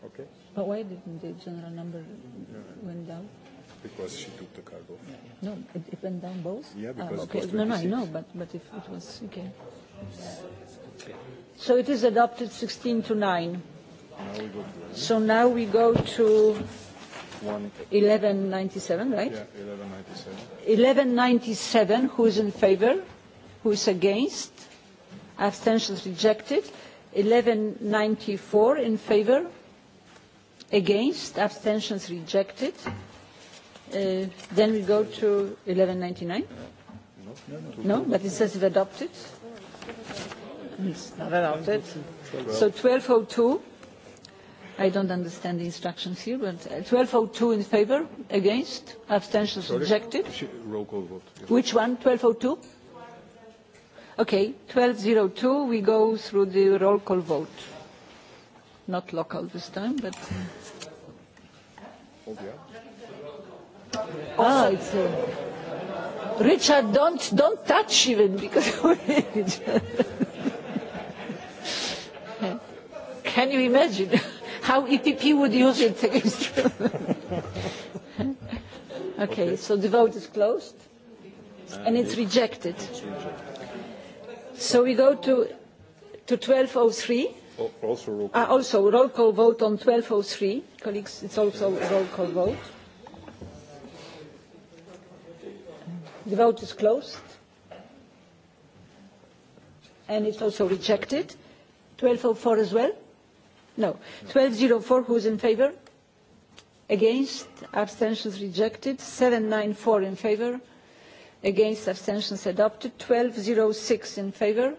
Okay. But why didn't the general number yeah. went down? Because she took the card off. No, it, it went down both? Yeah, because ah, okay. it was No, no, I know, but, but if it was... Okay. okay. So it is adopted 16 to 9. Now we go to so now we go to... 1197, right? Yeah, 1197. 1197, who is in favor? who is against abstentions rejected 1194 in favor against abstentions rejected uh, then we go to 1199 no but it says adopted it's not adopted so 1202 I don't understand the instructions here, but 1202 uh, in favor, against, abstentions rejected. Roll call vote. Which one? 1202? Okay, 1202, we go through the roll call vote. Not local this time, but... Oh, yeah. it's... Uh, Richard, don't, don't touch even, because... Can you imagine how EPP would use it against okay, okay, so the vote is closed, and It's rejected. So we go to, to 1203. Also roll call. Ah, also roll call vote on 1203. Colleagues, it's also a roll call vote. The vote is closed. And it's also rejected. 1204 as well? No. 1204, who's in favor? Against? Abstentions rejected. 794 in favor? against abstentions adopted zero six in favour?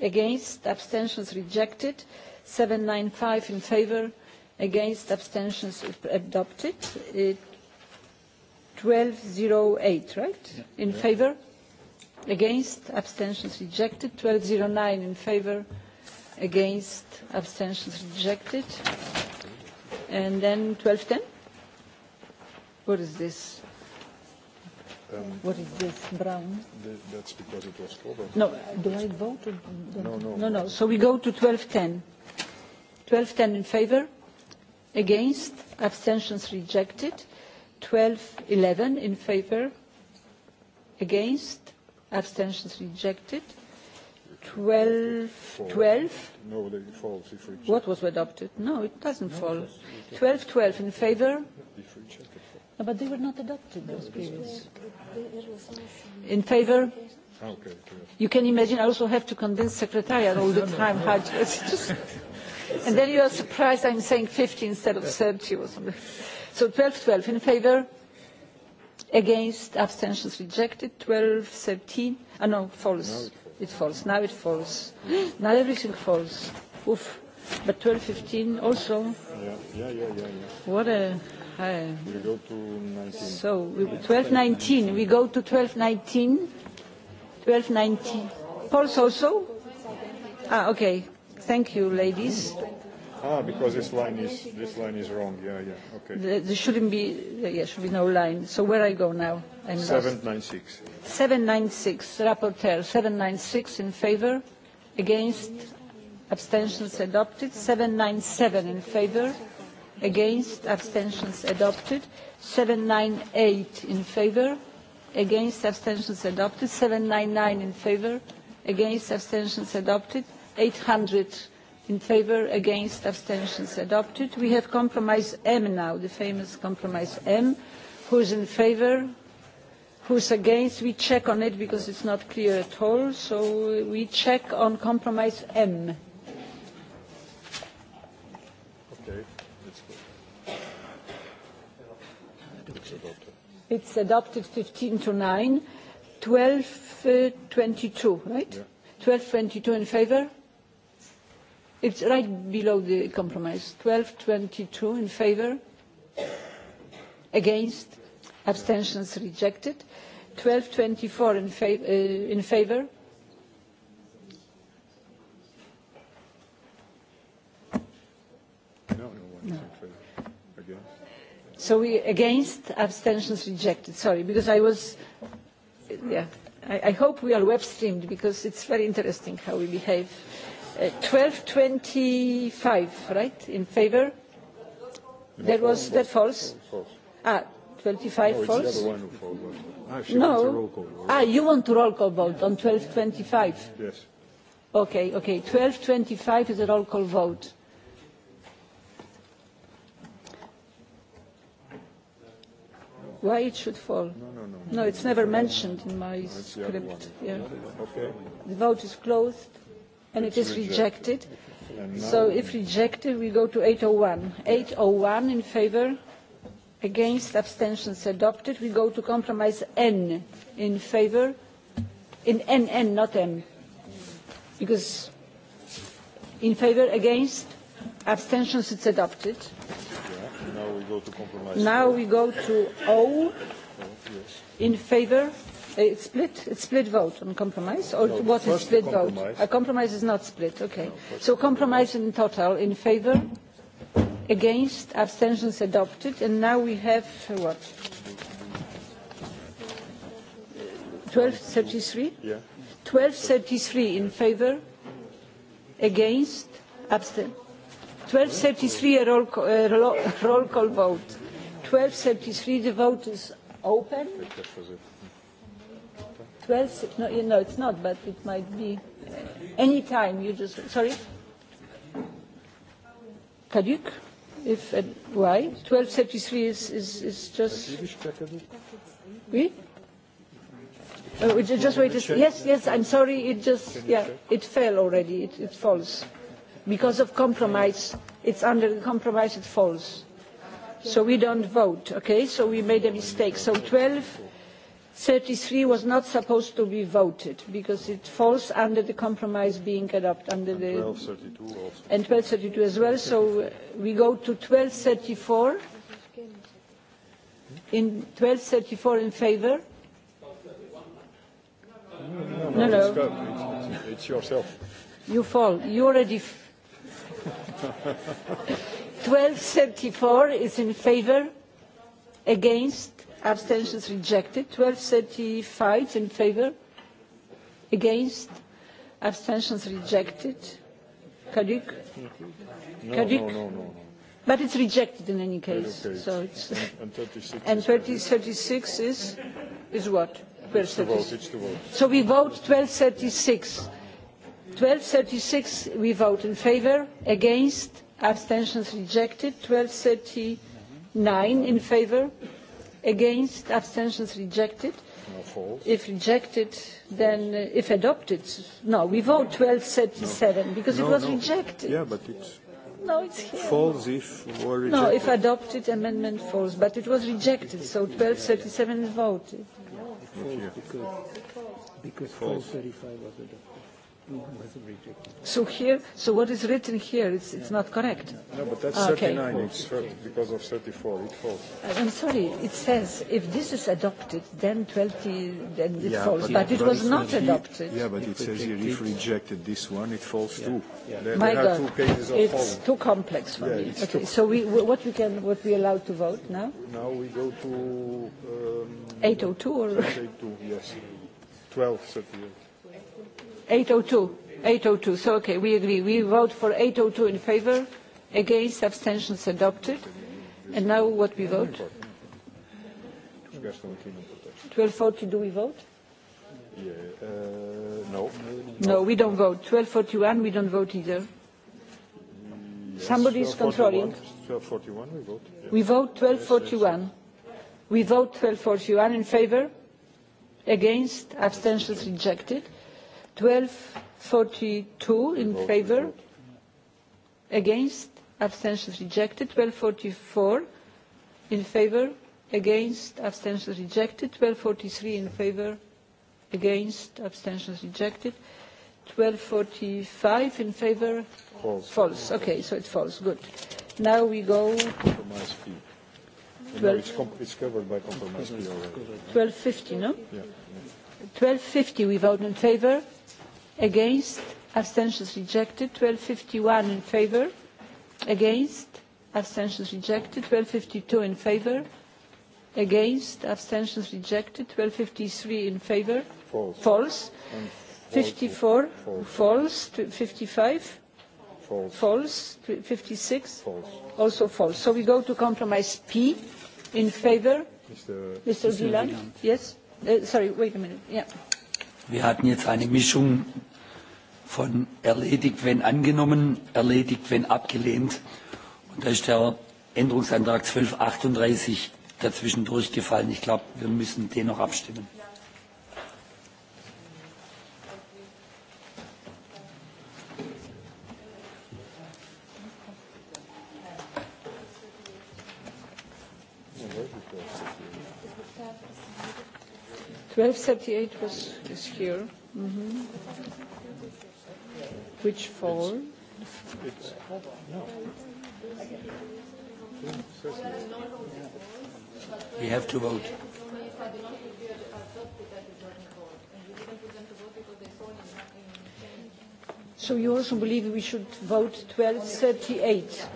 against abstentions rejected Seven five in favor against abstentions adopted Twelve zero eight, right in favour? favor against abstentions rejected Twelve zero nine in favor against abstentions rejected and then ten? what is this Um, What is this, Brown? The, that's because it was covered. No, do I vote? Or no, no. No, no. So we go to 1210. 1210 in favor, against, abstentions rejected. 1211 in favor, against, abstentions rejected. 12, 12. No, it falls if What was adopted? No, it doesn't fall. 12, 12 in favor, no, but they were not adopted, those previous. In favor? Ah, you can imagine I also have to convince secretariat all the time. How And then you are surprised I'm saying 50 instead of 30 or something. So 12, 12 in favor, against, abstentions rejected, 12, 13. Oh, no, false. It falls. Now it falls. Now everything falls. Oof. But 12, 15 also. Yeah, yeah, yeah, yeah. What a... Uh, we go to 12.19. We go to 12.19. 12.19. Polls also? Ah, okay. Thank you, ladies. Ah, because this line is, this line is wrong. Yeah, yeah. Okay. There shouldn't be, yeah, should be no line. So where I go now? I'm 796. 796, rapporteur. 796 in favor. Against? Abstentions adopted. 797 in favor against abstentions adopted seven nine eight in favor against abstentions adopted seven nine nine in favor against abstentions adopted eight hundred in favor against abstentions adopted we have compromise m now the famous compromise m who is in favor who is against we check on it because it's not clear at all so we check on compromise m It's adopted 15 to 9. 12, uh, 22, right? Yeah. 12, 22 in favor? It's right below the compromise. 12, 22 in favor? Against? Abstentions rejected. 12, 24 in, fa uh, in favor? So we against abstentions rejected. Sorry, because I was, yeah, I, I hope we are web streamed because it's very interesting how we behave. Uh, twelve twenty-five, right? In favor? that was, that false? Ah, 25 false? Ah, no. ah, you want to roll call vote on twelve 1225? Yes. Okay, okay. twelve twenty-five is a roll call vote. Why it should fall? No, no, no. No, it's never mentioned in my script. Yeah. Okay. The vote is closed and it is rejected. rejected. So if rejected, we go to 801. 801 in favor, against, abstentions adopted. We go to compromise N in favor, in N, N, not M. Because in favor, against, abstentions, it's adopted go to compromise. Now we go to O. In favor? Eh, it's split? It's split vote on compromise? Or no, what is split vote? A compromise is not split, okay. No, so compromise in total, in favor? Against? Abstentions adopted. And now we have what? 1233? Yeah. 1233 in favor? Against? Abstentions? 1233 roll, roll call vote. 1233, the vote is open. 12, no, you know, it's not, but it might be uh, any time. You just, sorry? Caduc? If and uh, why? 1233 is, is, is just... Oui? Oh, just wait a Yes, yes, I'm sorry, it just, yeah, it fell already, it, it falls because of compromise it's under the compromise it falls so we don't vote okay so we made a mistake so thirty three was not supposed to be voted because it falls under the compromise being adopted under the and 1232 also. and as well so we go to 1234 in 1234 in favor no no, it's yourself you fall you already 1234 is in favor, against, abstentions rejected. 1235 in favor, against, abstentions rejected. Kadik? Kadik? No, no, no, But it's rejected in any case. Okay. So it's and, and 36, is, is what? 1236. So we vote 1236 twelve thirty six we vote in favour against abstentions rejected twelve thirty nine in favour against abstentions rejected if rejected then uh, if adopted no we vote twelve thirty seven because no, it was no. rejected yeah but it's no it's here falls if were rejected. no if adopted amendment falls but it was rejected so twelve thirty seven is voted because because thirty five was adopted So here, so what is written here, it's, it's not correct. No, but that's ah, okay. 39, it's 30, because of 34, it falls. Uh, I'm sorry, it says if this is adopted, then 20, then it yeah, falls. But, but it was not adopted. Yeah, but it says here if rejected this one, it falls yeah. too. Yeah. My God, two cases of it's falling. too complex for yeah, me. Okay, so we, what we can, what we allowed to vote now? Now we go to... Um, 802 or? 802, yes. 12, 38. 802. 802. So, okay, we agree. We vote for 802 in favor, against, abstentions adopted. And now what we vote? 1240, do we vote? Uh, no. No, we don't vote. 1241, we don't vote either. Somebody's Somebody is controlling. 1241, we vote. We vote 1241. We vote 1241 in favor, against, abstentions rejected. 1242 in favor against abstentions rejected 1244 in favor against abstentions rejected 1243 in favor against abstentions rejected 1245 in favor false, false. okay so it falls good now we go compromise fee. 12... it's, it's covered by compromise P already 1250 no yeah. 1250 we vote in favor against abstentions rejected twelve fifty one in favor against abstentions rejected twelve fifty two in favor against abstentions rejected twelve fifty three in favor false, fifty four false fifty five false, fifty six also false so we go to compromise p in favor mr, mr. yes uh, sorry wait a minute yeah wir hatten jetzt eine mischung von erledigt, wenn angenommen, erledigt, wenn abgelehnt. Und da ist der Änderungsantrag 1238 dazwischen durchgefallen. Ich glaube, wir müssen den noch abstimmen. Twelve thirty was is here. Mm -hmm. Which fall? no. We have to vote. So you also believe we should vote 1238?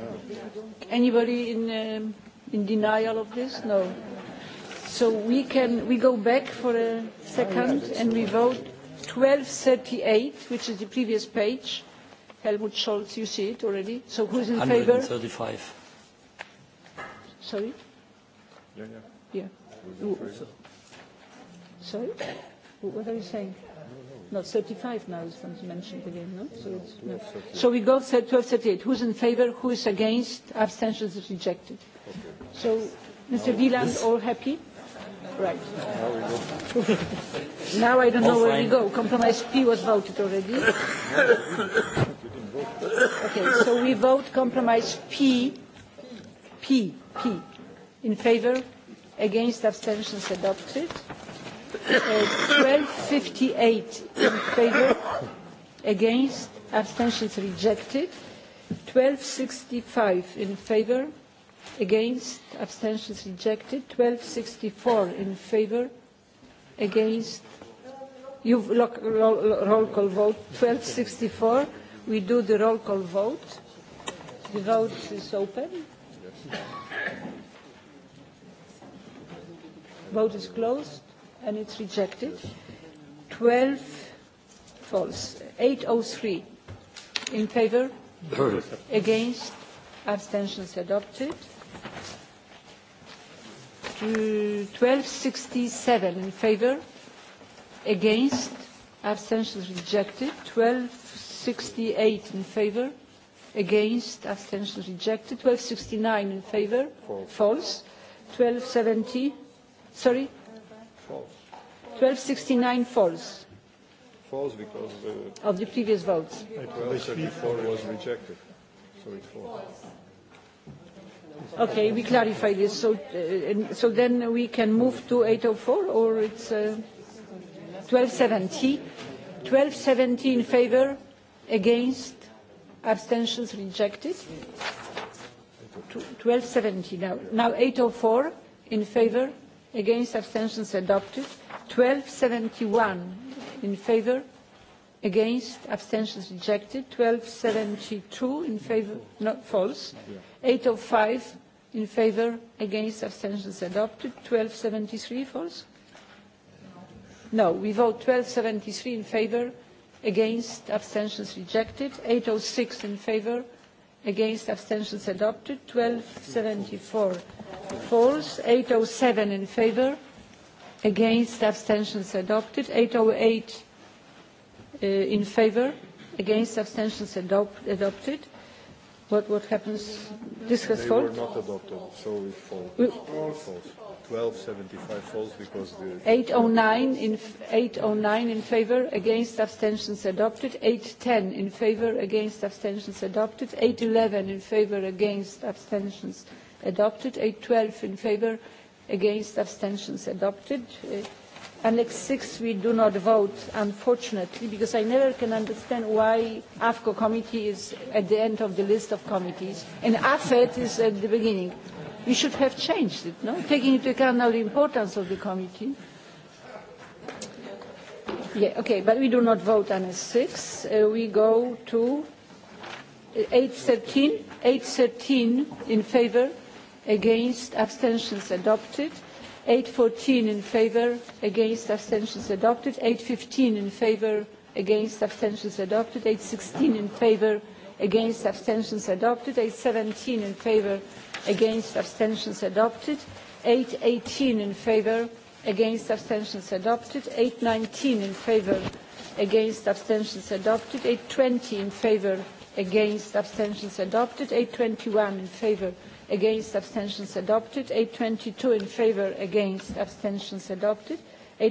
Anybody in, um, in denial of this? No. So we can we go back for a second and we vote twelve thirty eight which is the previous page helmut scholz you see it already so who's in favor 135 sorry yeah, yeah. yeah. sorry what are you saying no, 35 now is mentioned again, no? So, it's, no. so we go to 1238 Who's in favor? Who is against? Abstentions is rejected. So, Mr. Wieland, all happy? Right. Now I don't know where we go. Compromise P was voted already. Okay, so we vote compromise P, P, P. In favor, against, abstentions adopted. Uh, 1258 in favor, against, abstentions rejected. 1265 in favor, against abstentions rejected Twelve sixty four in favor against you roll, call vote Twelve sixty four. we do the roll call vote the vote is open vote is closed and it's rejected Twelve false Eight oh three. in favor against abstentions adopted 1267 in favor against abstentions rejected 1268 in favor against abstentions rejected 1269 in favor false, false. 1270 sorry false 1269 false false because the of the previous votes 1234 was rejected so it falls Okay, we clarify this. So, uh, so then we can move to 804 or it's uh, 1270. 1270 in favor, against, abstentions rejected. 1270 now. Now 804 in favor, against, abstentions adopted. 1271 in favor, against abstentions rejected 1272 in favor not false 805 in favor against abstentions adopted 1273 false no we vote 1273 in favor against abstentions rejected 806 in favor against abstentions adopted 1274 false 807 in favor against abstentions adopted 808 Uh, in favor against abstentions adopt, adopted what what happens this has they were not adopted so it falls we, falls 1275 falls because the 809 in 809 in favor against abstentions adopted 810 in favor against abstentions adopted 811 in favor against abstentions adopted 812 in favor against abstentions adopted uh, Annex 6 we do not vote, unfortunately, because I never can understand why AFCO committee is at the end of the list of committees and AFET is at the beginning. We should have changed it, no? Taking into account now the importance of the committee. Yeah, okay, but we do not vote on 6. Uh, we go to 813. 813 in favor, against, abstentions adopted eight fourteen in favour, against abstentions adopted eight fifteen in favour, against abstentions adopted eight sixteen in favour, against abstentions adopted eight seventeen in favour, against abstentions adopted eight eighteen in favour, against abstentions adopted eight nineteen in favour, against abstentions adopted eight twenty in favour, against abstentions adopted eight twenty one in favour against abstentions adopted twenty a two in favor against abstentions adopted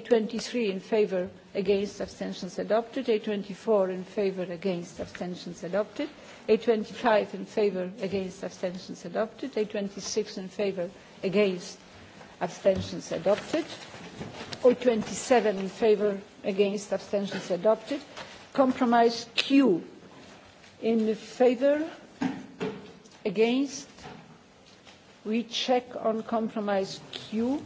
twenty a three in favor against abstentions adopted A twenty four in favor against abstentions adopted A twenty five in favor against abstentions adopted A twenty six in favor against abstentions adopted twenty seven in favor against abstentions adopted compromise q in favor against we check on compromise q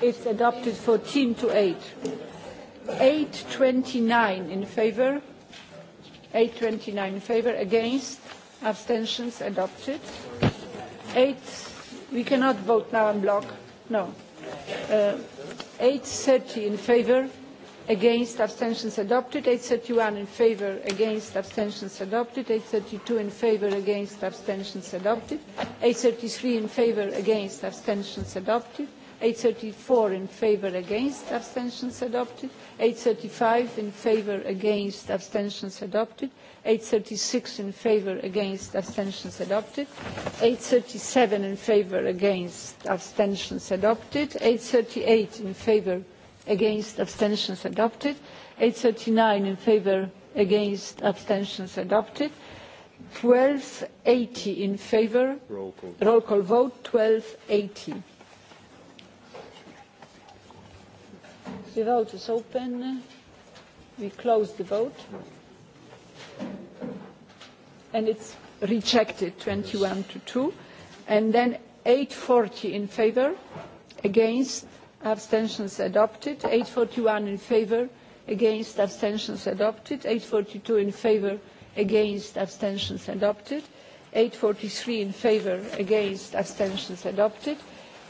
it's adopted 14 to 8 829 in favor 829 in favor against abstentions adopted 8 we cannot vote now on block no Uh, eight 830 in favor, against abstentions adopted. 831 in favor, against abstentions adopted. 832 in favor, against abstentions adopted. 833 in favor, against abstentions adopted. 834 in favor, against abstentions adopted. 835 in favor, against abstentions adopted. 836 in favor against abstentions adopted 837 in favor against abstentions adopted 838 in favor against abstentions adopted 839 in favor against abstentions adopted 1280 in favor roll call, roll call vote 1280 the vote is open we close the vote and it's rejected 21 to 2 and then 840 in favor against abstentions adopted 841 in favor against abstentions adopted 842 in favor against abstentions adopted 843 in favor against abstentions adopted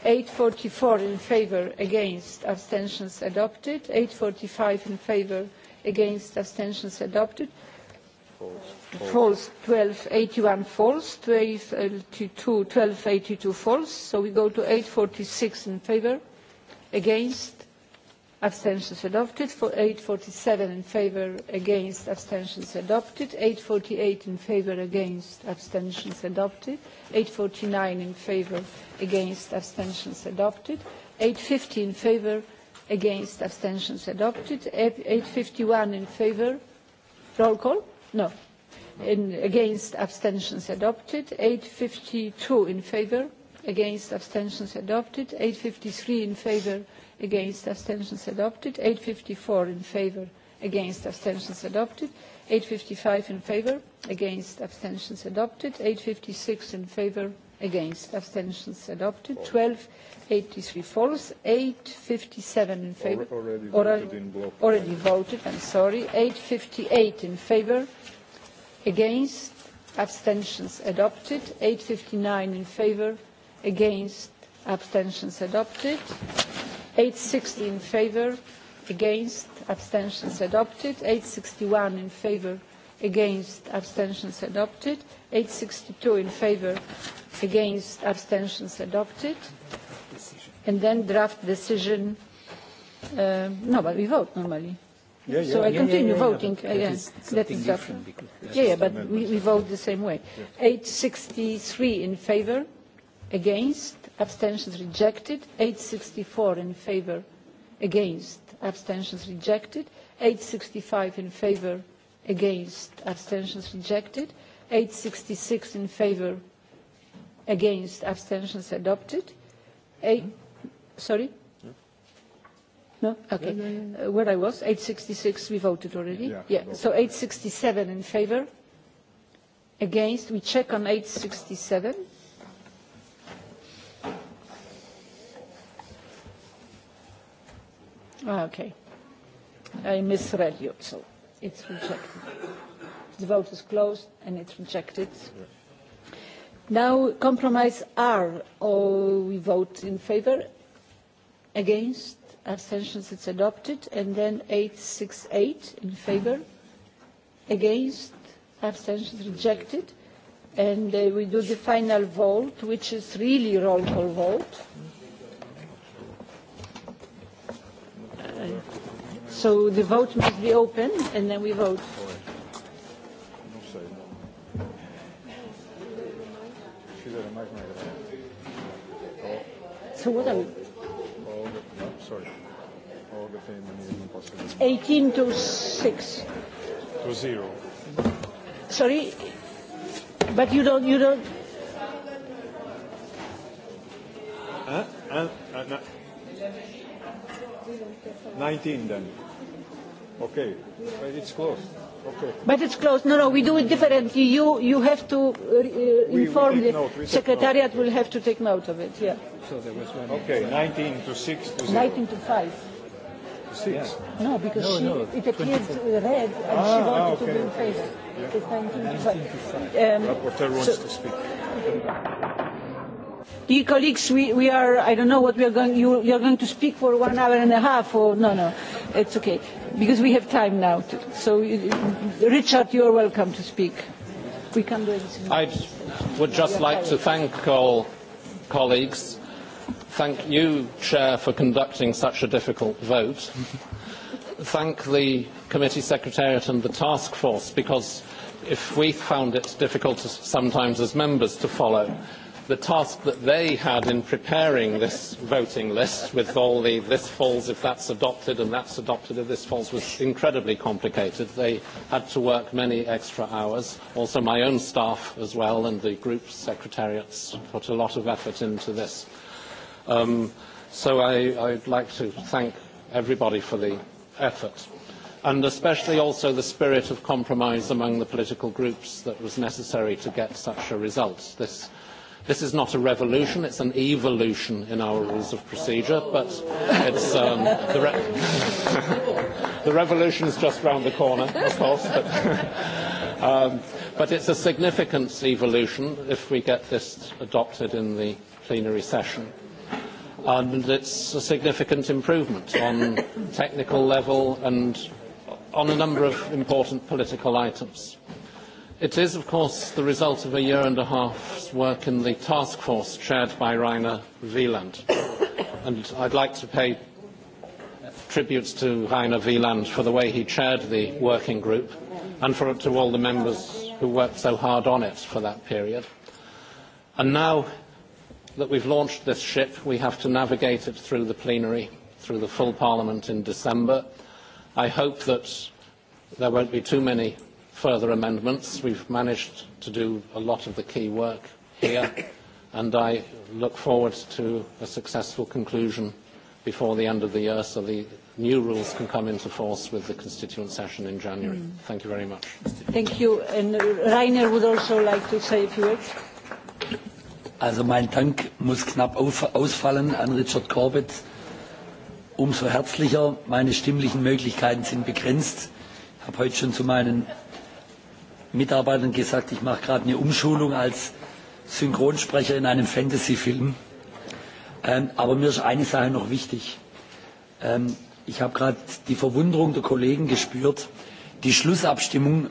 844 in favor against abstentions adopted 845 in favor against abstentions adopted false. False. 1281 false. 1282, 1282 false. So we go to 846 in favor. Against. Abstentions adopted. For 847 in favor. Against. Abstentions adopted. 848 in favor. Against. Abstentions adopted. 849 in favor. Against. Abstentions adopted. 850 in favor. Against. Abstentions adopted. 851 in favor. Roll call no against abstentions adopted eight fifty two in favor against abstentions adopted eight fifty three in favor against abstentions adopted eight fifty four in favor against abstentions adopted eight fifty five in favor against abstentions adopted eight fifty six in favor against abstentions adopted 1283 false 857 in favor already, already voted, in block. already voted i'm sorry 858 in favor against abstentions adopted 859 in favor against abstentions adopted 860 in favor against abstentions adopted 861 in favor against abstentions adopted 862 in favor against abstentions adopted and then draft decision uh, no but we vote normally so I continue voting against That is different. yeah, yeah, but we, we vote the same way. 863 in favor, against, abstentions rejected. 864 in favor, against, abstentions rejected. 865 in favor, against, abstentions rejected. 866 in favor, against abstentions adopted eight sorry no okay uh, where i was 866 we voted already yeah, so 867 in favor against we check on 867 ah, okay i misread you so it's rejected the vote is closed and it's rejected Now compromise R. we vote in favor. Against? Abstentions it's adopted. And then 868 in favor. Against? Abstentions rejected. And uh, we do the final vote, which is really roll call vote. Uh, so the vote must be open and then we vote. 18 to 6. To 0. Sorry, but you don't, you don't. Uh, uh, uh, 19 then. Okay. But it's closed. Okay. But it's closed. No, no, we do it differently. You, you have to uh, inform the note, secretariat. Note. Will have to take note of it. Yeah. So there was one. Okay, 19 to 6 to 0. 19 to 5. Six. Yeah. No, because no, she, no, it appeared 24. red and ah, she wanted ah, okay, to be in face. Okay. Yeah. It's 19 to 5. Um, reporter wants so, to speak. colleagues, we, we are, I don't know what we are going, you, are going to speak for one hour and a half or no, no, it's okay, because we have time now. To, so, Richard, you are welcome to speak. We can do everything. I would just like to thank all colleagues. Thank you, Chair, for conducting such a difficult vote. Thank the Committee Secretariat and the Task Force, because if we found it difficult sometimes as members to follow, the task that they had in preparing this voting list with all the this falls if that's adopted and that's adopted if this falls was incredibly complicated. They had to work many extra hours. Also my own staff as well and the group secretariats put a lot of effort into this. Um, so I, I'd like to thank everybody for the effort and especially also the spirit of compromise among the political groups that was necessary to get such a result. This This is not a revolution, it's an evolution in our rules of procedure, but it's, um, the, the revolution is just round the corner, of course. But, um, but it's a significant evolution if we get this adopted in the plenary session. And it's a significant improvement on technical level and on a number of important political items. It is, of course, the result of a year and a half's work in the task force chaired by Rainer Wieland. and I'd like to pay tributes to Rainer Wieland for the way he chaired the working group and for, to all the members who worked so hard on it for that period. And now that we've launched this ship, we have to navigate it through the plenary, through the full parliament in December. I hope that there won't be too many further amendments. We've managed to do a lot of the key work here, and I look forward to a successful conclusion before the end of the year so the new rules can come into force with the constituent session in January. Mm. Thank you very much. Thank you. And uh, Rainer would also like to say a few words. Also mein Dank muss knapp ausfallen an Richard Corbett. Umso herzlicher. Meine stimmlichen Möglichkeiten sind begrenzt. Ich habe heute schon zu meinen Mitarbeitern gesagt, ich mache gerade eine Umschulung als Synchronsprecher in einem Fantasy-Film. Ähm, aber mir ist eine Sache noch wichtig. Ähm, ich habe gerade die Verwunderung der Kollegen gespürt. Die Schlussabstimmung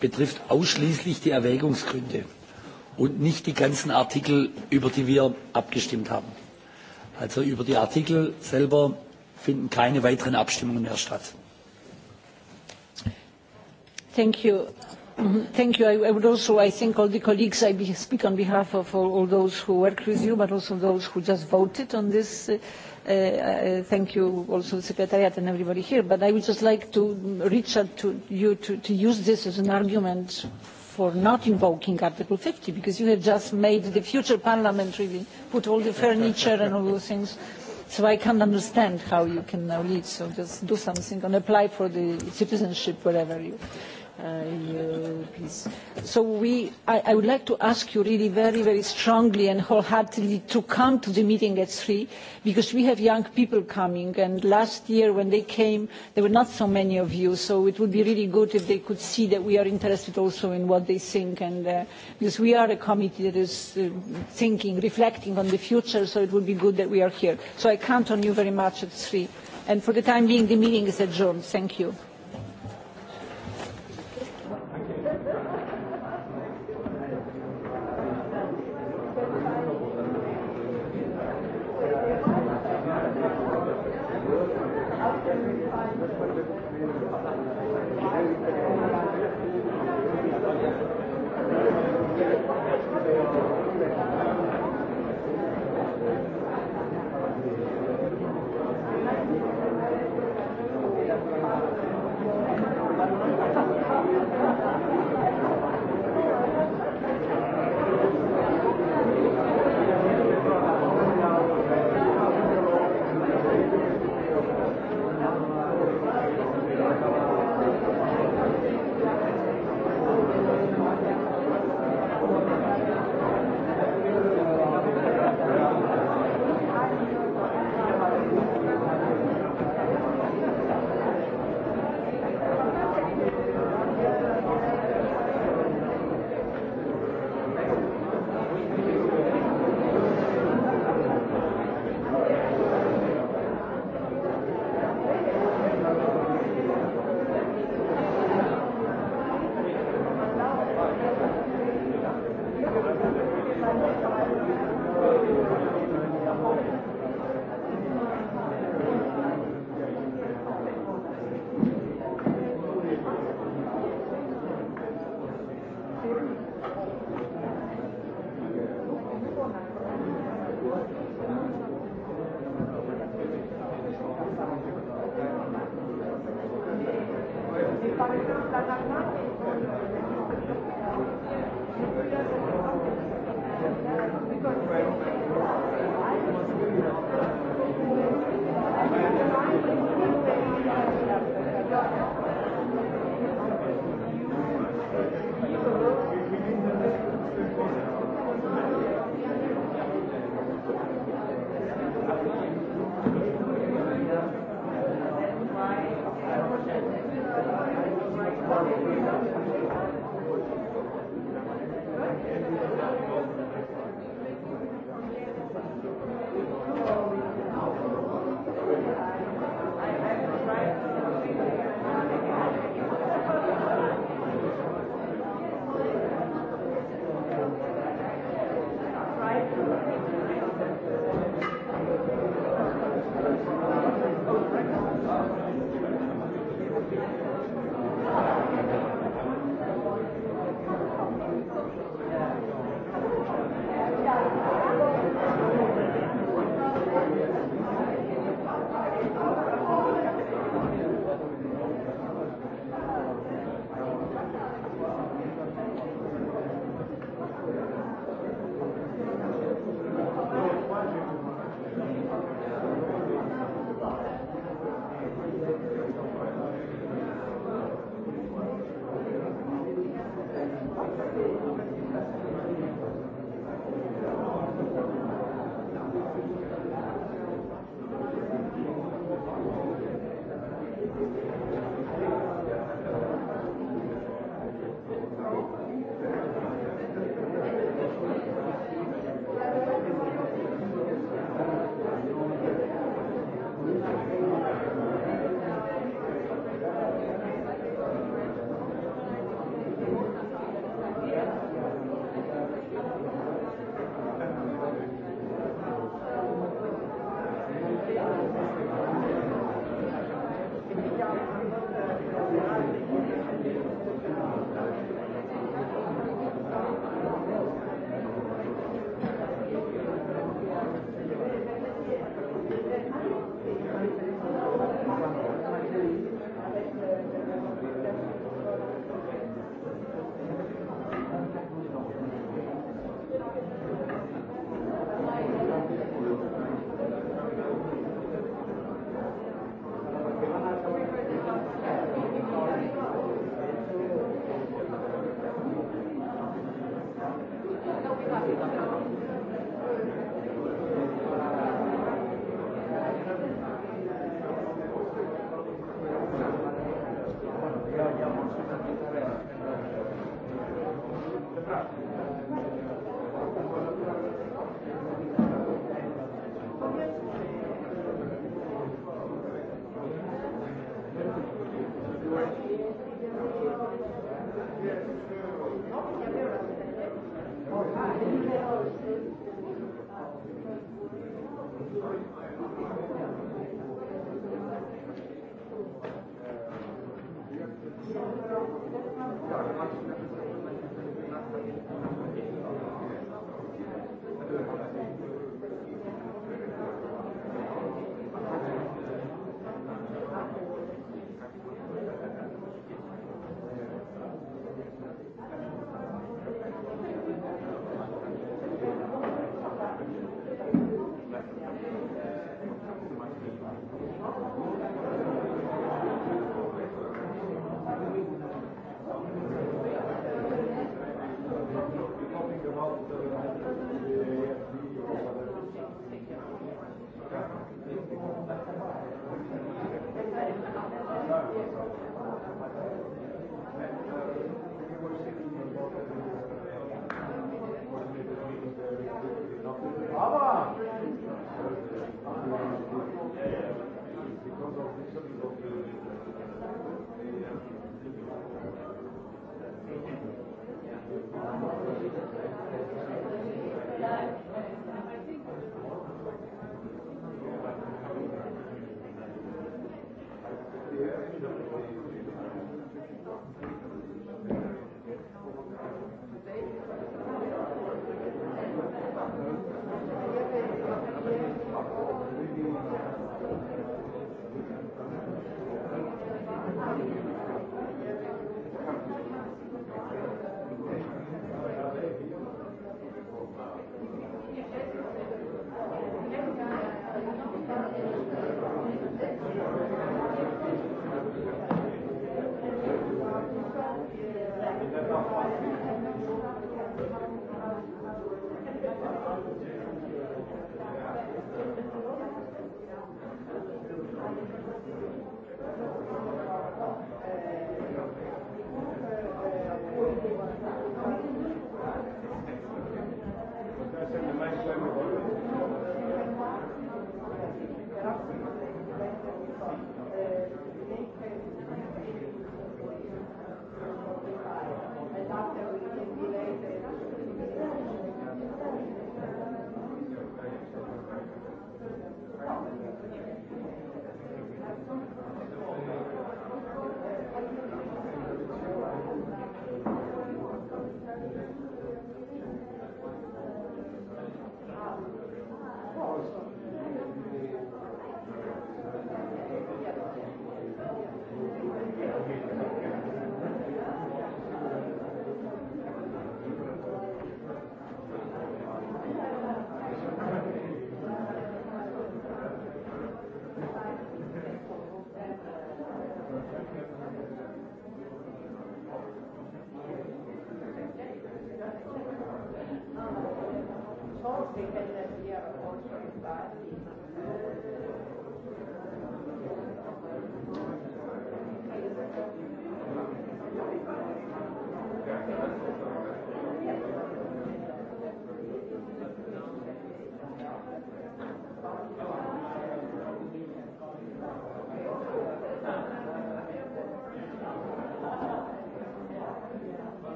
betrifft ausschließlich die Erwägungsgründe und nicht die ganzen Artikel, über die wir abgestimmt haben. Also über die Artikel selber finden keine weiteren Abstimmungen mehr statt. Thank you. Mm-hmm. Thank you. I, would also, I thank all the colleagues. I speak on behalf of all, those who work with you, but also those who just voted on this. Uh, uh, thank you also the Secretariat and everybody here. But I would just like to reach out to you to, to use this as an argument for not invoking Article 50, because you have just made the future Parliament really put all the furniture and all those things. So I can't understand how you can now lead. So just do something and apply for the citizenship wherever you. Uh, uh, so we, I, I would like to ask you really very, very strongly and wholeheartedly to come to the meeting at three, because we have young people coming. And last year when they came, there were not so many of you. So it would be really good if they could see that we are interested also in what they think, and uh, because we are a committee that is thinking, reflecting on the future. So it would be good that we are here. So I count on you very much at three. And for the time being, the meeting is adjourned. Thank you. da